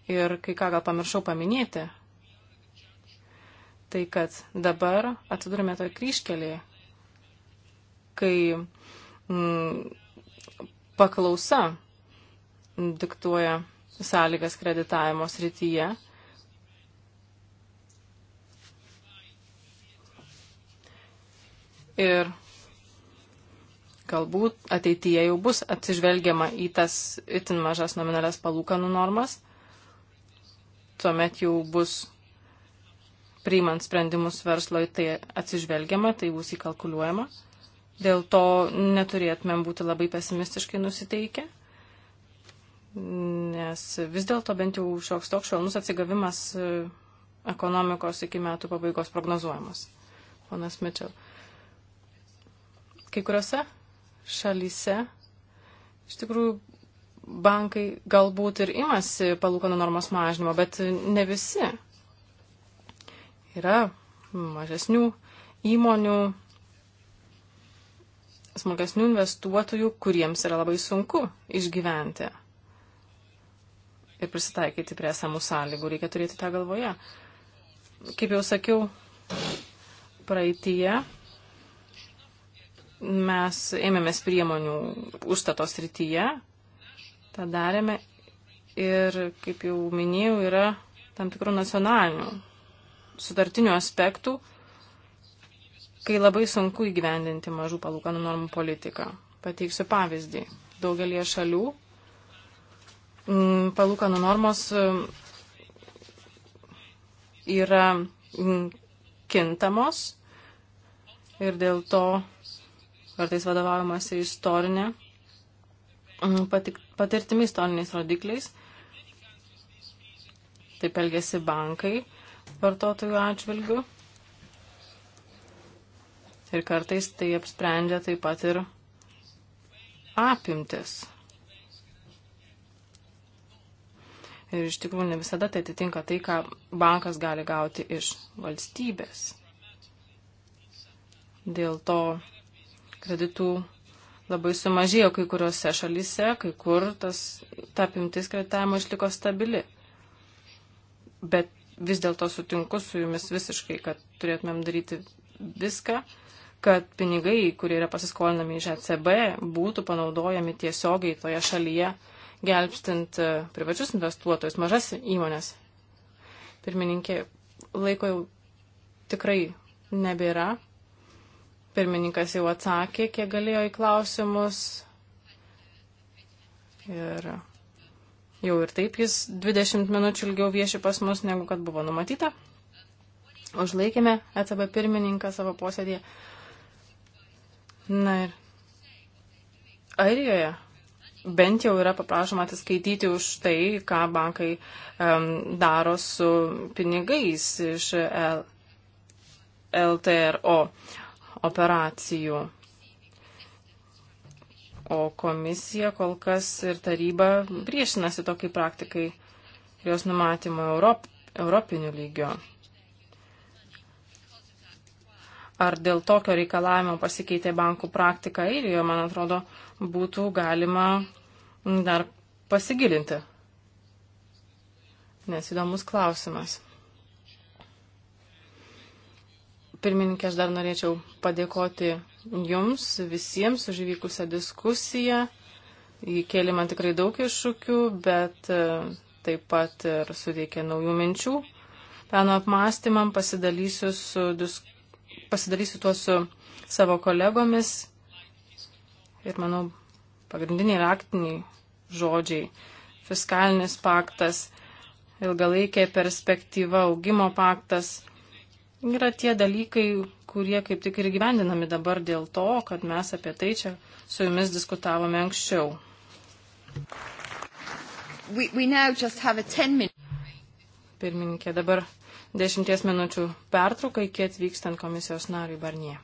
Ir kai ką gal pamiršau paminėti, tai kad dabar atsidurime toje kryškelėje, kai mm, paklausa diktuoja sąlygas kreditavimo srityje. Ir galbūt ateityje jau bus atsižvelgiama į tas itin mažas nominalias palūkanų normas tuomet jau bus priimant sprendimus verslo į tai atsižvelgiama, tai bus įkalkuliuojama. Dėl to neturėtumėm būti labai pesimistiškai nusiteikę, nes vis dėlto bent jau šioks toks švelnus atsigavimas e, ekonomikos iki metų pabaigos prognozuojamas. Ponas Mitchell. Kai kuriuose šalyse iš tikrųjų bankai galbūt ir imasi palūkanų normos mažinimo, bet ne visi. Yra mažesnių įmonių, smulkesnių investuotojų, kuriems yra labai sunku išgyventi ir prisitaikyti prie esamų sąlygų. Reikia turėti tą galvoje. Kaip jau sakiau, praeitie mes ėmėmės priemonių užstatos rytyje, tą darėme ir, kaip jau minėjau, yra tam tikrų nacionalinių sutartinių aspektų, kai labai sunku įgyvendinti mažų palūkanų normų politiką. Pateiksiu pavyzdį. Daugelie šalių mm, palūkanų normos mm, yra mm, kintamos ir dėl to kartais vadovaujamasi istorinė patik, patirtimi istoriniais rodikliais. Taip elgesi bankai vartotojų atžvilgių. Ir kartais tai apsprendžia taip pat ir apimtis. Ir iš tikrųjų ne visada tai atitinka tai, ką bankas gali gauti iš valstybės. Dėl to kreditų labai sumažėjo kai kuriuose šalyse, kai kur tas, ta apimtis kreditavimo išliko stabili. Bet vis dėlto sutinku su jumis visiškai, kad turėtumėm daryti viską, kad pinigai, kurie yra pasiskolinami iš ECB, būtų panaudojami tiesiogiai toje šalyje, gelbstint e, privačius investuotojus, mažas įmonės. Pirmininkė, laiko jau tikrai nebėra. Pirmininkas jau atsakė, kiek galėjo į klausimus. Ir jau ir taip jis 20 minučių ilgiau vieši pas mus, negu kad buvo numatyta. Užlaikėme ECB pirmininką savo posėdėje. Na ir Airijoje bent jau yra paprašoma atsiskaityti už tai, ką bankai um, daro su pinigais iš L LTRO operacijų. O komisija kol kas ir taryba priešinasi tokiai praktikai ir jos numatymo Europ, europinių lygio. Ar dėl tokio reikalavimo pasikeitė bankų praktika Airijoje, man atrodo, būtų galima dar pasigilinti. Nes įdomus klausimas. Pirmininkė, aš dar norėčiau padėkoti Jums visiems už įvykusią diskusiją. Jį kėlė man tikrai daug iššūkių, bet e, taip pat ir suteikė naujų minčių. Peno apmąstymam pasidalysiu, su, disk... pasidalysiu tuo su savo kolegomis. Ir manau, pagrindiniai raktiniai žodžiai - fiskalinis paktas, ilgalaikė perspektyva, augimo paktas yra tie dalykai, kurie kaip tik ir gyvendinami dabar dėl to, kad mes apie tai čia su jumis diskutavome anksčiau. We, we Pirmininkė, dabar dešimties minučių pertrauka iki atvykstant komisijos nariui Barnie.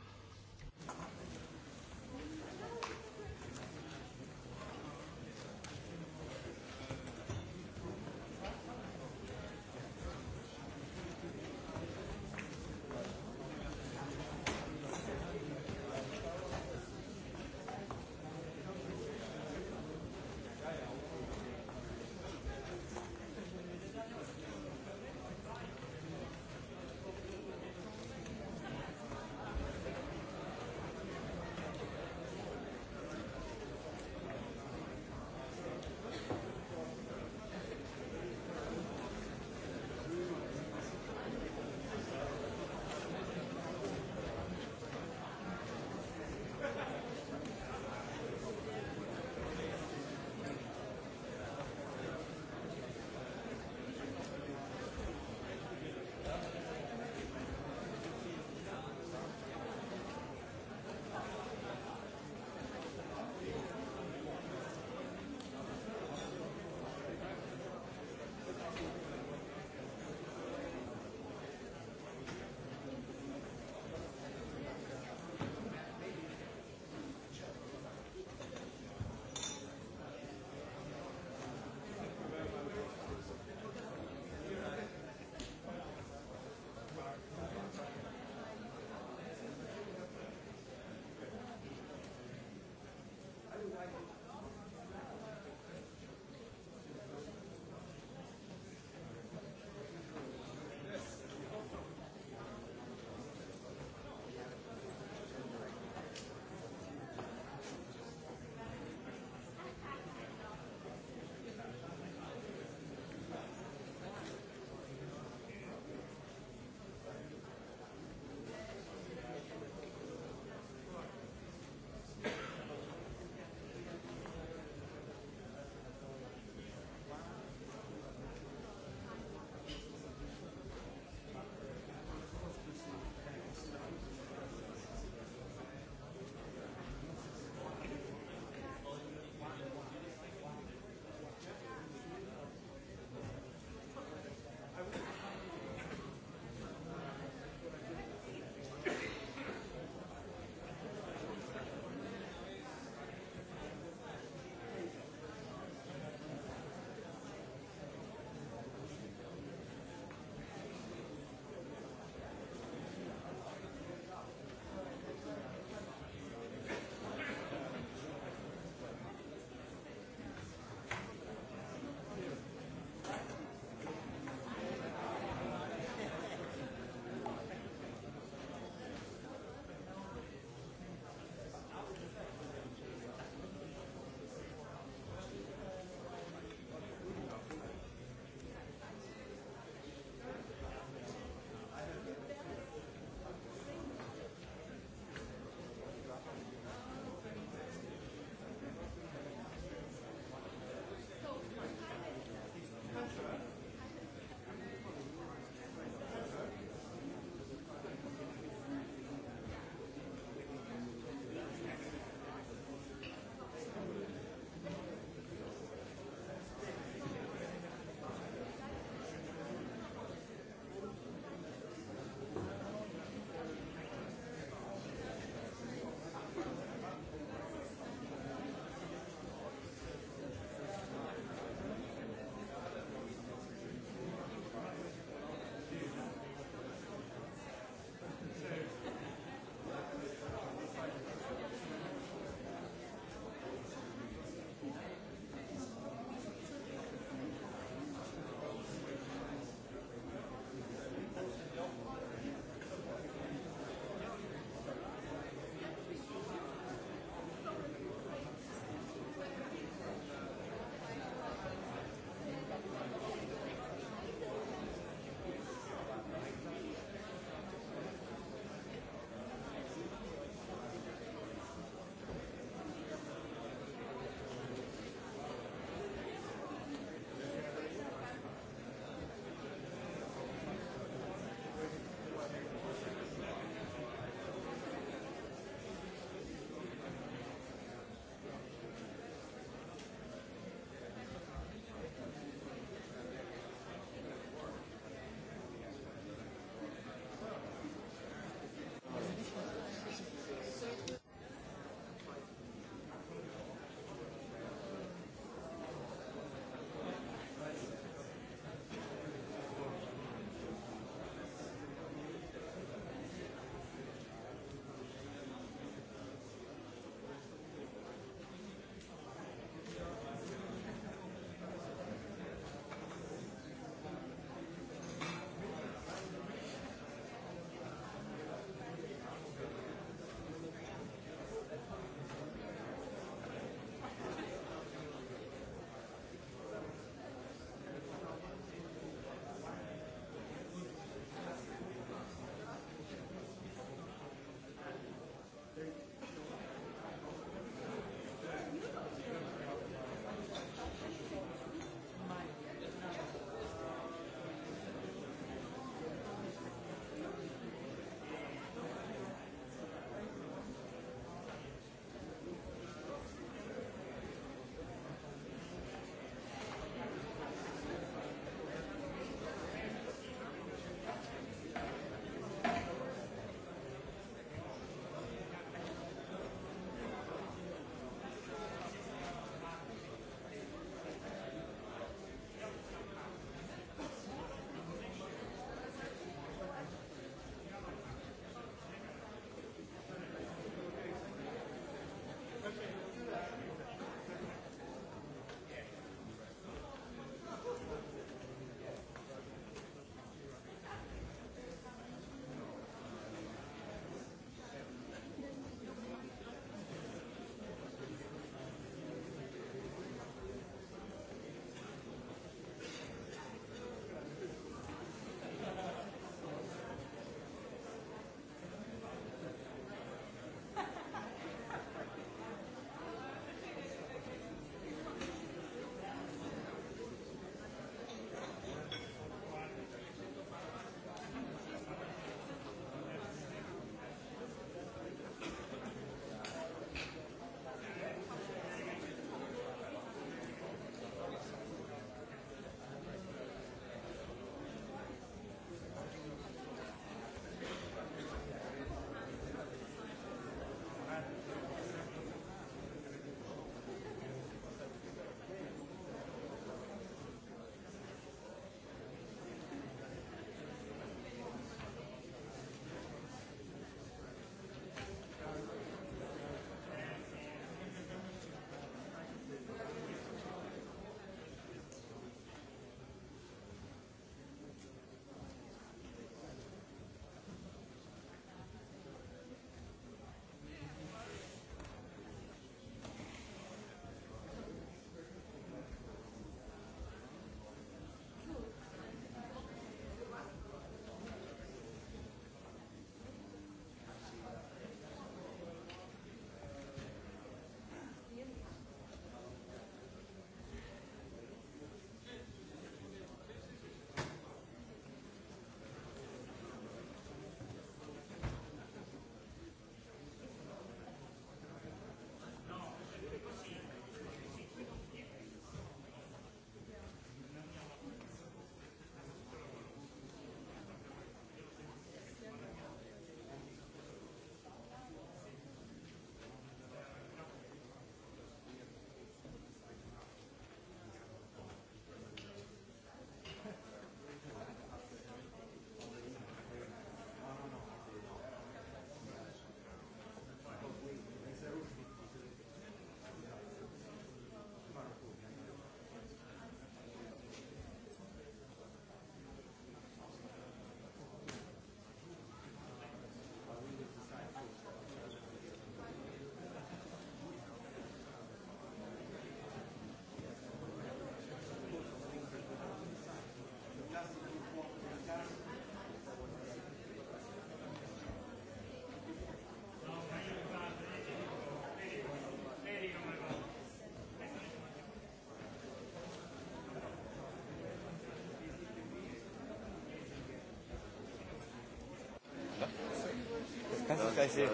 Kannst du gleich sehen.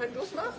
Wenn du es machst?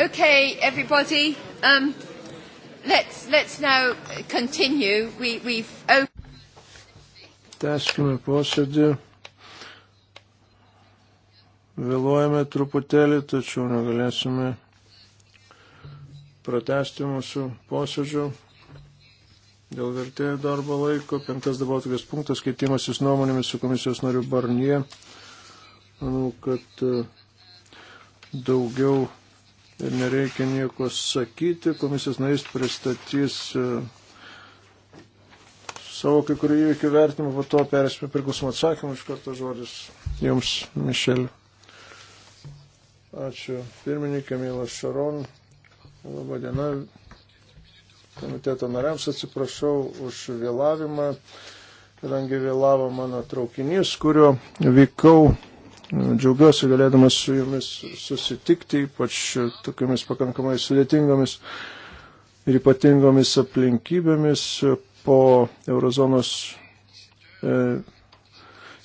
Okay, everybody, um, let's, let's now continue. We, we've... Teskime posėdį. Vėluojame truputėlį, tačiau negalėsime pratesti mūsų posėdžių dėl vertėjų darbo laiko. Penktas darbotokės punktas, keitimasis nuomonėmis su komisijos nariu Barnie. Manau, kad e, daugiau ir nereikia nieko sakyti. Komisijos narys pristatys e, savo kai kurių įvykių vertinimą, po to perėsime priklausomą atsakymą, iš karto žodis jums, Mišel. Ačiū pirmininkė, mielas Šaron. Labą dieną. Komiteto nariams atsiprašau už vėlavimą, kadangi vėlavo mano traukinys, kuriuo vykau Džiaugiuosi galėdamas su jumis susitikti, ypač tokiamis pakankamai sudėtingomis ir ypatingomis aplinkybėmis po Eurozonos. E,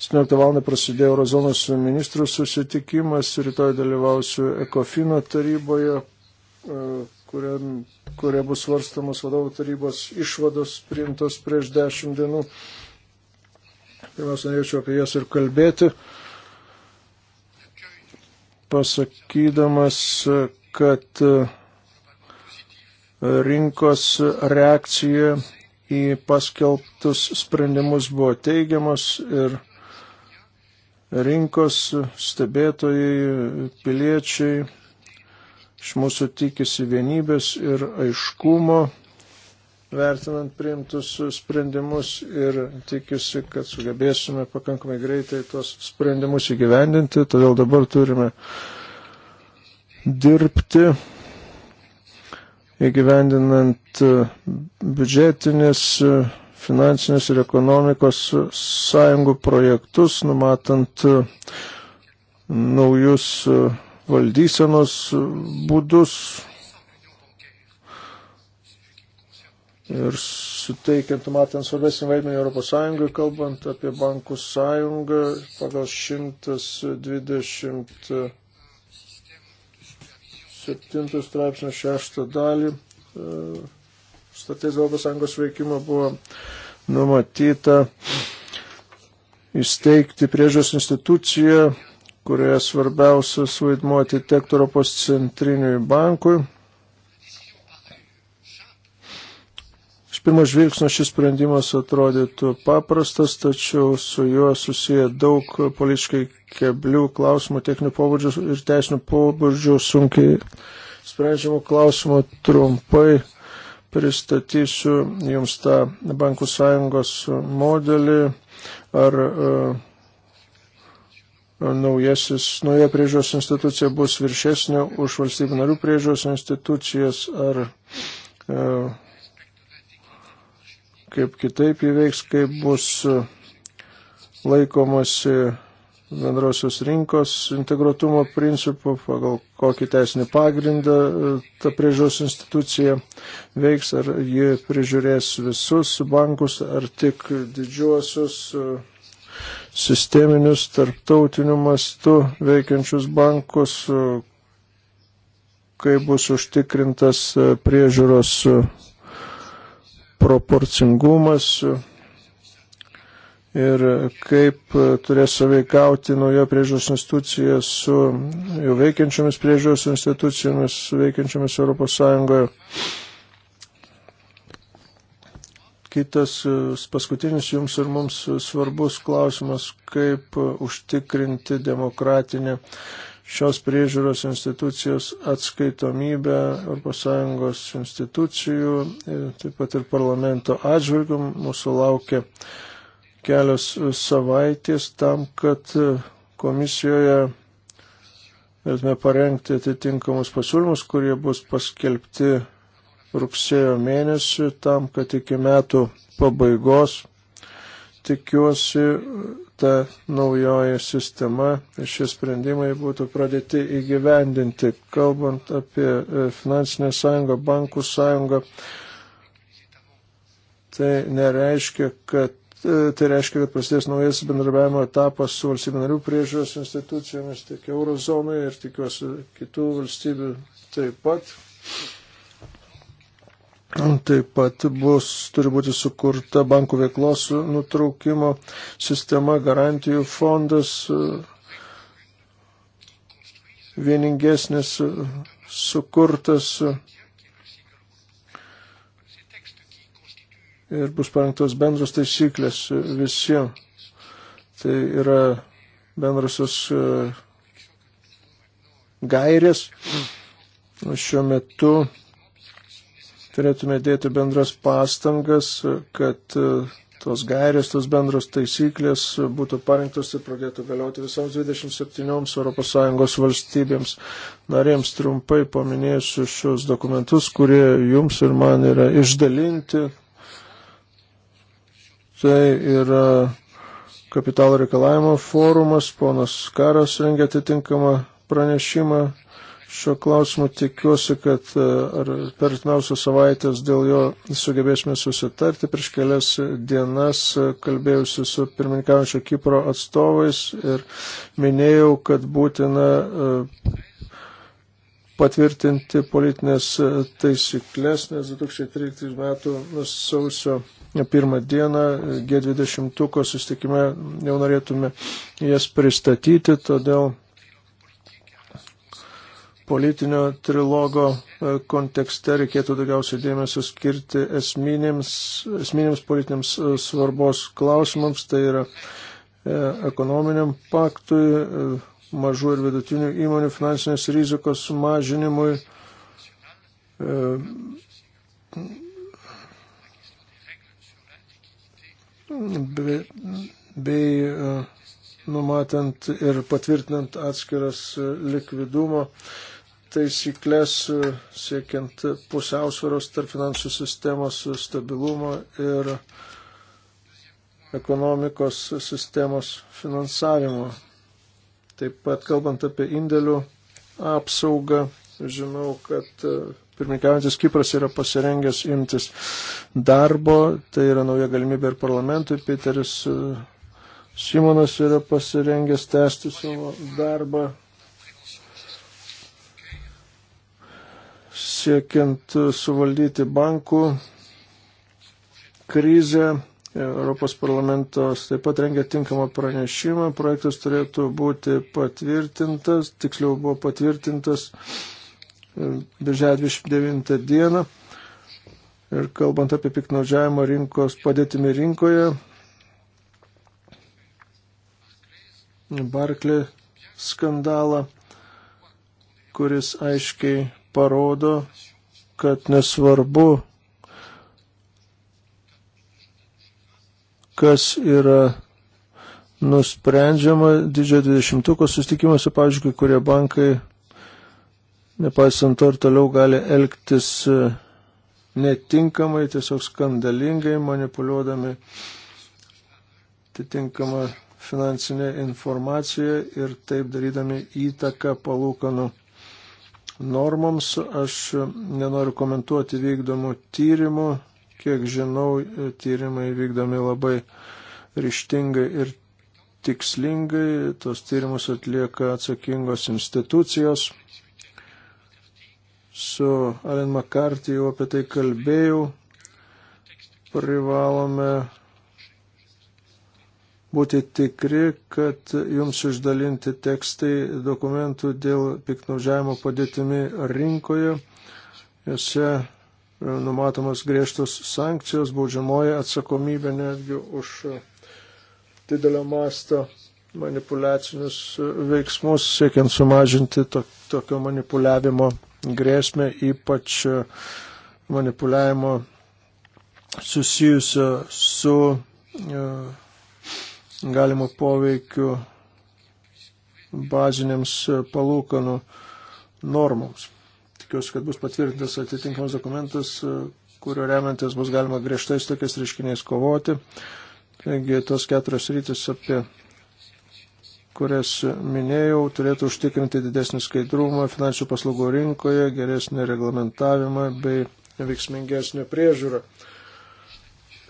17 val. prasidėjo Eurozonos ministrų susitikimas, rytoj dalyvausiu Ekofino taryboje, e, kurie bus svarstamos vadovų tarybos išvados priimtos prieš 10 dienų. Pirmiausia, norėčiau apie jas ir kalbėti pasakydamas, kad e, rinkos reakcija į paskelbtus sprendimus buvo teigiamas ir rinkos stebėtojai, piliečiai iš mūsų tikisi vienybės ir aiškumo vertinant priimtus sprendimus ir tikisi, kad sugebėsime pakankamai greitai tuos sprendimus įgyvendinti, todėl dabar turime dirbti įgyvendinant biudžetinės, finansinės ir ekonomikos sąjungų projektus, numatant naujus valdysenos būdus, ir suteikiant, matant svarbesnį vaidmenį Europos Sąjungai, kalbant apie bankų sąjungą pagal 127 straipsnio 6 dalį. E, Statys Europos Sąjungos veikimo buvo numatyta įsteigti priežios instituciją, kurioje svarbiausias vaidmuo atitektų Europos centriniui bankui Iš pirmo žvilgsnio šis sprendimas atrodytų paprastas, tačiau su juo susiję daug politiškai keblių klausimų, techninių pobūdžių ir teisinių pobūdžių sunkiai sprendžiamų klausimų. Trumpai pristatysiu Jums tą bankų sąjungos modelį ar e, naujasis, nauja priežiūros institucija bus viršesnė už valstybių narių priežiūros institucijas ar. A, e, kaip kitaip įveiks, kaip bus e, laikomasi bendrosios rinkos integruotumo principų, pagal kokį teisinį pagrindą e, ta priežiūros institucija veiks, ar ji prižiūrės visus bankus, ar tik didžiuosius e, sisteminius tarptautiniu mastu veikiančius bankus, kaip bus užtikrintas priežiūros proporcingumas ir kaip turės suveikauti naujo priežiūros institucija su jau veikiančiomis priežiūros institucijomis, veikiančiomis Europos Sąjungoje. Kitas paskutinis jums ir mums svarbus klausimas, kaip užtikrinti demokratinę šios priežiūros institucijos atskaitomybę ES institucijų, e, taip pat ir parlamento atžvilgių. Mūsų laukia kelios savaitės tam, kad e, komisijoje galėtume parengti atitinkamus pasiūlymus, kurie bus paskelbti rugsėjo mėnesį, tam, kad iki metų pabaigos tikiuosi ta naujoji sistema, šie sprendimai būtų pradėti įgyvendinti. Kalbant apie e, finansinę sąjungą, bankų sąjungą, tai nereiškia, kad e, Tai reiškia, kad prasidės naujas bendrabiavimo etapas su valstybių narių priežiūros institucijomis, tiek eurozonoje ir tikiuosi kitų valstybių taip pat. Taip pat bus, turi būti sukurta bankų veiklos nutraukimo sistema, garantijų fondas, vieningesnis sukurtas ir bus parengtos bendros taisyklės visi. Tai yra bendrasios e, gairės. Šiuo metu turėtume dėti bendras pastangas, kad e, tos gairės, tos bendros taisyklės būtų parinktos ir pradėtų galioti visoms 27 ES valstybėms. Narėms trumpai paminėsiu šios dokumentus, kurie jums ir man yra išdalinti. Tai yra kapitalo reikalavimo forumas, ponas Karas rengia atitinkamą pranešimą šio klausimo. Tikiuosi, kad e, per atnausios savaitės dėl jo sugebėsime susitarti. Prieš kelias dienas e, kalbėjusi su pirmininkaujančio Kipro atstovais ir minėjau, kad būtina e, patvirtinti politinės taisyklės, nes 2013 metų sausio pirmą dieną G20 susitikime jau norėtume jas pristatyti, todėl politinio trilogo e, kontekste reikėtų daugiausiai dėmesio skirti esminėms, esminėms politiniams e, svarbos klausimams, tai yra e, ekonominiam paktui, mažų ir vidutinių įmonių finansinės rizikos mažinimui, bei, bei numatant ir patvirtinant atskiras likvidumo taisyklės e, siekiant pusiausvėros tarp finansų sistemos stabilumo ir ekonomikos sistemos finansavimo. Taip pat kalbant apie indėlių apsaugą, žinau, kad e, pirmininkaujantis Kipras yra pasirengęs imtis darbo, tai yra nauja galimybė ir parlamentui. Piteris e, Simonas yra pasirengęs tęsti savo darbą siekiant suvaldyti bankų krizę. Europos parlamentas taip pat rengia tinkamą pranešimą. Projektas turėtų būti patvirtintas, tiksliau buvo patvirtintas e, birželio 29 dieną. Ir kalbant apie piknaudžiavimo rinkos padėtimi rinkoje, Barklė skandalą, kuris aiškiai parodo, kad nesvarbu, kas yra nusprendžiama didžiojo dvidešimtuko sustikimuose, pavyzdžiui, kai kurie bankai, nepaisant to ir toliau gali elgtis e, netinkamai, tiesiog skandalingai manipuliuodami atitinkamą finansinę informaciją ir taip darydami įtaką palūkanų. Nu, normoms. Aš nenoriu komentuoti vykdomų tyrimų. Kiek žinau, tyrimai vykdomi labai ryštingai ir tikslingai. Tos tyrimus atlieka atsakingos institucijos. Su Alen McCarthy jau apie tai kalbėjau. Privalome būti tikri, kad jums išdalinti tekstai dokumentų dėl piknaudžiavimo padėtimi rinkoje, jose e, numatomas griežtos sankcijos, baudžiamoji atsakomybė netgi už e, didelio masto manipulacinius e, veiksmus, siekiant sumažinti to, tokio manipuliavimo grėsmę, ypač manipuliavimo susijusio su uh, galimų poveikių bazinėms palūkanų normoms. Tikiuosi, kad bus patvirtintas atitinkamas dokumentas, kurio remiantis bus galima griežtai su tokiais reiškiniais kovoti. Taigi tos keturios rytis, apie kurias minėjau, turėtų užtikrinti didesnį skaidrumą finansų paslaugų rinkoje, geresnį reglamentavimą bei veiksmingesnį priežiūrą.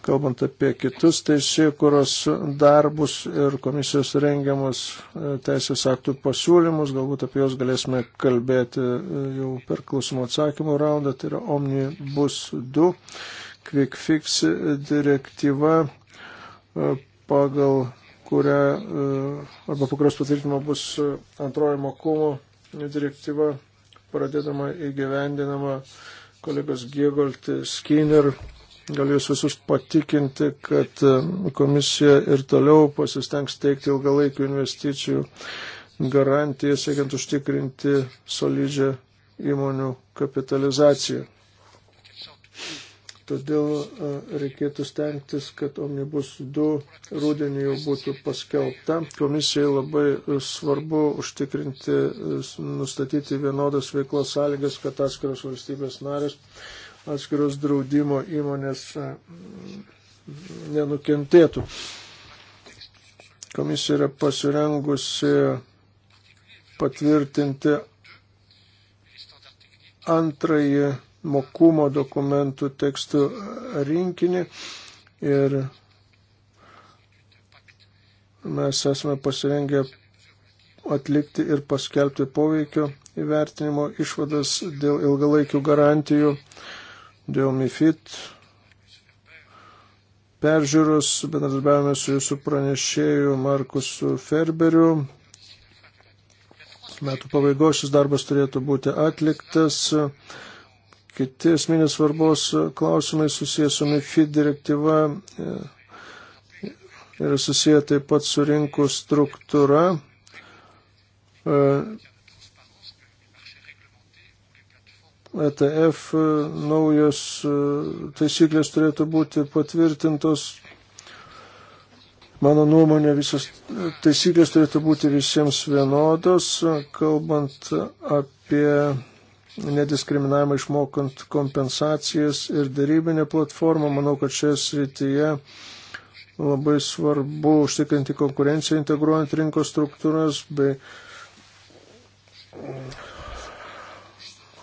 Kalbant apie kitus teisėkuros darbus ir komisijos rengiamus e, teisės aktų pasiūlymus, galbūt apie juos galėsime kalbėti e, jau per klausimų atsakymų raundą, tai yra Omnibus 2, Quick Fix direktyva, e, pagal kurią arba po kurios patvirtinimo bus antroji mokumo direktyva pradedama įgyvendinama kolegos Giegolt Skinner Galiu jūs visus patikinti, kad e, komisija ir toliau pasistengs teikti ilgalaikių investicijų garantiją, siekiant užtikrinti solidžią įmonių kapitalizaciją. Todėl e, reikėtų stengtis, kad Omnibus 2 rūdienį jau būtų paskelbta. Komisijai labai e, svarbu užtikrinti, nustatyti vienodas veiklos sąlygas, kad atskiros valstybės narės atskiros draudimo įmonės nenukentėtų. Komisija yra pasirengusi patvirtinti antrąjį mokumo dokumentų tekstų rinkinį ir mes esame pasirengę atlikti ir paskelbti poveikio įvertinimo išvadas dėl ilgalaikių garantijų dėl MIFID peržiūros bendradarbiavome su jūsų pranešėju Markusu Ferberiu. Metų pabaigos šis darbas turėtų būti atliktas. Kiti esminės svarbos klausimai susijęs su MIFID direktyva e, yra susiję taip pat su rinkų struktūra. E, ETF e, naujos e, taisyklės turėtų būti patvirtintos. Mano nuomonė, visas taisyklės turėtų būti visiems vienodos, kalbant apie nediskriminavimą išmokant kompensacijas ir darybinę platformą. Manau, kad šioje srityje labai svarbu užtikrinti konkurenciją integruojant rinkos struktūras bei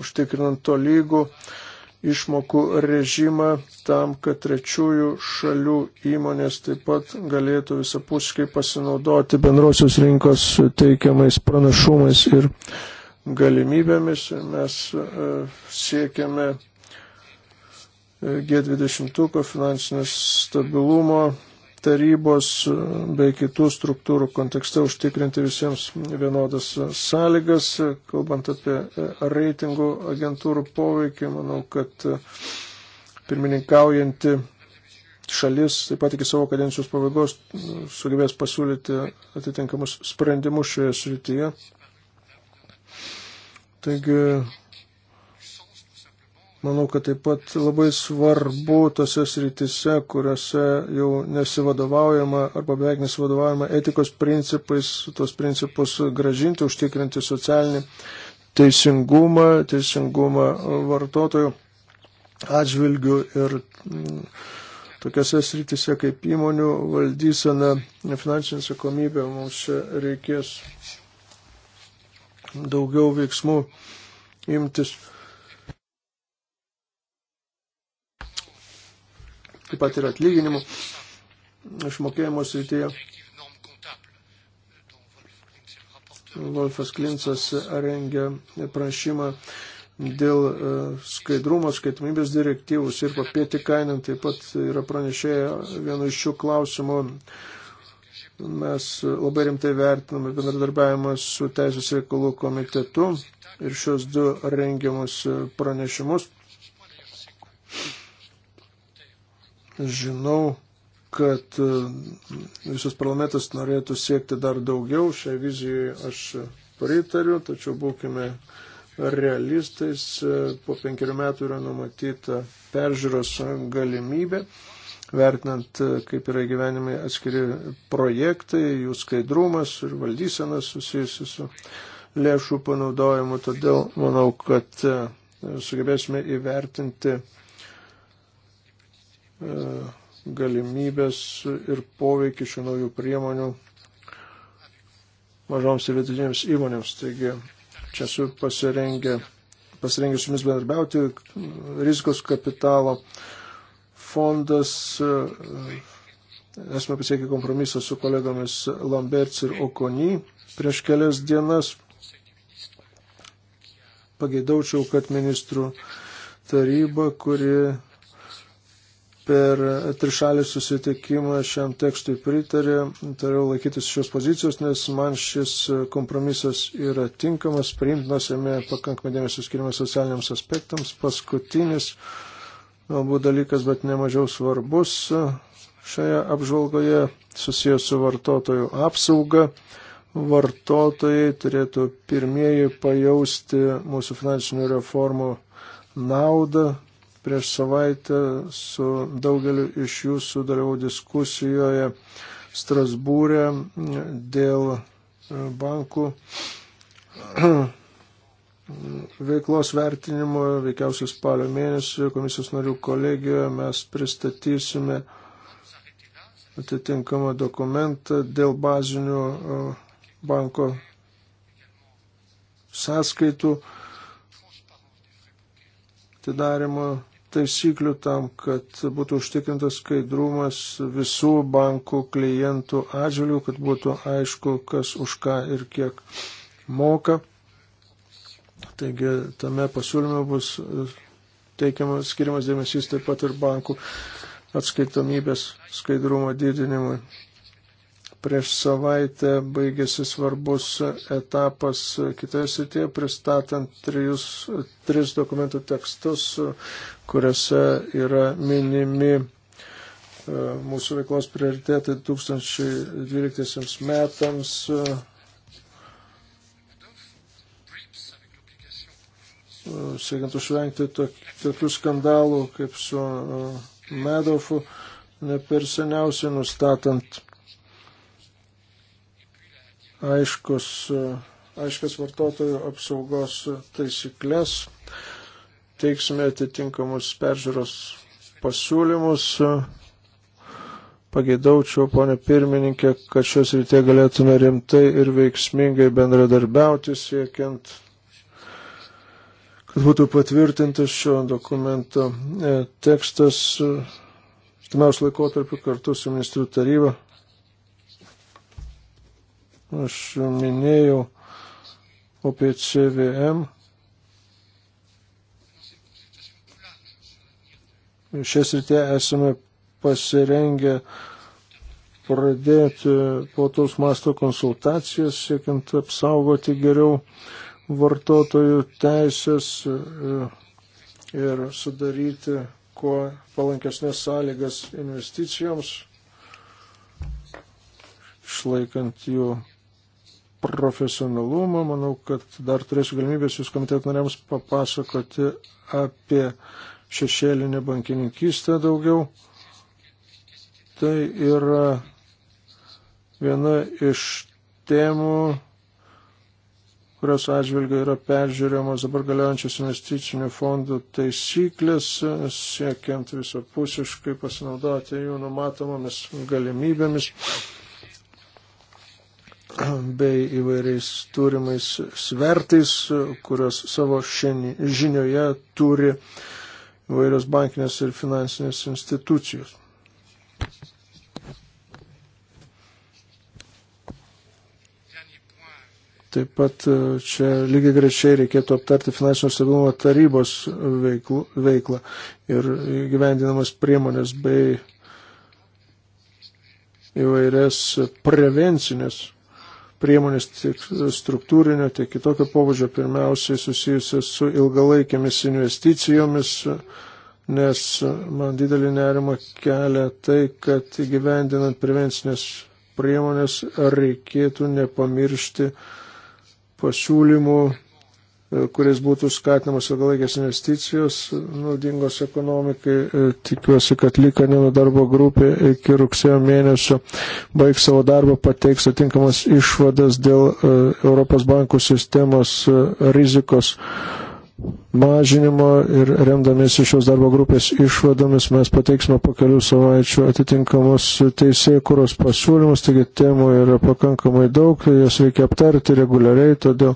užtikrinant tolygų išmokų režimą tam, kad trečiųjų šalių įmonės taip pat galėtų visapuškai pasinaudoti bendrosios rinkos teikiamais pranašumais ir galimybėmis. Mes e, siekiame e, G20 finansinės stabilumo tarybos e, bei kitų struktūrų kontekste užtikrinti visiems vienodas sąlygas. Kalbant apie e, reitingų agentūrų poveikį, manau, kad e, pirmininkaujanti šalis taip pat iki savo kadencijos pabaigos sugebės pasiūlyti atitinkamus sprendimus šioje srityje. Taigi Manau, kad taip pat labai svarbu tose sritise, kuriuose jau nesivadovaujama arba beveik nesivadovaujama etikos principais, tos principus gražinti, užtikrinti socialinį teisingumą, teisingumą vartotojų atžvilgių ir mm, tokiose sritise kaip įmonių valdysena, finansinė atsakomybė mums reikės daugiau veiksmų imtis taip pat ir atlyginimų išmokėjimo srityje. Wolfas Klincas rengia pranešimą dėl e, skaidrumo, skaitomybės direktyvus ir papėti kainam taip pat yra pranešėję vienu iš šių klausimų. Mes labai rimtai vertiname bendradarbiavimą su Teisės reikalų komitetu ir šios du rengiamus pranešimus. Žinau, kad e, visas parlamentas norėtų siekti dar daugiau. Šiai vizijai aš pritariu, tačiau būkime realistais. E, po penkerių metų yra numatyta peržiūros galimybė, vertinant, e, kaip yra gyvenimai atskiri projektai, jų skaidrumas ir valdysenas susijusi su lėšų panaudojimu. Todėl manau, kad sugebėsime įvertinti E, galimybės ir poveikį šių naujų priemonių mažoms ir vidutinėms įmonėms. Taigi čia esu pasirengę, pasirengę su jumis bendarbiauti. Rizikos kapitalo fondas. E, esame pasiekę kompromisą su kolegomis Lamberts ir Okony prieš kelias dienas. Pageidaučiau, kad ministrų taryba, kuri per trišalį susitikimą šiam tekstui pritarė, tariau laikytis šios pozicijos, nes man šis kompromisas yra tinkamas, priimtinas, jame pakankamai dėmesio skiriamas socialiniams aspektams. Paskutinis, galbūt dalykas, bet nemažiau svarbus šioje apžvalgoje susijęs su vartotojų apsauga. Vartotojai turėtų pirmieji pajausti mūsų finansinių reformų naudą, Prieš savaitę su daugeliu iš jūsų dalyvau diskusijoje Strasbūrė dėl e, bankų <clears throat> veiklos vertinimo, veikiausiai spalio mėnesį komisijos narių kolegijoje mes pristatysime atitinkamą dokumentą dėl bazinių e, banko sąskaitų atidarimo taisyklių tam, kad būtų užtikrintas skaidrumas visų bankų klientų atžvilgių, kad būtų aišku, kas už ką ir kiek moka. Taigi tame pasiūlyme bus teikiamas skiriamas dėmesys taip pat ir bankų atskaitomybės skaidrumo didinimui. Prieš savaitę baigėsi svarbus etapas kitoje srityje, pristatant trijus, tris dokumentų tekstus, kuriuose yra minimi e, mūsų veiklos prioritetai 2012 metams. E, siekiant užvengti tokių skandalų kaip su e, Medovu, ne per seniausiai nustatant aiškus, aiškas vartotojų apsaugos taisyklės, teiksime atitinkamus peržiūros pasiūlymus. Pageidaučiau, ponė pirmininkė, kad šios rytie galėtume rimtai ir veiksmingai bendradarbiauti siekiant, kad būtų patvirtintas šio dokumento e, tekstas. E, Timiaus laikotarpiu kartu su ministrų taryba Aš minėjau apie CVM. Šias rytė esame pasirengę pradėti plataus masto konsultacijas, siekiant apsaugoti geriau vartotojų teisės e, ir sudaryti kuo palankesnės sąlygas investicijoms, išlaikant jų profesionalumą. Manau, kad dar turėsiu galimybės jūs komiteto nariams papasakoti apie šešėlinę bankininkystę daugiau. Tai yra viena iš temų, kurios atžvilgiu yra peržiūrėmas dabar galiojančios investicinių fondų taisyklės, siekiant visapusiškai pasinaudoti jų numatomomis galimybėmis bei įvairiais turimais svertais, kurios savo žinioje turi įvairios bankinės ir finansinės institucijos. Taip pat e, čia lygiai grečiai reikėtų aptarti finansinio stabilumo tarybos veiklų, veiklą ir gyvendinamas priemonės bei įvairias prevencinės priemonės tiek struktūrinio, tiek kitokio pobūdžio pirmiausiai susijusios su ilgalaikėmis investicijomis, nes man didelį nerimą kelia tai, kad įgyvendinant prevencinės priemonės reikėtų nepamiršti pasiūlymų E, kuris būtų skatinamas ilgalaikės investicijos naudingos ekonomikai. E, tikiuosi, kad Likanino darbo grupė iki rugsėjo mėnesio baigs savo darbą, pateiks atinkamas išvadas dėl e, Europos bankų sistemos rizikos mažinimo ir remdamėsi šios darbo grupės išvadomis mes pateiksime po kelių savaičių atitinkamus teisėjų kuros pasiūlymus, taigi temų yra pakankamai daug, jas reikia aptarti reguliariai, todėl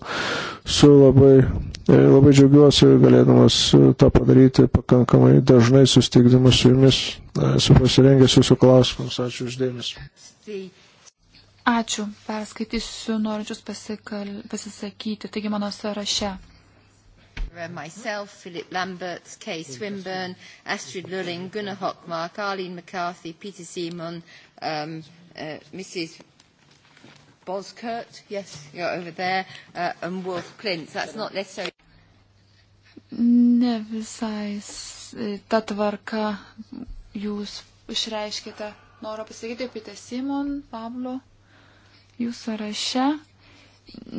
su labai, e, labai džiaugiuosi galėdamas e, tą padaryti pakankamai dažnai sustikdamas su jumis, esu pasirengęs jūsų klausimams, ačiū uždėmesi. Ačiū, perskaitysiu norinčius pasikal... pasisakyti, taigi mano sąraše. Ferreira, myself, Philip Lamberts, Kay Swinburne, Astrid Lulling, Gunnar Hockmark, Arlene McCarthy, Peter Simon, um, uh, Mrs. Boskurt, yes, you're over there, uh, and Wolf Clint. That's not necessarily. Ne visai e, ta tvarka jūs išreiškite norą pasakyti apie Simon, Pablo, jūsų raše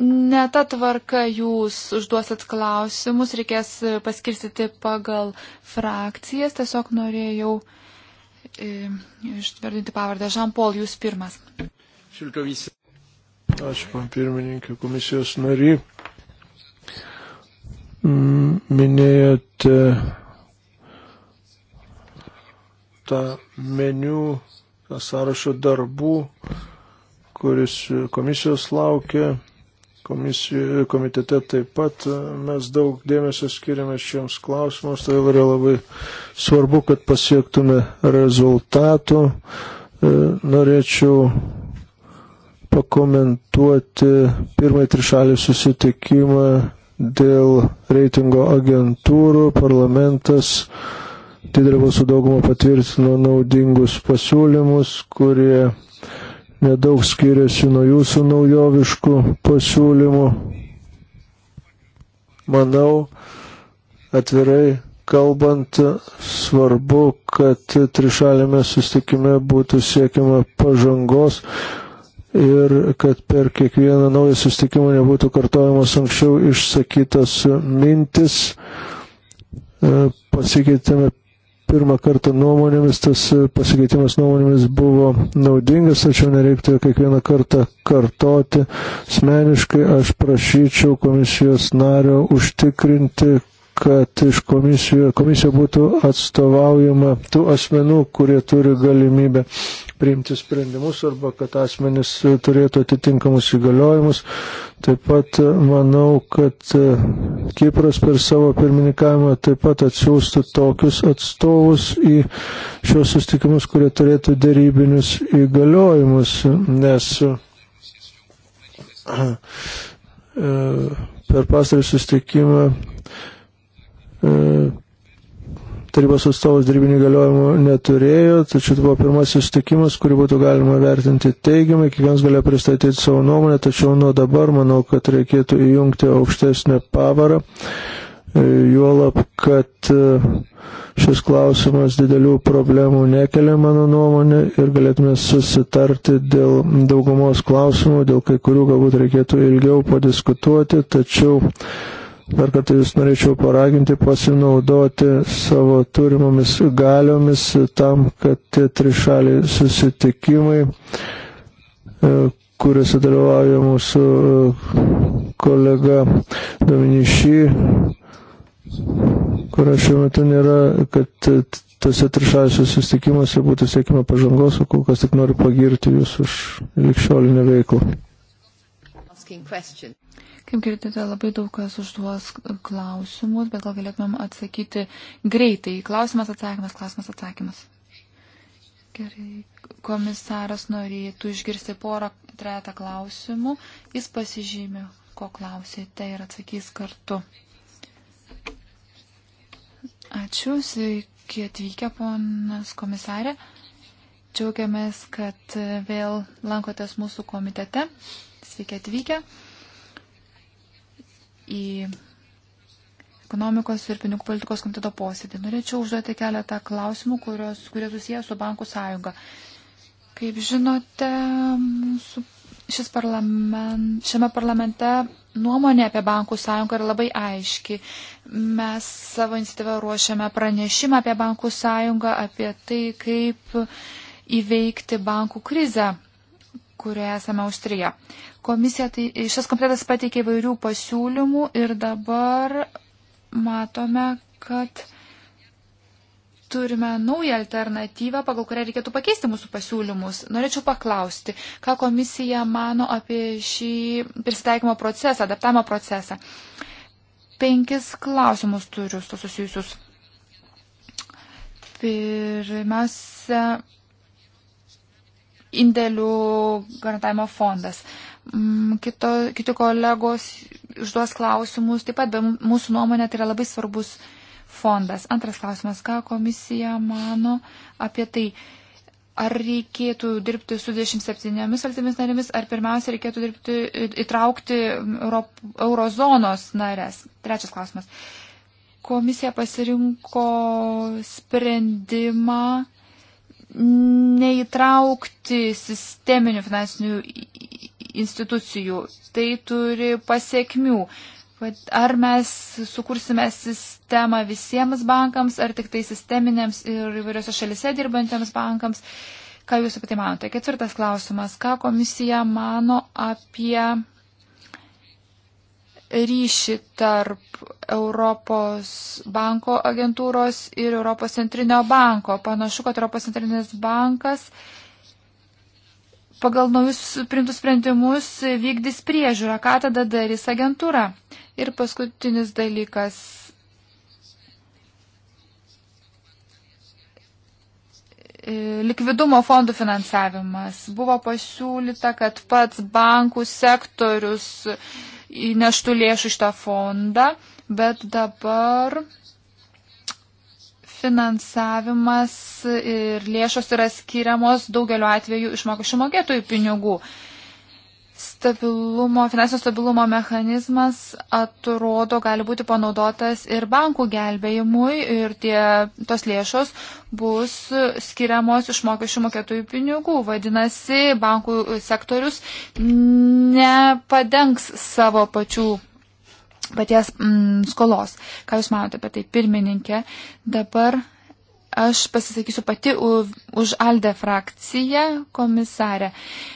ne ta tvarka jūs užduosit klausimus, reikės paskirstyti pagal frakcijas, tiesiog norėjau e, ištvardinti pavardę. Žampol, jūs pirmas. Ačiū, pan pirmininkė, komisijos nary. Mm, minėjote tą meniu, tą sąrašą darbų, kuris komisijos laukia Komisijų, komitete taip pat e, mes daug dėmesio skiriame šiems klausimams, tai yra labai svarbu, kad pasiektume rezultatų. E, norėčiau pakomentuoti pirmąjį trišalį susitikimą dėl reitingo agentūrų. Parlamentas didelė balsų dauguma patvirtino naudingus pasiūlymus, kurie nedaug skiriasi nuo jūsų naujoviškų pasiūlymų. Manau, atvirai kalbant, svarbu, kad trišalėme sustikime būtų siekiama pažangos ir kad per kiekvieną naują sustikimą nebūtų kartojamos anksčiau išsakytos mintis. E, pasikeitėme pirmą kartą nuomonėmis, tas e, pasikeitimas nuomonėmis buvo naudingas, tačiau nereiktų jo kiekvieną kartą kartoti. Smeniškai aš prašyčiau komisijos nario užtikrinti, kad iš komisijų, komisija būtų atstovaujama tų asmenų, kurie turi galimybę priimti sprendimus arba kad asmenys turėtų atitinkamus įgaliojimus. Taip pat e, manau, kad e, Kipras per savo pirmininkavimą taip pat atsiųstų tokius atstovus į šios sustikimus, kurie turėtų dėrybinius įgaliojimus, nes e, per pastarį sustikimą tarybos atstovas darybinių galiojimų neturėjo, tačiau tai buvo pirmasis sutikimas, kurį būtų galima vertinti teigiamai, kiekvienas galėjo pristatyti savo nuomonę, tačiau nuo dabar manau, kad reikėtų įjungti aukštesnę pavarą. E, juolab, kad e, šis klausimas didelių problemų nekelia mano nuomonė ir galėtume susitarti dėl daugumos klausimų, dėl kai kurių galbūt reikėtų ilgiau padiskutuoti, tačiau Dar kartą jūs norėčiau paraginti pasinaudoti savo turimomis galiomis tam, kad tie trišaliai susitikimai, e, kuriuose dalyvauja mūsų e, kolega Dominišy, kurio šiuo metu nėra, kad e, tose trišaliuose susitikimuose būtų siekima pažangos, o kol kas tik noriu pagirti jūs už likščiolinę veiklą asking question. Kaip girdite, labai daug kas užduos klausimus, bet gal galėtumėm atsakyti greitai. Klausimas, atsakymas, klausimas, atsakymas. Gerai, komisaras norėtų išgirsti porą tretą klausimų. Jis pasižymė, ko klausėte ir atsakys kartu. Ačiū, sveiki atvykę, ponas komisarė. Džiaugiamės, kad vėl lankotės mūsų komitete. Sveiki atvykę į ekonomikos ir pinigų politikos komiteto posėdį. Norėčiau užduoti keletą klausimų, kurios, kurie susiję su bankų sąjunga. Kaip žinote, mūsų, šis parlament, šiame parlamente nuomonė apie bankų sąjungą yra labai aiški. Mes savo iniciatyvą ruošiame pranešimą apie bankų sąjungą, apie tai, kaip įveikti bankų krizę kurioje esame Austrija. Komisija, tai šis komitetas pateikė įvairių pasiūlymų ir dabar matome, kad turime naują alternatyvą, pagal kurią reikėtų pakeisti mūsų pasiūlymus. Norėčiau paklausti, ką komisija mano apie šį prisitaikymo procesą, adaptavimo procesą. Penkis klausimus turiu su susijusius. Pirmiausia, indėlių garantavimo fondas. Mm, kito, kiti kolegos užduos klausimus, taip pat be mūsų nuomonė tai yra labai svarbus fondas. Antras klausimas, ką komisija mano apie tai, ar reikėtų dirbti su 27 valstybėmis narėmis, ar pirmiausia reikėtų dirbti, įtraukti Europ, eurozonos narės. Trečias klausimas. Komisija pasirinko sprendimą neįtraukti sisteminių finansinių institucijų. Tai turi pasiekmių. Ar mes sukursime sistemą visiems bankams, ar tik tai sisteminėms ir įvairiose šalise dirbantiems bankams. Ką Jūs apie tai manote? Ketvirtas klausimas. Ką komisija mano apie ryšį tarp Europos banko agentūros ir Europos centrinio banko. Panašu, kad Europos centrinis bankas pagal naujus printus sprendimus vykdys priežiūrą, ką tada darys agentūra. Ir paskutinis dalykas. Likvidumo fondų finansavimas. Buvo pasiūlyta, kad pats bankų sektorius įneštų lėšų šitą fondą, bet dabar finansavimas ir lėšos yra skiriamos daugeliu atveju iš mokesčių mokėtojų pinigų stabilumo, finansinio stabilumo mechanizmas atrodo gali būti panaudotas ir bankų gelbėjimui ir tie, tos lėšos bus skiriamos iš mokesčių mokėtojų pinigų. Vadinasi, bankų sektorius nepadengs savo pačių paties mm, skolos. Ką Jūs manote apie tai, pirmininkė? Dabar aš pasisakysiu pati už Aldę frakciją, komisarę. Uh,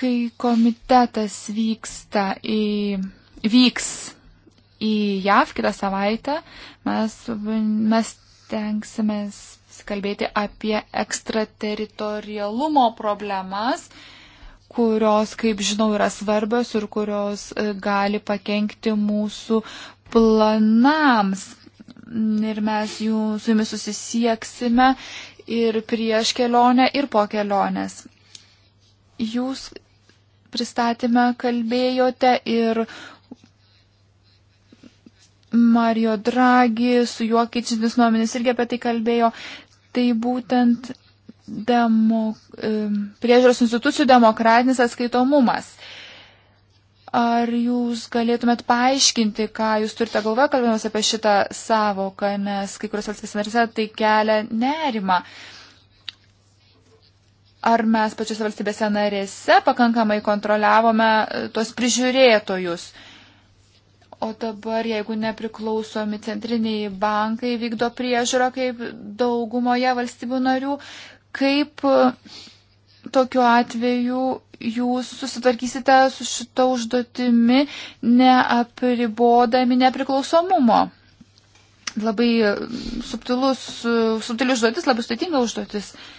Kai komitetas vyksta į, vyks į JAV kitą savaitę, mes, mes tenksimės kalbėti apie ekstrateritorialumo problemas, kurios, kaip žinau, yra svarbios ir kurios e, gali pakengti mūsų planams. Ir mes jų su jumis susisieksime ir prieš kelionę, ir po kelionės. Jūs pristatymę kalbėjote ir Mario Draghi su juo keičiantis nuomenės irgi apie tai kalbėjo. Tai būtent demo, e, priežiūros institucijų demokratinis atskaitomumas. Ar jūs galėtumėt paaiškinti, ką jūs turite galvoje, kalbėdamas apie šitą savoką, nes kai kurios valstybės narėse tai kelia nerima. Uh, ar mes pačiose valstybėse narėse pakankamai kontroliavome e, tuos prižiūrėtojus. O dabar, jeigu nepriklausomi centriniai bankai vykdo priežiūrą kaip daugumoje valstybių narių, kaip e, tokiu atveju jūs susitvarkysite su šita užduotimi, neapribodami nepriklausomumo? Labai e, subtilus, subtili užduotis, labai sudėtinga užduotis. Uh,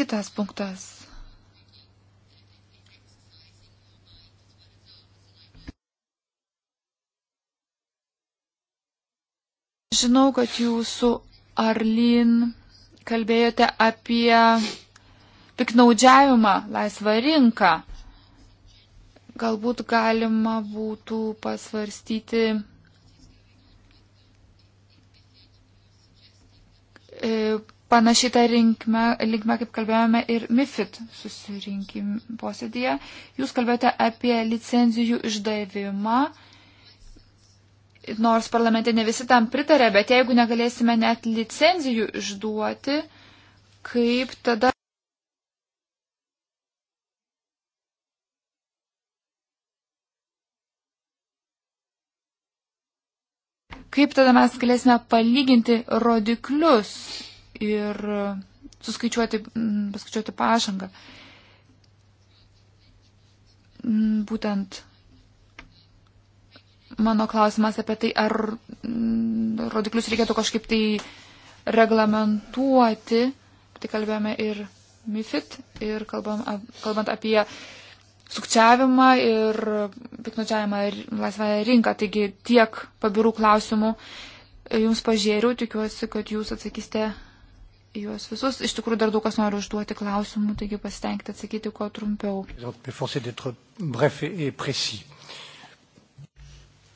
Kitas punktas. Žinau, kad jūsų Arlin kalbėjote apie piknaudžiavimą laisvą rinką. Galbūt galima būtų pasvarstyti e, panašiai tą linkmę, linkmę, kaip kalbėjome ir MIFID susirinkim posėdėje. Jūs kalbėjote apie licenzijų išdavimą, nors parlamente ne visi tam pritarė, bet jeigu negalėsime net licenzijų išduoti, kaip tada. Kaip tada mes galėsime palyginti rodiklius ir suskaičiuoti, paskaičiuoti mm, pažangą. Mm, būtent mano klausimas apie tai, ar mm, rodiklius reikėtų kažkaip tai reglamentuoti. Tai kalbėjome ir MIFID, ir kalbam, kalbant apie sukčiavimą ir piknudžiavimą ir laisvąją rinką. Taigi tiek pabirų klausimų jums pažiūrėjau, tikiuosi, kad jūs atsakysite juos visus. Iš tikrųjų, dar daug kas nori užduoti klausimų, taigi pasitengti atsakyti kuo trumpiau.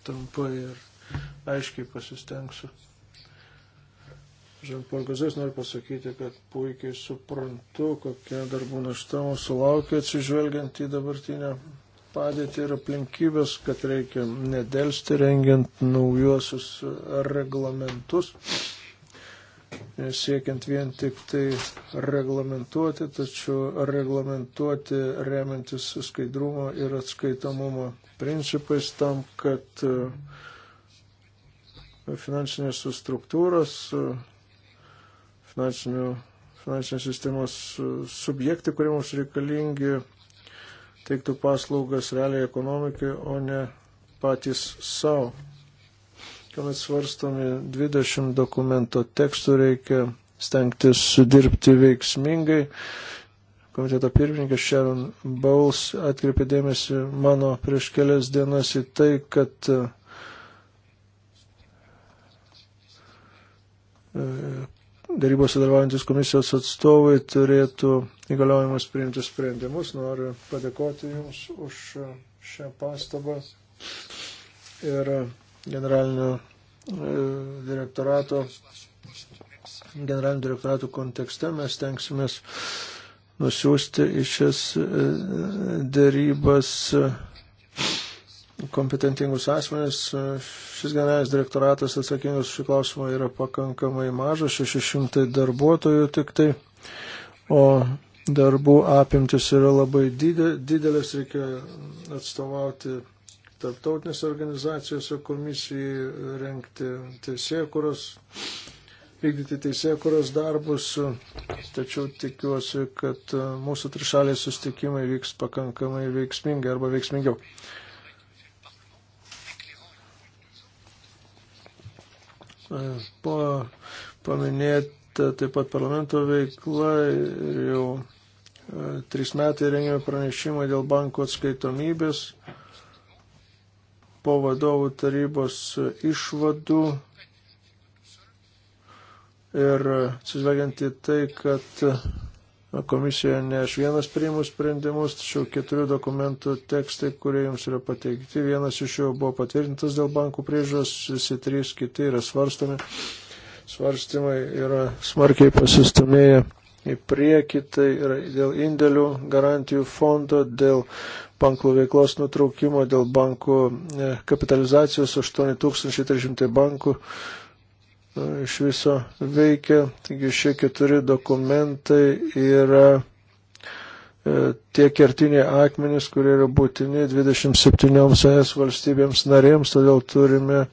Trumpai ir aiškiai pasistengsiu. Žanpol Gazės noriu pasakyti, kad puikiai suprantu, kokia darbų našta mūsų laukia atsižvelgiant į dabartinę padėtį ir aplinkybės, kad reikia nedelsti rengiant naujuosius reglamentus siekiant vien tik tai reglamentuoti, tačiau reglamentuoti remiantis skaidrumo ir atskaitomumo principais tam, kad e, finansinės struktūros, e, finansinės sistemos e, subjektai, kurie mums reikalingi, teiktų paslaugas realiai ekonomikai, o ne patys savo kuomet svarstomi 20 dokumento tekstų, reikia stengtis sudirbti veiksmingai. Komiteto pirmininkas Sharon Bowles atkreipė dėmesį mano prieš kelias dienas į tai, kad e, darybose dalyvaujantis komisijos atstovai turėtų įgaliojimus priimti sprendimus. Noriu padėkoti Jums už e, šią pastabą. Ir generalinio e, direktorato, generalinio direktorato kontekste mes tenksimės nusiųsti į šias e, dėrybas e, kompetentingus asmenys. Šis generalinis direktoratas atsakingas šį klausimą yra pakankamai mažas, 600 darbuotojų tik tai, o darbų apimtis yra labai didelės, reikia atstovauti tarptautinėse organizacijose komisijai renkti teisėkuros, vykdyti teisėkuros darbus, tačiau tikiuosi, kad mūsų trišaliai sustikimai vyks pakankamai veiksmingai arba veiksmingiau. Buvo paminėta taip pat parlamento veikla ir jau e, Trys metai rengėme pranešimą dėl bankų atskaitomybės po vadovų tarybos išvadų ir atsižvelgiant į tai, kad komisijoje ne aš vienas priimu sprendimus, tačiau keturių dokumentų tekstai, kurie jums yra pateikti, vienas iš jų buvo patvirtintas dėl bankų priežos, visi trys kiti yra svarstami. Svarstymai yra smarkiai pasistumėję į priekį, tai yra dėl indėlių garantijų fondo, dėl bankų veiklos nutraukimo, dėl bankų e, kapitalizacijos 8300 bankų e, iš viso veikia. Taigi šie keturi dokumentai yra e, tie kertiniai akmenys, kurie yra būtini 27 ES valstybėms narėms, todėl turime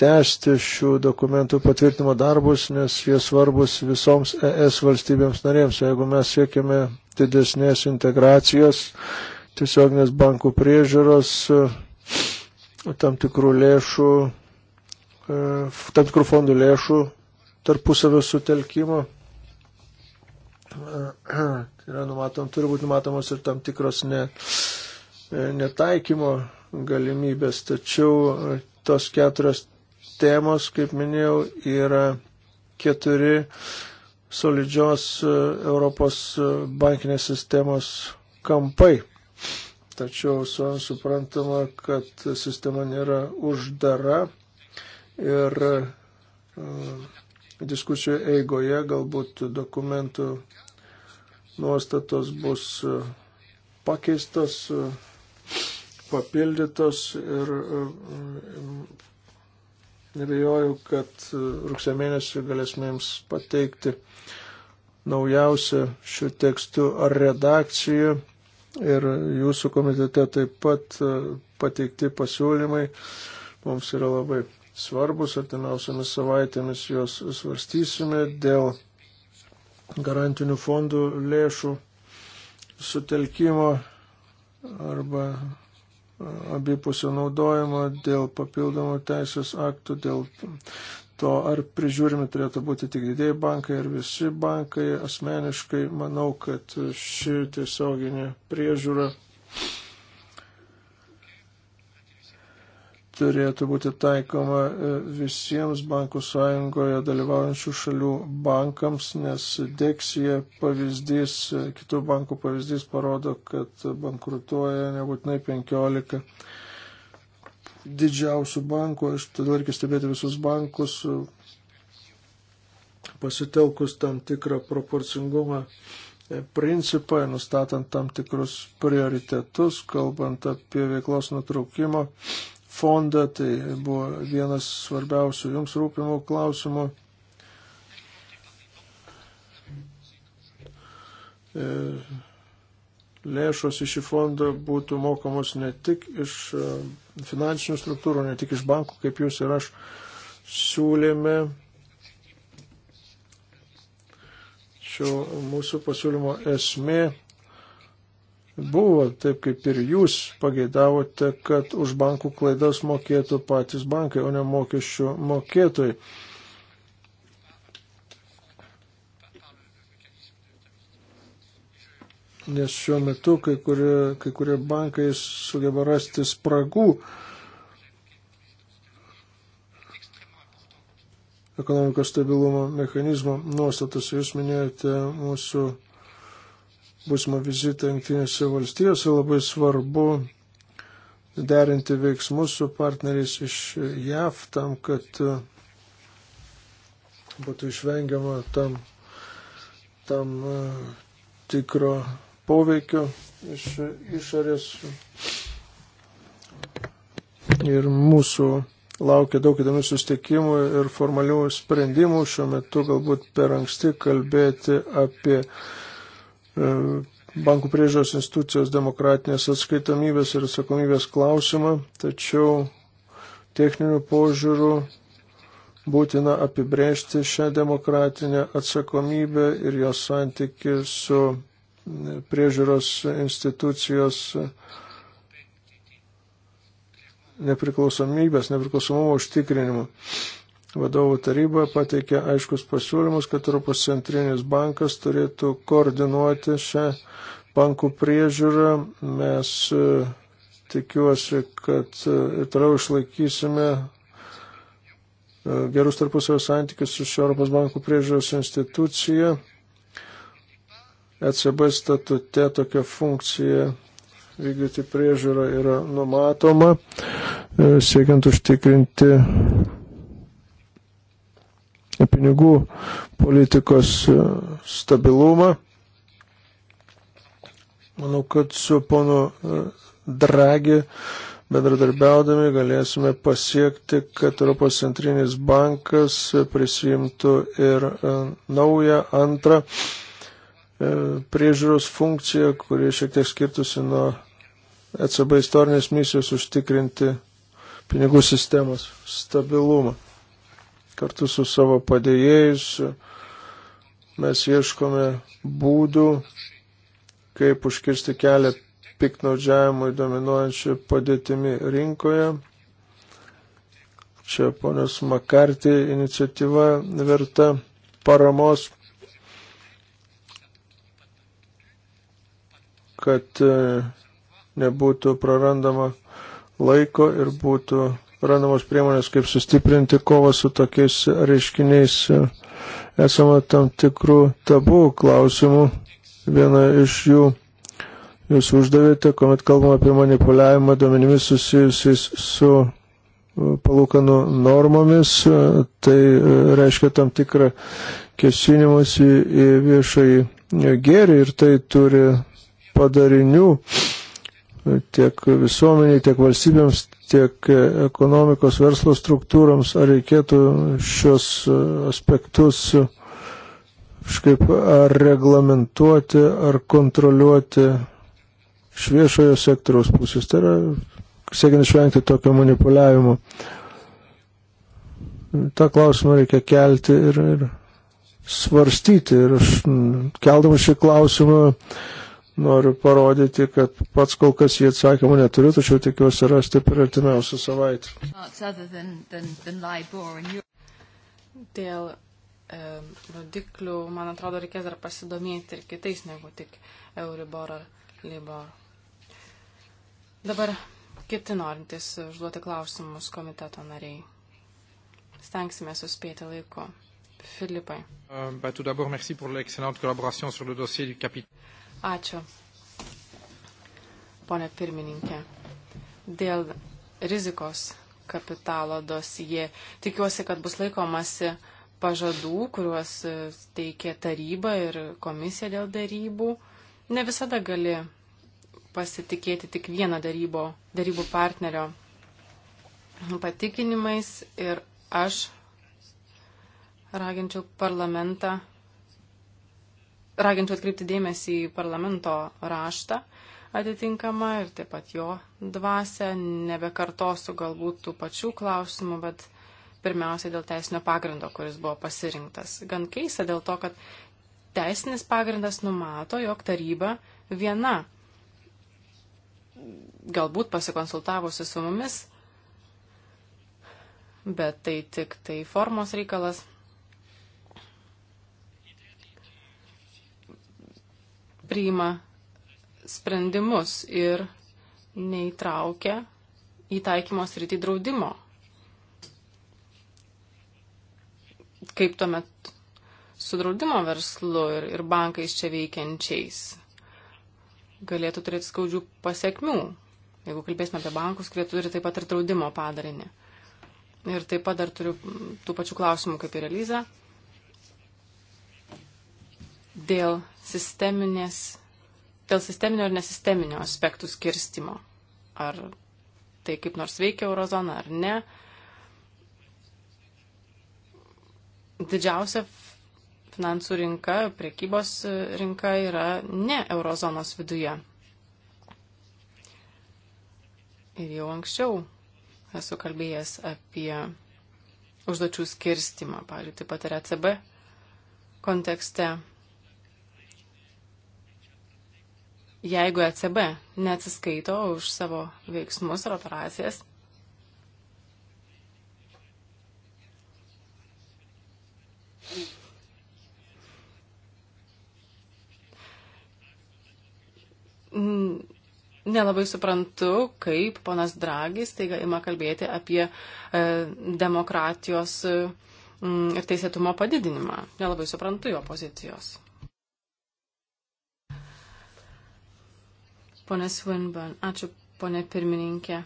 tęsti šių dokumentų patvirtimo darbus, nes jie svarbus visoms ES valstybėms narėms. Jeigu mes siekime didesnės integracijos, tiesioginės bankų priežiūros e, tam tikrų lėšų, e, tam tikrų fondų lėšų tarpusavio sutelkimo. E, <clears throat> tai yra numatom, turi būti numatomos ir tam tikros ne, netaikymo galimybės, tačiau tos keturios temos, kaip minėjau, yra keturi solidžios Europos bankinės sistemos kampai. Tačiau su suprantama, kad sistema nėra uždara ir e, diskusijų eigoje galbūt dokumentų nuostatos bus e, pakeistos, e, papildytos ir nebejoju, kad rugsėjo mėnesį galėsime jums pateikti naujausią šių tekstų redakciją ir jūsų komitete taip pat e, pateikti pasiūlymai mums yra labai svarbus. Artimiausiamis savaitėmis juos svarstysime dėl garantinių fondų lėšų sutelkimo arba e, abipusio naudojimo, dėl papildomų teisės aktų, dėl to, ar prižiūrimi turėtų būti tik didėjai bankai ar visi bankai. Asmeniškai manau, kad ši tiesioginė priežiūra turėtų būti taikoma e, visiems bankų sąjungoje dalyvaujančių šalių bankams, nes Deksija pavyzdys, e, kitų bankų pavyzdys parodo, kad bankrutuoja nebūtinai 15 didžiausių bankų, aš todėl reikia stebėti visus bankus, pasitelkus tam tikrą proporcingumą principą, nustatant tam tikrus prioritetus, kalbant apie veiklos nutraukimo fondą, tai buvo vienas svarbiausių jums rūpimų klausimų. E, lėšos iš šį fondą būtų mokamos ne tik iš e, finansinių struktūrų, ne tik iš bankų, kaip jūs ir aš siūlėme. Tačiau mūsų pasiūlymo esmė buvo taip, kaip ir jūs pageidavote, kad už bankų klaidas mokėtų patys bankai, o ne mokesčių mokėtojai. nes šiuo metu kai kurie, kai kurie bankai sugeba rasti spragų ekonomikos stabilumo mechanizmo nuostatas. Jūs minėjote mūsų būsimą vizitą Junktinėse valstijose. Labai svarbu derinti veiksmus su partneriais iš JAV tam, kad būtų išvengiama tam, tam e, tikro poveikio iš išorės. Ir mūsų laukia daug įdomių sustikimų ir formalių sprendimų. Šiuo metu galbūt per anksti kalbėti apie e, bankų priežos institucijos demokratinės atskaitomybės ir atsakomybės klausimą, tačiau techninių požiūrų būtina apibrėžti šią demokratinę atsakomybę ir jos santyki su priežiūros institucijos nepriklausomybės, nepriklausomumo užtikrinimu. Vadovų taryba pateikė aiškus pasiūlymus, kad Europos centrinis bankas turėtų koordinuoti šią bankų priežiūrą. Mes e, tikiuosi, kad e, ir toliau išlaikysime e, gerus tarpusavio santykius su šio Europos bankų priežiūros institucija. ECB statute tokia funkcija vykdyti priežiūrą yra numatoma, e, siekiant užtikrinti pinigų politikos e, stabilumą. Manau, kad su ponu e, Dragi bendradarbiaudami galėsime pasiekti, kad Europos centrinis bankas prisimtų ir naują antrą E, priežiūros funkcija, kurie šiek tiek skirtusi nuo ECB istorinės misijos užtikrinti pinigų sistemos stabilumą. Kartu su savo padėjėjais mes ieškome būdų, kaip užkirsti kelią piknaudžiavimui dominuojančią padėtimi rinkoje. Čia ponios Makartį iniciatyva verta paramos kad e, nebūtų prarandama laiko ir būtų prarandamos priemonės, kaip sustiprinti kovą su tokiais reiškiniais. Esama tam tikrų tabų klausimų. Viena iš jų jūs uždavėte, kuomet kalbama apie manipuliavimą duomenimis susijusiais su e, palūkanų normomis, tai e, reiškia tam tikrą kesinimus į, į viešai gėrį ir tai turi padarinių tiek visuomeniai, tiek valstybėms, tiek ekonomikos verslo struktūrams, ar reikėtų šios aspektus kažkaip ar reglamentuoti, ar kontroliuoti iš viešojo sektoriaus pusės. Tai yra, siekiant išvengti tokio manipuliavimo. Ta klausimą reikia kelti ir, ir svarstyti. Ir aš keldamas šį klausimą noriu parodyti, kad pats kol kas jį atsakymų neturiu, tačiau tikiuosi rasti per artimiausią savaitę. Dėl e, rodiklių, man atrodo, reikės dar pasidomėti ir kitais negu tik Euribor ar Libor. Dabar kiti norintys užduoti klausimus komiteto nariai. Stengsime suspėti laiku. Filipai. Uh, bah, tout d'abord, merci pour l'excellente collaboration sur le dossier du capital. Ačiū. Pone pirmininkė, dėl rizikos kapitalo dosije tikiuosi, kad bus laikomasi pažadų, kuriuos teikė taryba ir komisija dėl darybų. Ne visada gali pasitikėti tik vieno darybo, darybų partnerio patikinimais ir aš raginčiau parlamentą raginčiau atkreipti dėmesį į parlamento raštą atitinkamą ir taip pat jo dvasę. Nebekartosiu galbūt tų pačių klausimų, bet pirmiausia dėl teisinio pagrindo, kuris buvo pasirinktas. Gan keista dėl to, kad teisinis pagrindas numato, jog taryba viena, galbūt pasikonsultavusi su mumis, bet tai tik tai formos reikalas. priima sprendimus ir neįtraukia į taikymos rytį draudimo. Kaip tuomet su draudimo verslu ir, ir bankais čia veikiančiais galėtų turėti skaudžių pasiekmių, jeigu kalbėsime apie bankus, kurie turi taip pat ir draudimo padarinį. Ir taip pat dar turiu tų pačių klausimų kaip ir Eliza. Dėl sisteminės, dėl sisteminio ir nesisteminio aspektų skirstimo. Ar tai kaip nors veikia eurozona ar ne. Didžiausia finansų rinka, priekybos rinka yra ne eurozonos viduje. Ir jau anksčiau esu kalbėjęs apie užduočių skirstimą, pavyzdžiui, taip pat ir ECB kontekste jeigu ECB neatsiskaito už savo veiksmus ir operacijas, Nelabai suprantu, kaip ponas Dragis taiga ima kalbėti apie e, demokratijos e, ir teisėtumo padidinimą. Nelabai suprantu jo pozicijos. Pone Swinburne, ačiū, pone pirmininkė.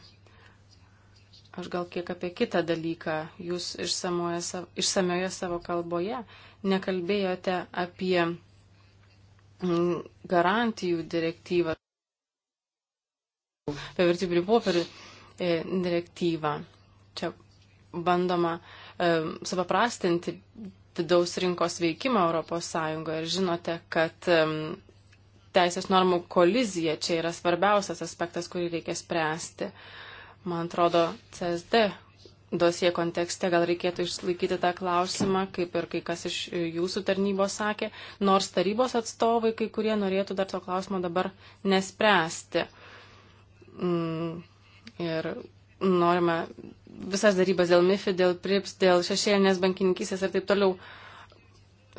Aš gal kiek apie kitą dalyką. Jūs išsamioje savo kalboje nekalbėjote apie mm, garantijų direktyvą, apie vertybinių popierių e, direktyvą. Čia bandoma e, supaprastinti vidaus rinkos veikimą Europos Sąjungoje ir žinote, kad mm, teisės normų kolizija čia yra svarbiausias aspektas, kurį reikia spręsti. Man atrodo, CSD dosie kontekste gal reikėtų išlaikyti tą klausimą, kaip ir kai kas iš jūsų tarnybos sakė, nors tarybos atstovai kai kurie norėtų dar to klausimo dabar nespręsti. Mm, ir norime visas darybas dėl MIFI, dėl PRIPS, dėl šešėlinės bankininkysės ir taip toliau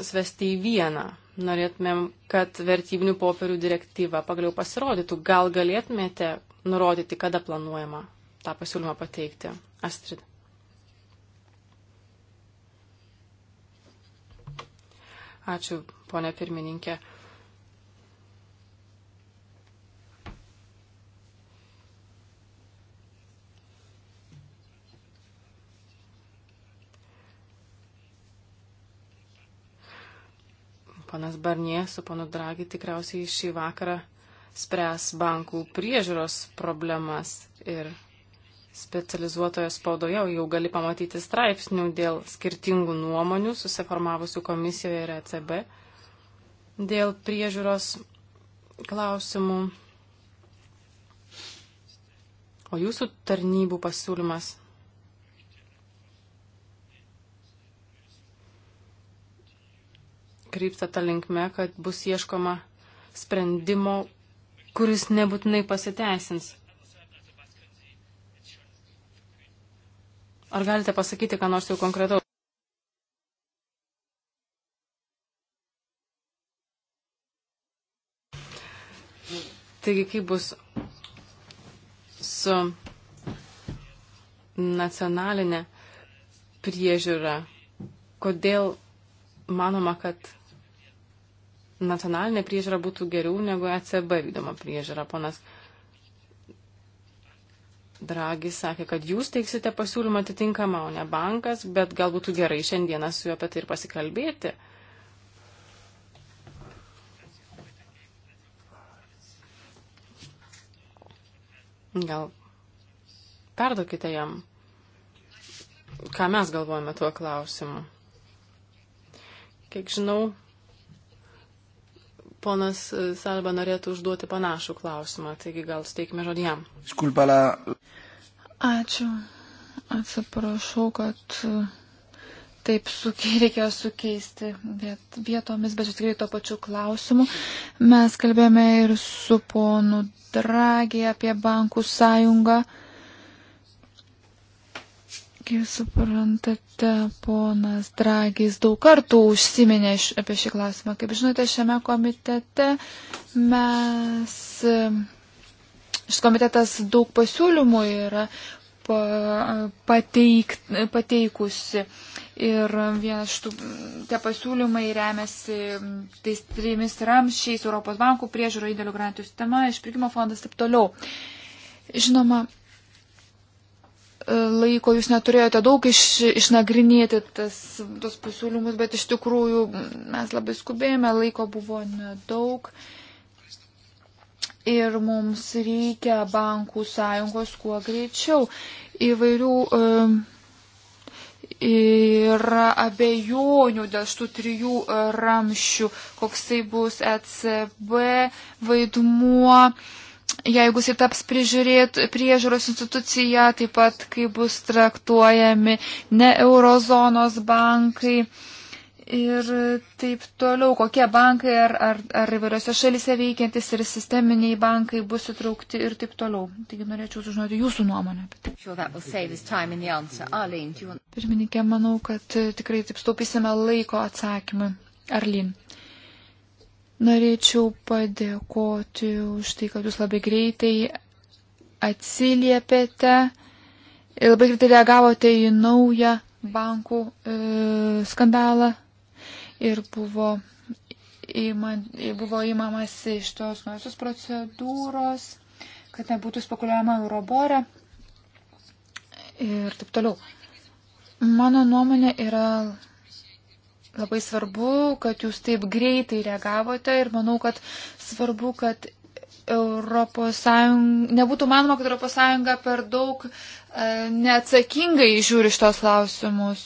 svesti į vieną norėtumėm, kad vertybinių popierių direktyva pagaliau pasirodytų. Gal galėtumėte nurodyti, kada planuojama tą pasiūlymą pateikti? Astrid. Ačiū, ponė pirmininkė. Panas Barnie su panu Dragi tikriausiai šį vakarą spręs bankų priežiūros problemas ir specializuotoje spaudoje jau gali pamatyti straipsnių dėl skirtingų nuomonių susiformavusių komisijoje ir ECB dėl priežiūros klausimų. O jūsų tarnybų pasiūlymas krypsta ta linkme, kad bus ieškoma sprendimo, kuris nebūtinai pasiteisins. Ar galite pasakyti, ką nors jau konkretau? Taigi, kaip bus su nacionalinė priežiūra? Kodėl manoma, kad nacionalinė priežiūra būtų geriau negu ECB vykdoma priežiūra. Ponas Dragis sakė, kad jūs teiksite pasiūlymą atitinkamą, o ne bankas, bet gal būtų gerai šiandieną su juo apie tai ir pasikalbėti. Gal perduokite jam, ką mes galvojame tuo klausimu. Kiek žinau, Ponas e, Salba norėtų užduoti panašų klausimą, taigi gal steikime žodį jam. Ačiū. Atsiprašau, kad e, taip sukiai, <laughs> reikėjo sukeisti viet, vietomis, bet tikrai to pačiu klausimu. Mes kalbėjome ir su ponu Dragi apie bankų sąjungą. Uh, Puikiai suprantate, ponas Dragis daug kartų užsiminė apie šį klausimą. Kaip žinote, šiame komitete mes. Šis komitetas daug pasiūlymų yra pateik, pateikusi. Ir vienas šitų tie pasiūlymai remiasi tais trimis ramšiais Europos bankų priežiūro įdėlių grantų sistema, išpirkimo fondas ir taip toliau. Žinoma, E, laiko jūs neturėjote daug iš, išnagrinėti tas, tos pasiūlymus, bet iš tikrųjų mes labai skubėjome, laiko buvo nedaug. Ir mums reikia bankų sąjungos kuo greičiau. Įvairių e, yra abejonių dėl šitų trijų ramšių, koksai bus ECB vaidmuo jeigu jis taps priežiūros institucija, taip pat kaip bus traktuojami ne eurozonos bankai ir taip toliau, kokie bankai ar, ar, ar įvairiose šalise veikiantis ir sisteminiai bankai bus įtraukti ir taip toliau. Taigi norėčiau sužinoti jūsų nuomonę. Tai. Pirmininkė, manau, kad tikrai taip staupysime laiko atsakymui. Arlin. Uh, Norėčiau padėkoti už tai, kad jūs labai greitai atsiliepėte ir labai greitai reagavote į naują bankų e, skandalą ir buvo, įman, buvo įmamas iš tos nuosios procedūros, kad nebūtų spekuliuojama Euroborė ir taip toliau. Mano nuomonė yra Labai svarbu, kad jūs taip greitai reagavote ir manau, kad svarbu, kad Europos Sąjunga, nebūtų manoma, kad Europos Sąjunga per daug e, neatsakingai žiūri šitos klausimus.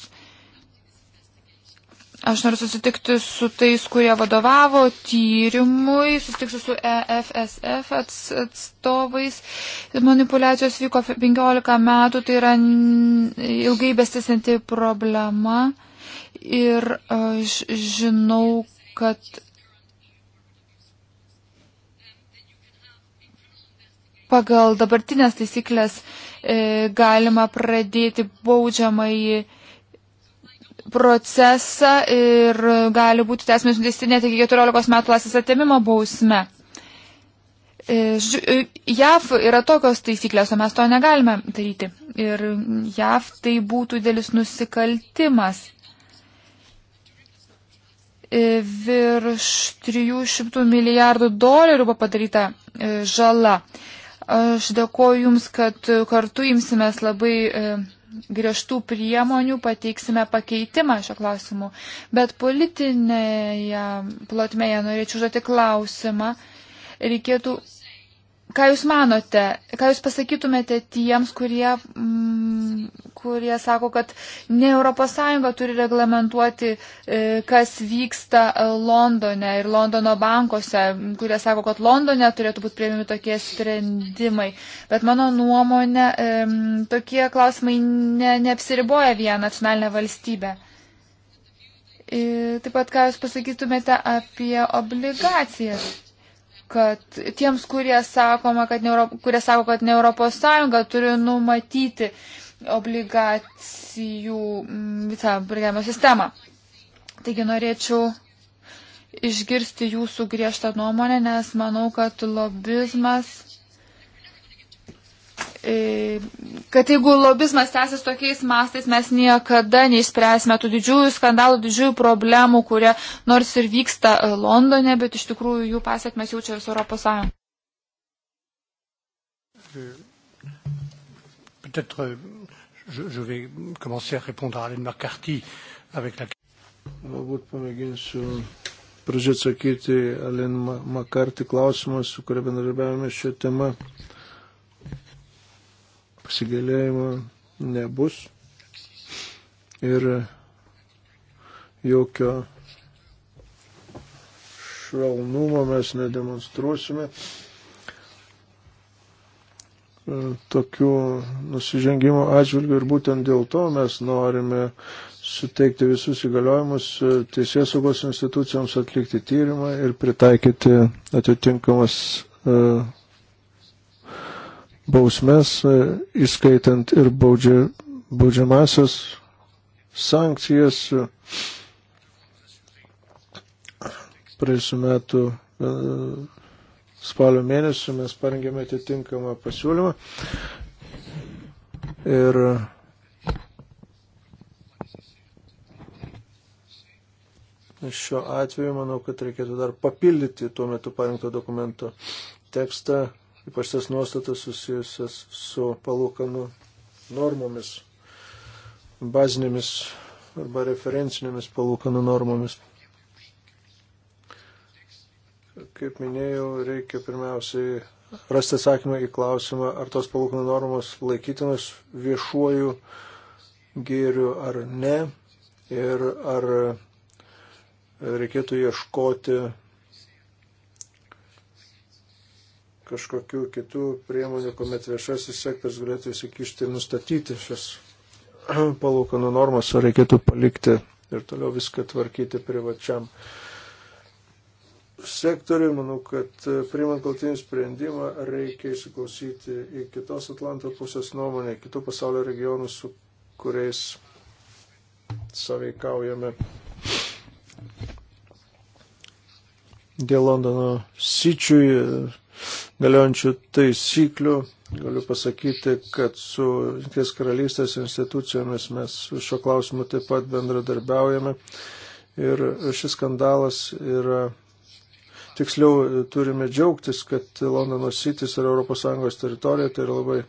Aš noriu susitikti su tais, kurie vadovavo tyrimui, susitiksiu su EFSF atstovais. Manipulacijos vyko 15 metų, tai yra ilgai bestisinti problema. E, ir aš žinau, kad pagal dabartinės taisyklės e, galima pradėti baudžiamąjį procesą ir gali būti teismės nuteisti net iki 14 metų laisvės atėmimo bausme. E, ž, e, JAV yra tokios taisyklės, o mes to negalime daryti. Ir JAV tai būtų dėlis nusikaltimas. E, virš 300 milijardų dolerių buvo padaryta e, žala. Aš dėkoju Jums, kad kartu imsimės labai e, griežtų priemonių, pateiksime pakeitimą šio klausimu. Bet politinėje plotmėje norėčiau žodį klausimą. Reikėtų Ką Jūs manote, ką Jūs pasakytumėte tiems, kurie, mm, kurie sako, kad ne ES turi reglamentuoti, e, kas vyksta Londone ir Londono bankose, kurie sako, kad Londone turėtų būti prieimimi tokie sprendimai. Bet mano nuomonė, mm, tokie klausimai ne, neapsiriboja vieną nacionalinę valstybę. Ir e, taip pat, ką Jūs pasakytumėte apie obligacijas kad tiems, kurie, sakoma, kad ne, kurie sako, kad ne Europos Sąjunga turi numatyti obligacijų mm, visą brigavimo sistemą. Taigi norėčiau išgirsti jūsų griežtą nuomonę, nes manau, kad lobizmas E, kad jeigu lobizmas tęsis tokiais mastais, mes niekada neišspręsime tų didžiųjų skandalų, didžiųjų problemų, kurie nors ir vyksta e, Londone, bet iš tikrųjų jų pasiekmes jaučia visą Europos Sąjungą. Euh, Galbūt pamėginsiu pradžią atsakyti Alin Makarti klausimą, su kuria bendradarbiavame šią temą pasigailėjimo nebus ir jokio švelnumo mes nedemonstruosime. Tokių nusižengimų atžvilgių ir būtent dėl to mes norime suteikti visus įgaliojimus teisės saugos institucijoms atlikti tyrimą ir pritaikyti atitinkamas e, bausmes, e, įskaitant ir baudžia, baudžiamasias sankcijas. Praėjusiu metu e, spalio mėnesį mes parengėme atitinkamą pasiūlymą ir šiuo atveju manau, kad reikėtų dar papildyti tuo metu parengto dokumento tekstą ypač tas nuostatas susijusias su palūkanų normomis, bazinėmis arba referencinėmis palūkanų normomis. Kaip minėjau, reikia pirmiausiai rasti atsakymą į klausimą, ar tos palūkanų normos laikytinos viešuoju gėriu ar ne, ir ar reikėtų ieškoti kažkokių kitų priemonių, kuomet viešasis sektorius galėtų įsikišti ir nustatyti šias <clears throat> palūkanų normas, o reikėtų palikti ir toliau viską tvarkyti privačiam sektoriui. Manau, kad e, priimant galtinį sprendimą reikia įsiklausyti į kitos Atlanto pusės nuomonę, kitų pasaulio regionų, su kuriais saveikaujame. Dėl Londono sičiui galiojančių taisyklių. Galiu pasakyti, kad su Junktinės karalystės institucijomis mes šio klausimu taip pat bendradarbiaujame. Ir šis skandalas yra, tiksliau, turime džiaugtis, kad Londono sitis yra ES teritorija, tai yra labai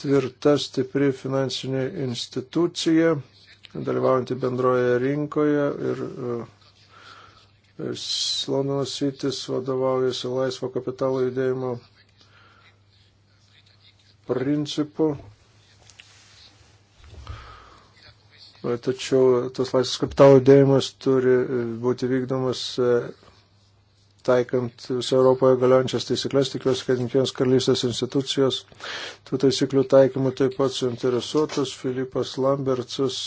tvirta, stipri finansinė institucija, dalyvaujanti bendroje rinkoje ir uh, Londono Sitis vadovaujasi laisvo kapitalo judėjimo principu. Tačiau tas laisvas kapitalo judėjimas turi būti vykdomas e, taikant viso Europoje galiojančias taisyklės, tikiuosi, kad Junktinės karalystės institucijos tų taisyklių taikymų taip pat suinteresuotos. Filipas Lambertsas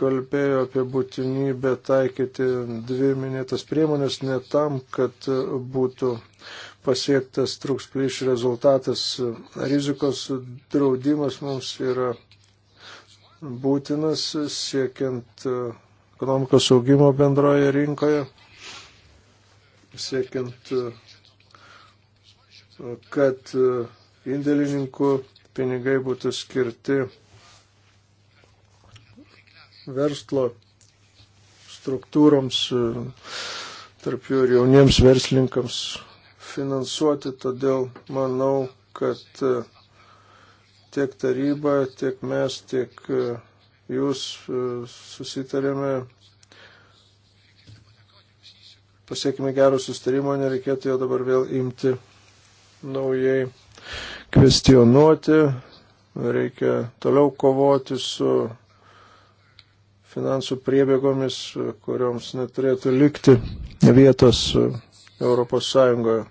kalbėjo apie būtinybę taikyti dvi minėtas priemonės ne tam, kad būtų pasiektas truks plyš rezultatas. Rizikos draudimas mums yra būtinas siekiant ekonomikos augimo bendroje rinkoje, siekiant, kad indėlininkų pinigai būtų skirti verslo struktūroms, e, tarp jų ir jauniems verslininkams finansuoti. Todėl manau, kad e, tiek taryba, tiek mes, tiek e, jūs susitarėme pasiekime gerų sustarimo, nereikėtų jo dabar vėl imti naujai kvestionuoti, reikia toliau kovoti su finansų priebėgomis, kurioms neturėtų likti vietos Europos Sąjungoje.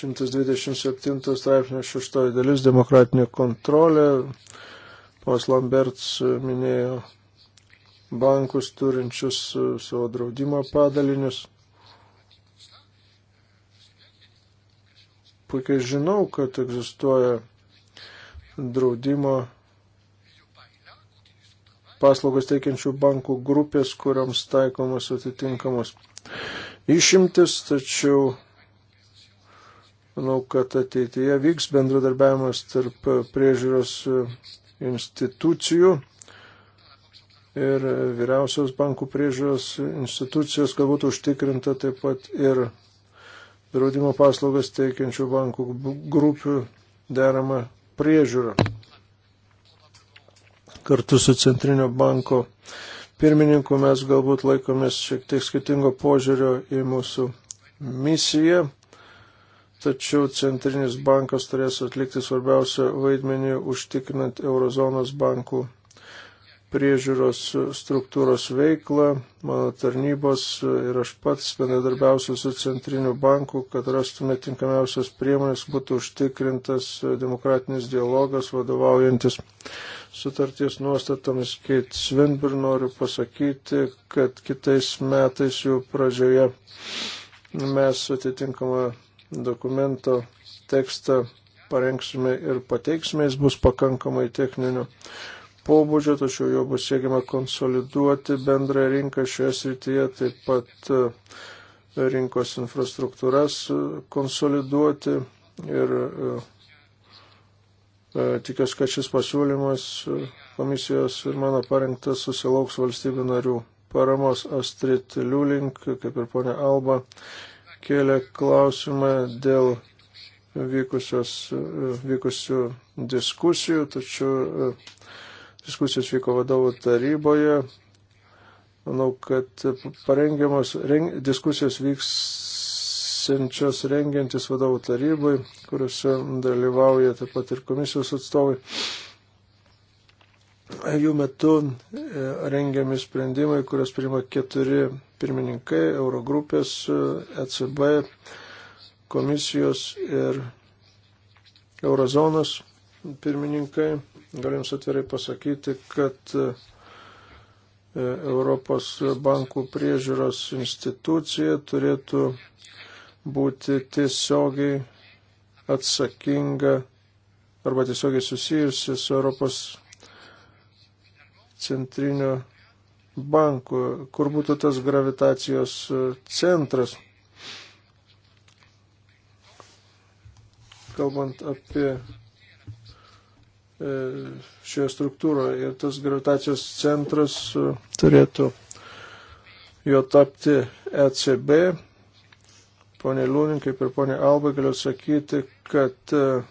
127 straipsnio 6 dalis demokratinė kontrolė. Pos Lamberts minėjo bankus turinčius savo draudimo padalinius. Puikiai žinau, kad egzistuoja draudimo paslaugas teikiančių bankų grupės, kuriams taikomos atitinkamos išimtis, tačiau manau, kad ateityje vyks bendradarbiavimas tarp priežiūros institucijų ir vyriausios bankų priežiūros institucijos, kad būtų užtikrinta taip pat ir draudimo paslaugas teikiančių bankų grupių derama priežiūra kartu su Centrinio banko pirmininku mes galbūt laikomės šiek tiek skirtingo požiūrio į mūsų misiją, tačiau Centrinis bankas turės atlikti svarbiausią vaidmenį užtikrinant Eurozonos bankų priežiūros struktūros veiklą, mano tarnybos ir aš pats bendradarbiausiu su Centriniu banku, kad rastume tinkamiausias priemonės, būtų užtikrintas demokratinis dialogas vadovaujantis sutarties nuostatomis. Keit Svenbir noriu pasakyti, kad kitais metais jų pradžioje mes atitinkamą dokumento tekstą parengsime ir pateiksime, jis bus pakankamai techninio pobūdžio, tačiau jo bus siekiama konsoliduoti bendrą rinką šioje srityje, taip pat e, rinkos infrastruktūras e, konsoliduoti ir e, E, tikiuosi, kad šis pasiūlymas e, komisijos ir mano parengtas susilauks valstybių narių paramos. Astrid Liulink, kaip ir ponia Alba, kėlė klausimą dėl vykusios, e, vykusių diskusijų, tačiau diskusijos vyko vadovų taryboje. Manau, kad parengiamos reng, diskusijos vyks vyksiančios rengiantis vadovų tarybai, kuriuose dalyvauja taip pat ir komisijos atstovai. Jų metu e, rengiami sprendimai, kurios priima keturi pirmininkai - Eurogrupės, ECB, komisijos ir Eurozonos pirmininkai. Galim atvirai pasakyti, kad e, Europos bankų priežiūros institucija turėtų būti tiesiogiai atsakinga arba tiesiogiai susijusi su Europos centrinio banku, kur būtų tas gravitacijos e, centras. Kalbant apie e, šioje struktūroje ir tas gravitacijos centras e, turėtų jo tapti ECB, ponė Lūnin, kaip ir ponė Alba, galiu sakyti, kad e,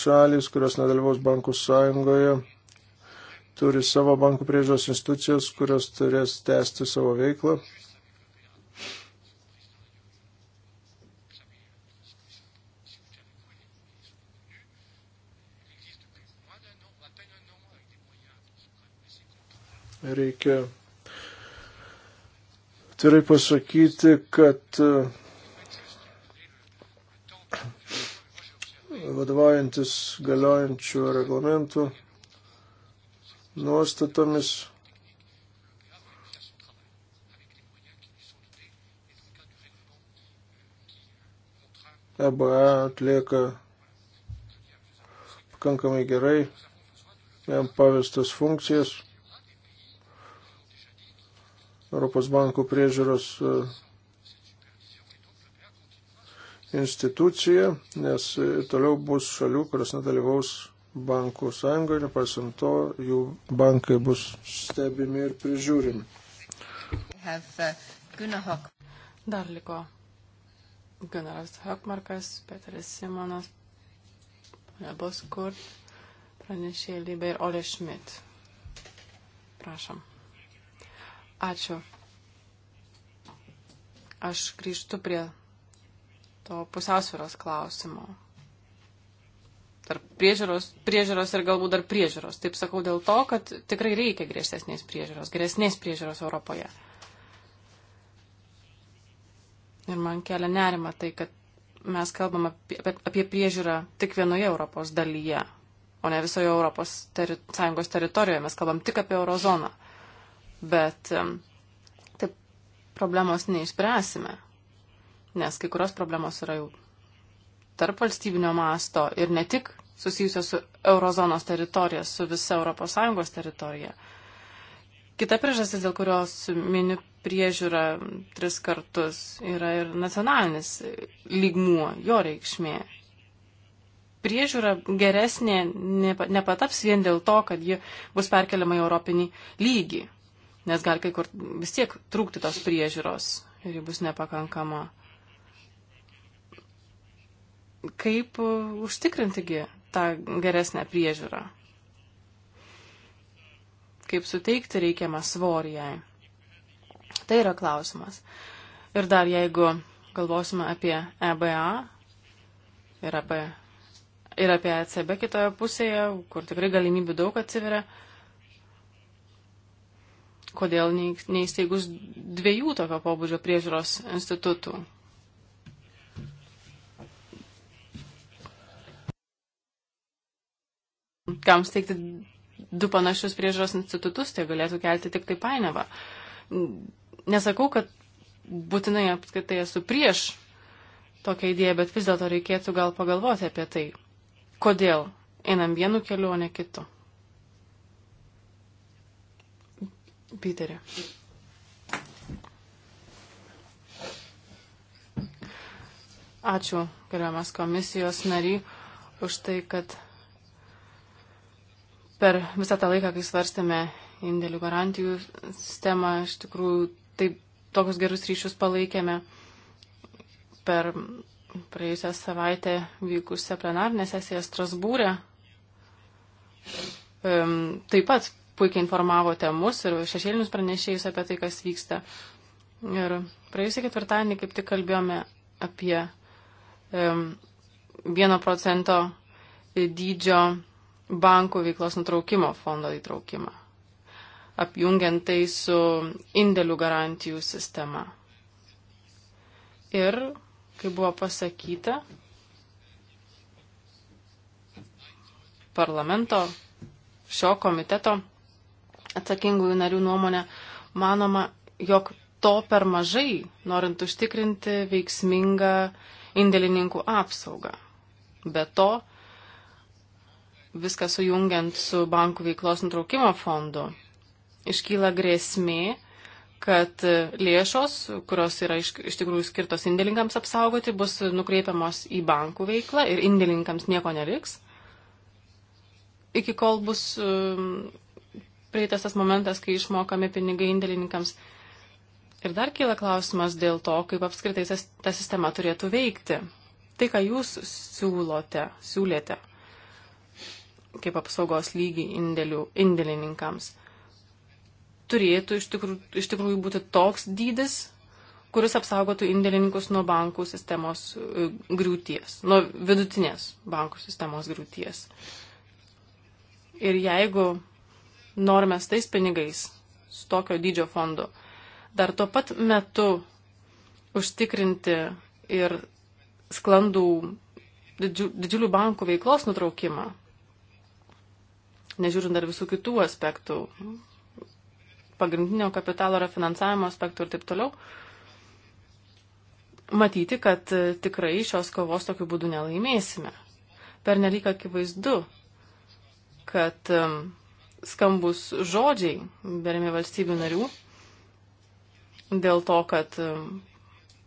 šalis, kurios nedalyvaus bankų sąjungoje, turi savo bankų priežiūros institucijos, kurios turės tęsti savo veiklą. Reikia turiu pasakyti, kad e, vadovaujantis galiojančių reglamentų nuostatomis EBA atlieka pakankamai gerai jam pavestas funkcijas. Europos bankų priežiūros e, institucija, nes toliau bus šalių, kurios nedalyvaus bankų sąjungoje, nepaisant to, jų bankai bus stebimi ir prižiūrimi. Uh, Dar liko generas Hakmarkas, Peteris Simonas, nebus kur, pranešė Lybė ir Ole Šmit. Prašom. Ačiū. Aš grįžtu prie to pusiausvėros klausimo. Tarp priežiūros, priežiūros ir galbūt dar priežiūros. Taip sakau dėl to, kad tikrai reikia griežtesnės priežiūros, geresnės priežiūros Europoje. Ir man kelia nerima tai, kad mes kalbam apie, apie priežiūrą tik vienoje Europos dalyje, o ne visoje Europos teri, Sąjungos teritorijoje. Mes kalbam tik apie eurozoną bet taip problemos neišspręsime, nes kai kurios problemos yra jau tarp valstybinio masto ir ne tik susijusios su eurozonos teritorija, su visa ES teritorija. Kita priežastis, dėl kurios mini priežiūra tris kartus, yra ir nacionalinis lygmuo, jo reikšmė. Priežiūra geresnė nepataps vien dėl to, kad ji bus perkeliama į europinį lygį nes gali kai kur vis tiek trūkti tos priežiūros ir ji bus nepakankama. Kaip uh, užtikrintigi tą geresnę priežiūrą? Kaip suteikti reikiamą svorį jai? Tai yra klausimas. Ir dar jeigu galvosime apie EBA ir apie, ir apie ECB kitoje pusėje, kur tikrai galimybių daug atsiveria, kodėl neįsteigus dviejų tokio pobūdžio priežiūros institutų. Kam steigti du panašius priežiūros institutus, tai galėtų kelti tik tai painiavą. Nesakau, kad būtinai apskritai esu prieš tokią idėją, bet vis dėlto reikėtų gal pagalvoti apie tai, kodėl einam vienu keliu, o ne kitu. Piterė. Ačiū, gerbiamas komisijos nary, už tai, kad per visą tą laiką, kai svarstėme indėlių garantijų sistemą, iš tikrųjų taip tokius gerus ryšius palaikėme per praėjusią savaitę vykusią plenarnę sesiją Strasbūrę. Taip pat puikiai informavote mus ir šešėlinius pranešėjus apie tai, kas vyksta. Ir praėjusią ketvirtadienį kaip tik kalbėjome apie um, 1 procento dydžio bankų veiklos nutraukimo fondo įtraukimą, apjungiant tai su indėlių garantijų sistema. Ir, kaip buvo pasakyta, parlamento šio komiteto atsakingųjų narių nuomonė, manoma, jog to per mažai, norint užtikrinti veiksmingą indėlininkų apsaugą. Be to, viską sujungiant su bankų veiklos nutraukimo fondu, iškyla grėsmė, kad lėšos, kurios yra iš, iš tikrųjų skirtos indėlininkams apsaugoti, bus nukreipiamos į bankų veiklą ir indėlininkams nieko neliks, iki kol bus um, prieitas tas momentas, kai išmokami pinigai indėlininkams. Ir dar kyla klausimas dėl to, kaip apskritai ta sistema turėtų veikti. Tai, ką jūs siūlote, siūlėte kaip apsaugos lygį indėlių, indėlininkams, turėtų iš tikrųjų, iš tikrųjų būti toks dydis, kuris apsaugotų indėlininkus nuo bankų sistemos e, griūties, nuo vidutinės bankų sistemos griūties. Ir jeigu norime su tais pinigais, su tokio dydžio fondu, dar tuo pat metu užtikrinti ir sklandų didžiu, didžiulių bankų veiklos nutraukimą, nežiūrint dar visų kitų aspektų, pagrindinio kapitalo refinansavimo aspektų ir taip toliau, matyti, kad tikrai šios kovos tokiu būdu nelaimėsime. Per nelik akivaizdu, kad um, skambus žodžiai, berimi valstybių narių, dėl to, kad e,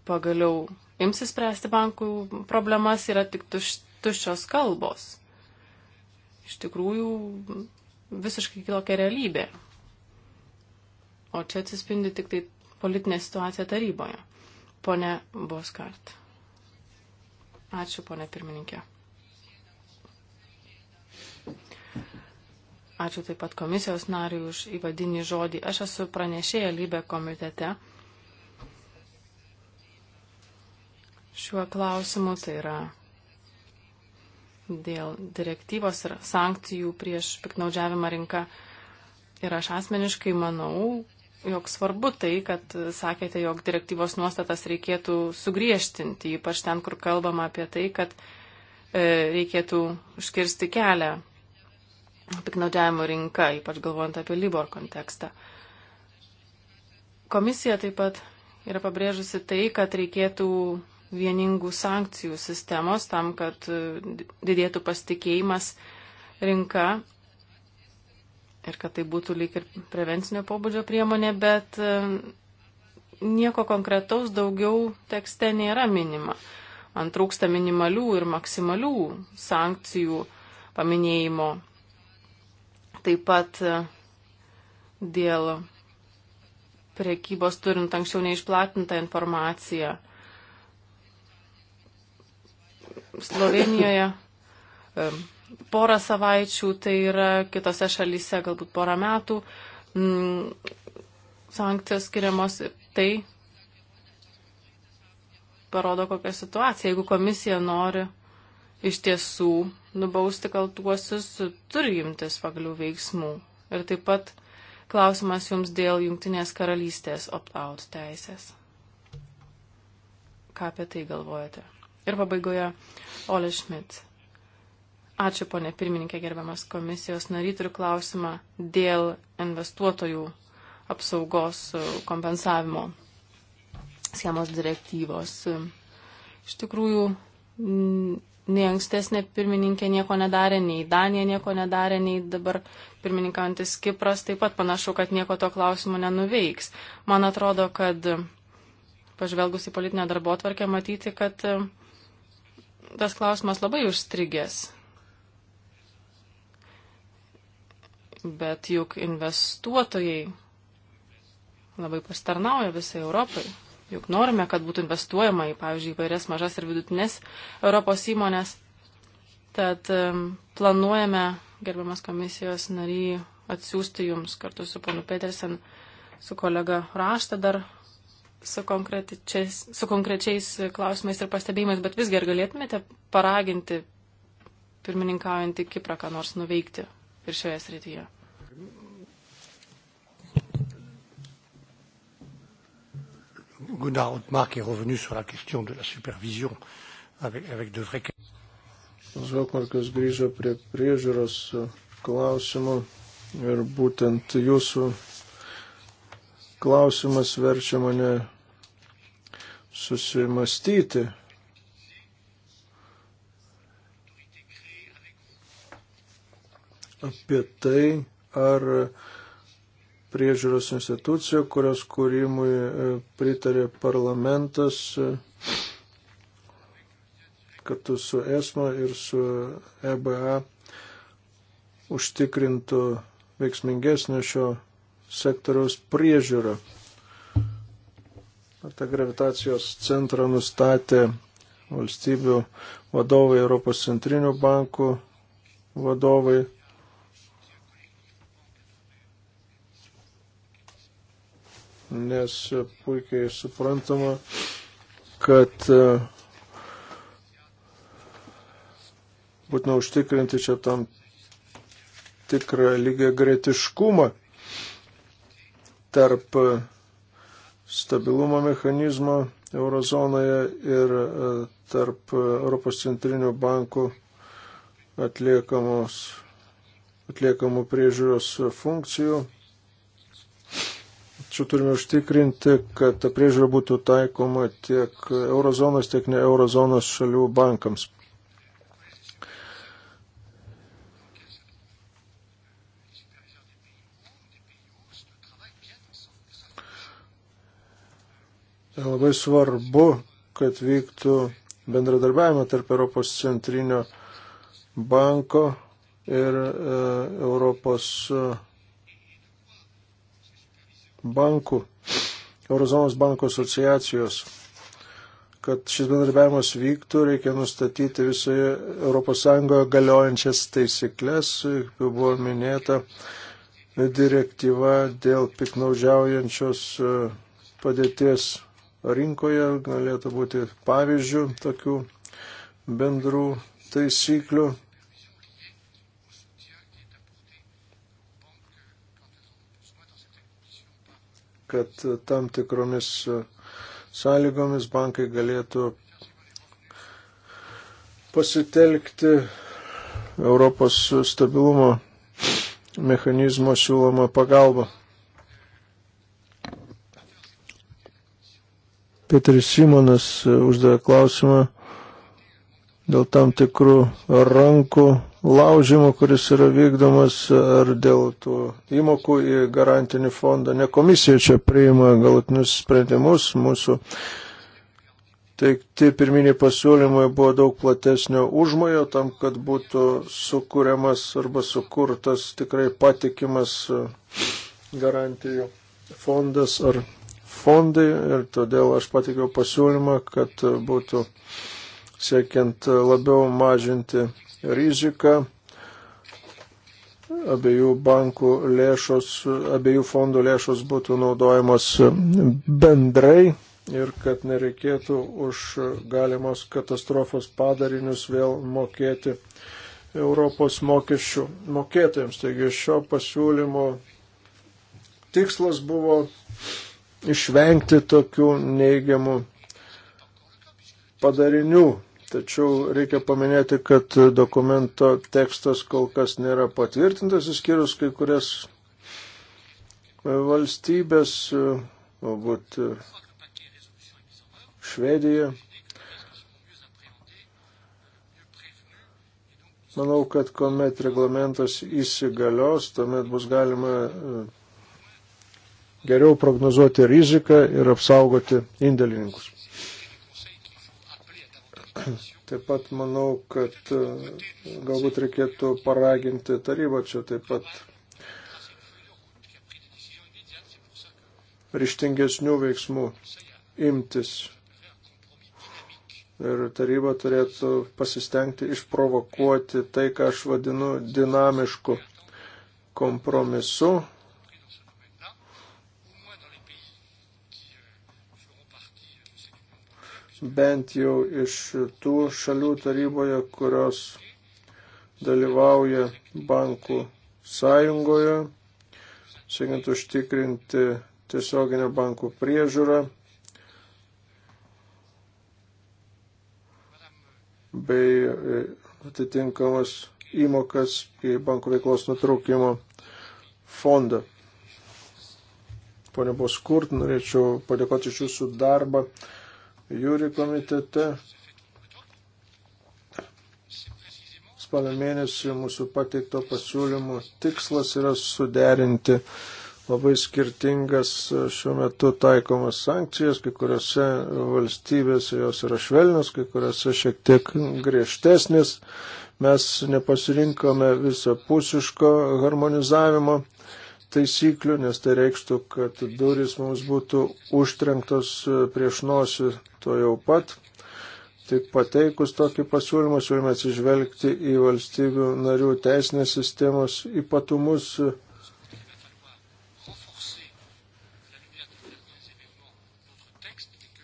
pagaliau imsis spręsti bankų problemas yra tik tuš, tuščios kalbos. Iš tikrųjų, visiškai kitokia realybė. O čia atsispindi tik tai politinė situacija taryboje. Pone Boskart. Ačiū, pone pirmininkė. Ačiū taip pat komisijos nariui už įvadinį žodį. Aš esu pranešėja lybė komitete šiuo klausimu, tai yra dėl direktyvos ir sankcijų prieš piknaudžiavimą rinką. Ir aš asmeniškai manau, jog svarbu tai, kad sakėte, jog direktyvos nuostatas reikėtų sugriežtinti, ypač ten, kur kalbama apie tai, kad e, reikėtų užkirsti kelią piknaudžiavimo rinka, ypač galvojant apie Libor kontekstą. Komisija taip pat yra pabrėžusi tai, kad reikėtų vieningų sankcijų sistemos tam, kad e, didėtų pasitikėjimas rinka ir kad tai būtų lyg ir prevencinio pobūdžio priemonė, bet e, nieko konkretaus daugiau tekste nėra minima. Antrūksta minimalių ir maksimalių sankcijų paminėjimo Taip pat e, dėl prekybos turint anksčiau neišplatintą informaciją. Slovenijoje e, porą savaičių, tai yra kitose šalyse galbūt porą metų m, mm, sankcijos skiriamos. Tai parodo kokią situaciją. Jeigu komisija nori iš tiesų nubausti kaltuosius, turi imtis pagalių veiksmų. Ir taip pat klausimas jums dėl Junktinės karalystės opt-out teisės. Ką apie tai galvojate? Ir pabaigoje Ole Schmidt. Ačiū, ponė pirmininkė, gerbiamas komisijos nary, turiu klausimą dėl investuotojų apsaugos kompensavimo schemos direktyvos. Iš tikrųjų, nei ankstesnė pirmininkė nieko nedarė, nei Danija nieko nedarė, nei dabar pirmininkantis Kipras taip pat panašu, kad nieko to klausimu nenuveiks. Man atrodo, kad pažvelgus į politinę darbo atvarkę matyti, kad e, tas klausimas labai užstrigęs. Bet juk investuotojai labai pastarnauja visai Europai juk norime, kad būtų investuojama į, pavyzdžiui, vairias mažas ir vidutinės Europos įmonės. Tad planuojame, gerbiamas komisijos nary, atsiųsti jums kartu su ponu Petersen, su kolega raštą dar su konkrečiais, su konkrečiais klausimais ir pastebėjimais, bet visgi ar galėtumėte paraginti pirmininkaujantį Kiprą, ką nors nuveikti ir šioje srityje? Gunnar Otmark est revenu sur la question de la supervision avec, avec de vraies questions. Zokmarkas grįžo prie priežiūros klausimų ir būtent jūsų klausimas verčia mane susimastyti. Apie tai, ar uh, priežiūros institucijų, kurios kūrimui e, pritarė parlamentas e, kartu su ESMA ir su EBA užtikrintų veiksmingesnio šio sektoriaus priežiūrą. Ar tą gravitacijos centrą nustatė valstybių vadovai, Europos centrinių bankų vadovai, nes puikiai suprantama, kad e, būtina užtikrinti čia tam tikrą lygiai gretiškumą tarp e, stabilumo mechanizmo eurozonoje ir e, tarp Europos centrinių bankų atliekamos atliekamų priežiūros funkcijų Čia turime užtikrinti, kad ta priežiūra būtų taikoma tiek eurozonos, tiek ne eurozonos šalių bankams. Tai labai svarbu, kad vyktų bendradarbiavimą tarp Europos centrinio banko ir e, Europos. E, bankų, Eurozonos bankų asociacijos. Kad šis bendradarbiavimas vyktų, reikia nustatyti visoje ES galiojančias taisyklės, kaip jau buvo minėta, direktyva dėl piknaudžiaujančios e, padėties rinkoje galėtų būti pavyzdžių tokių bendrų taisyklių kad tam tikromis sąlygomis bankai galėtų pasitelkti Europos stabilumo mechanizmo siūlomą pagalbą. Petris Simonas e, uždavė klausimą dėl tam tikrų rankų laužimų, kuris yra vykdomas, ar dėl tų įmokų į garantinį fondą. Ne komisija čia priima galutinius sprendimus, mūsų teikti pirminiai pasiūlymai buvo daug platesnio užmojo tam, kad būtų sukūriamas arba sukurtas tikrai patikimas e, garantijų fondas ar fondai ir todėl aš patikiau pasiūlymą, kad būtų siekiant labiau mažinti rizika, abiejų bankų lėšos, abiejų fondų lėšos būtų naudojamos bendrai ir kad nereikėtų už galimos katastrofos padarinius vėl mokėti Europos mokesčių mokėtojams. Taigi šio pasiūlymo tikslas buvo išvengti tokių neigiamų padarinių Tačiau reikia paminėti, kad dokumento tekstas kol kas nėra patvirtintas, išskyrus kai kurias e, valstybės, e, galbūt e, Švedija. Manau, kad kuomet reglamentas įsigalios, tuomet bus galima geriau prognozuoti riziką ir apsaugoti indėlininkus. Taip pat manau, kad e, galbūt reikėtų paraginti tarybą čia taip pat ryštingesnių veiksmų imtis. Ir taryba turėtų pasistengti išprovokuoti tai, ką aš vadinu dinamišku kompromisu, bent jau iš tų šalių taryboje, kurios dalyvauja bankų sąjungoje, siekiant užtikrinti tiesioginę bankų priežiūrą bei e, atitinkamas įmokas į bankų veiklos nutraukimo fondą. Pone Boskurt, norėčiau padėkoti iš jūsų darbą jūri komitete. Spalio mėnesį mūsų pateikto pasiūlymo tikslas yra suderinti labai skirtingas šiuo metu taikomas sankcijas, kai kuriuose valstybėse jos yra švelnios, kai kuriuose šiek tiek griežtesnės. Mes nepasirinkome visapusiško harmonizavimo taisyklių, nes tai reikštų, kad durys mums būtų užtrenktos prieš nosį to jau pat. Tik pateikus tokį pasiūlymą, siūlymą atsižvelgti į valstybių narių teisinės sistemos ypatumus.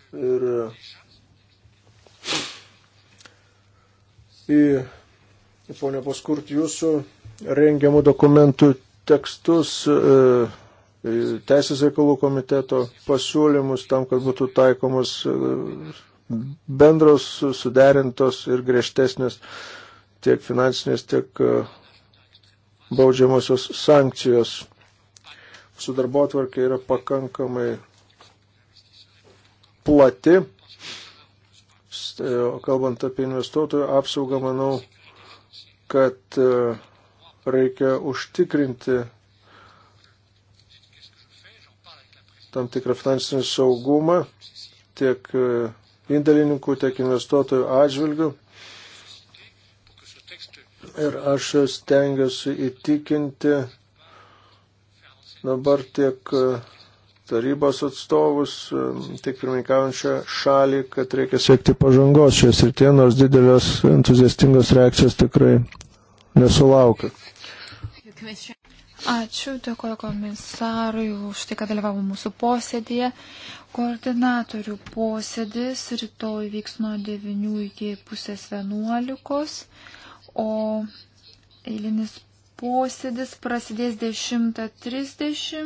Ir į, į ponę paskurt jūsų rengiamų dokumentų tekstus, e, Teisės reikalų komiteto pasiūlymus tam, kad būtų taikomos e, bendros, suderintos ir griežtesnės tiek finansinės, tiek e, baudžiamosios sankcijos. Su darbo tvarkė yra pakankamai plati. Kalbant apie investuotojų apsaugą, manau, kad uh, reikia užtikrinti tam tikrą finansinį saugumą tiek e, indėlininkų, tiek investuotojų atžvilgių. Ir aš stengiuosi įtikinti dabar tiek e, tarybos atstovus, e, tiek pirmininkaujančią šalį, kad reikia siekti pažangos šios ir tie, nors didelios entuziastingos reakcijos tikrai nesulaukia. Ačiū, dėkoju komisarui už tai, kad dalyvavo mūsų posėdėje. Koordinatorių posėdis rytoj vyks nuo 9 iki pusės 11, o eilinis posėdis prasidės 10.30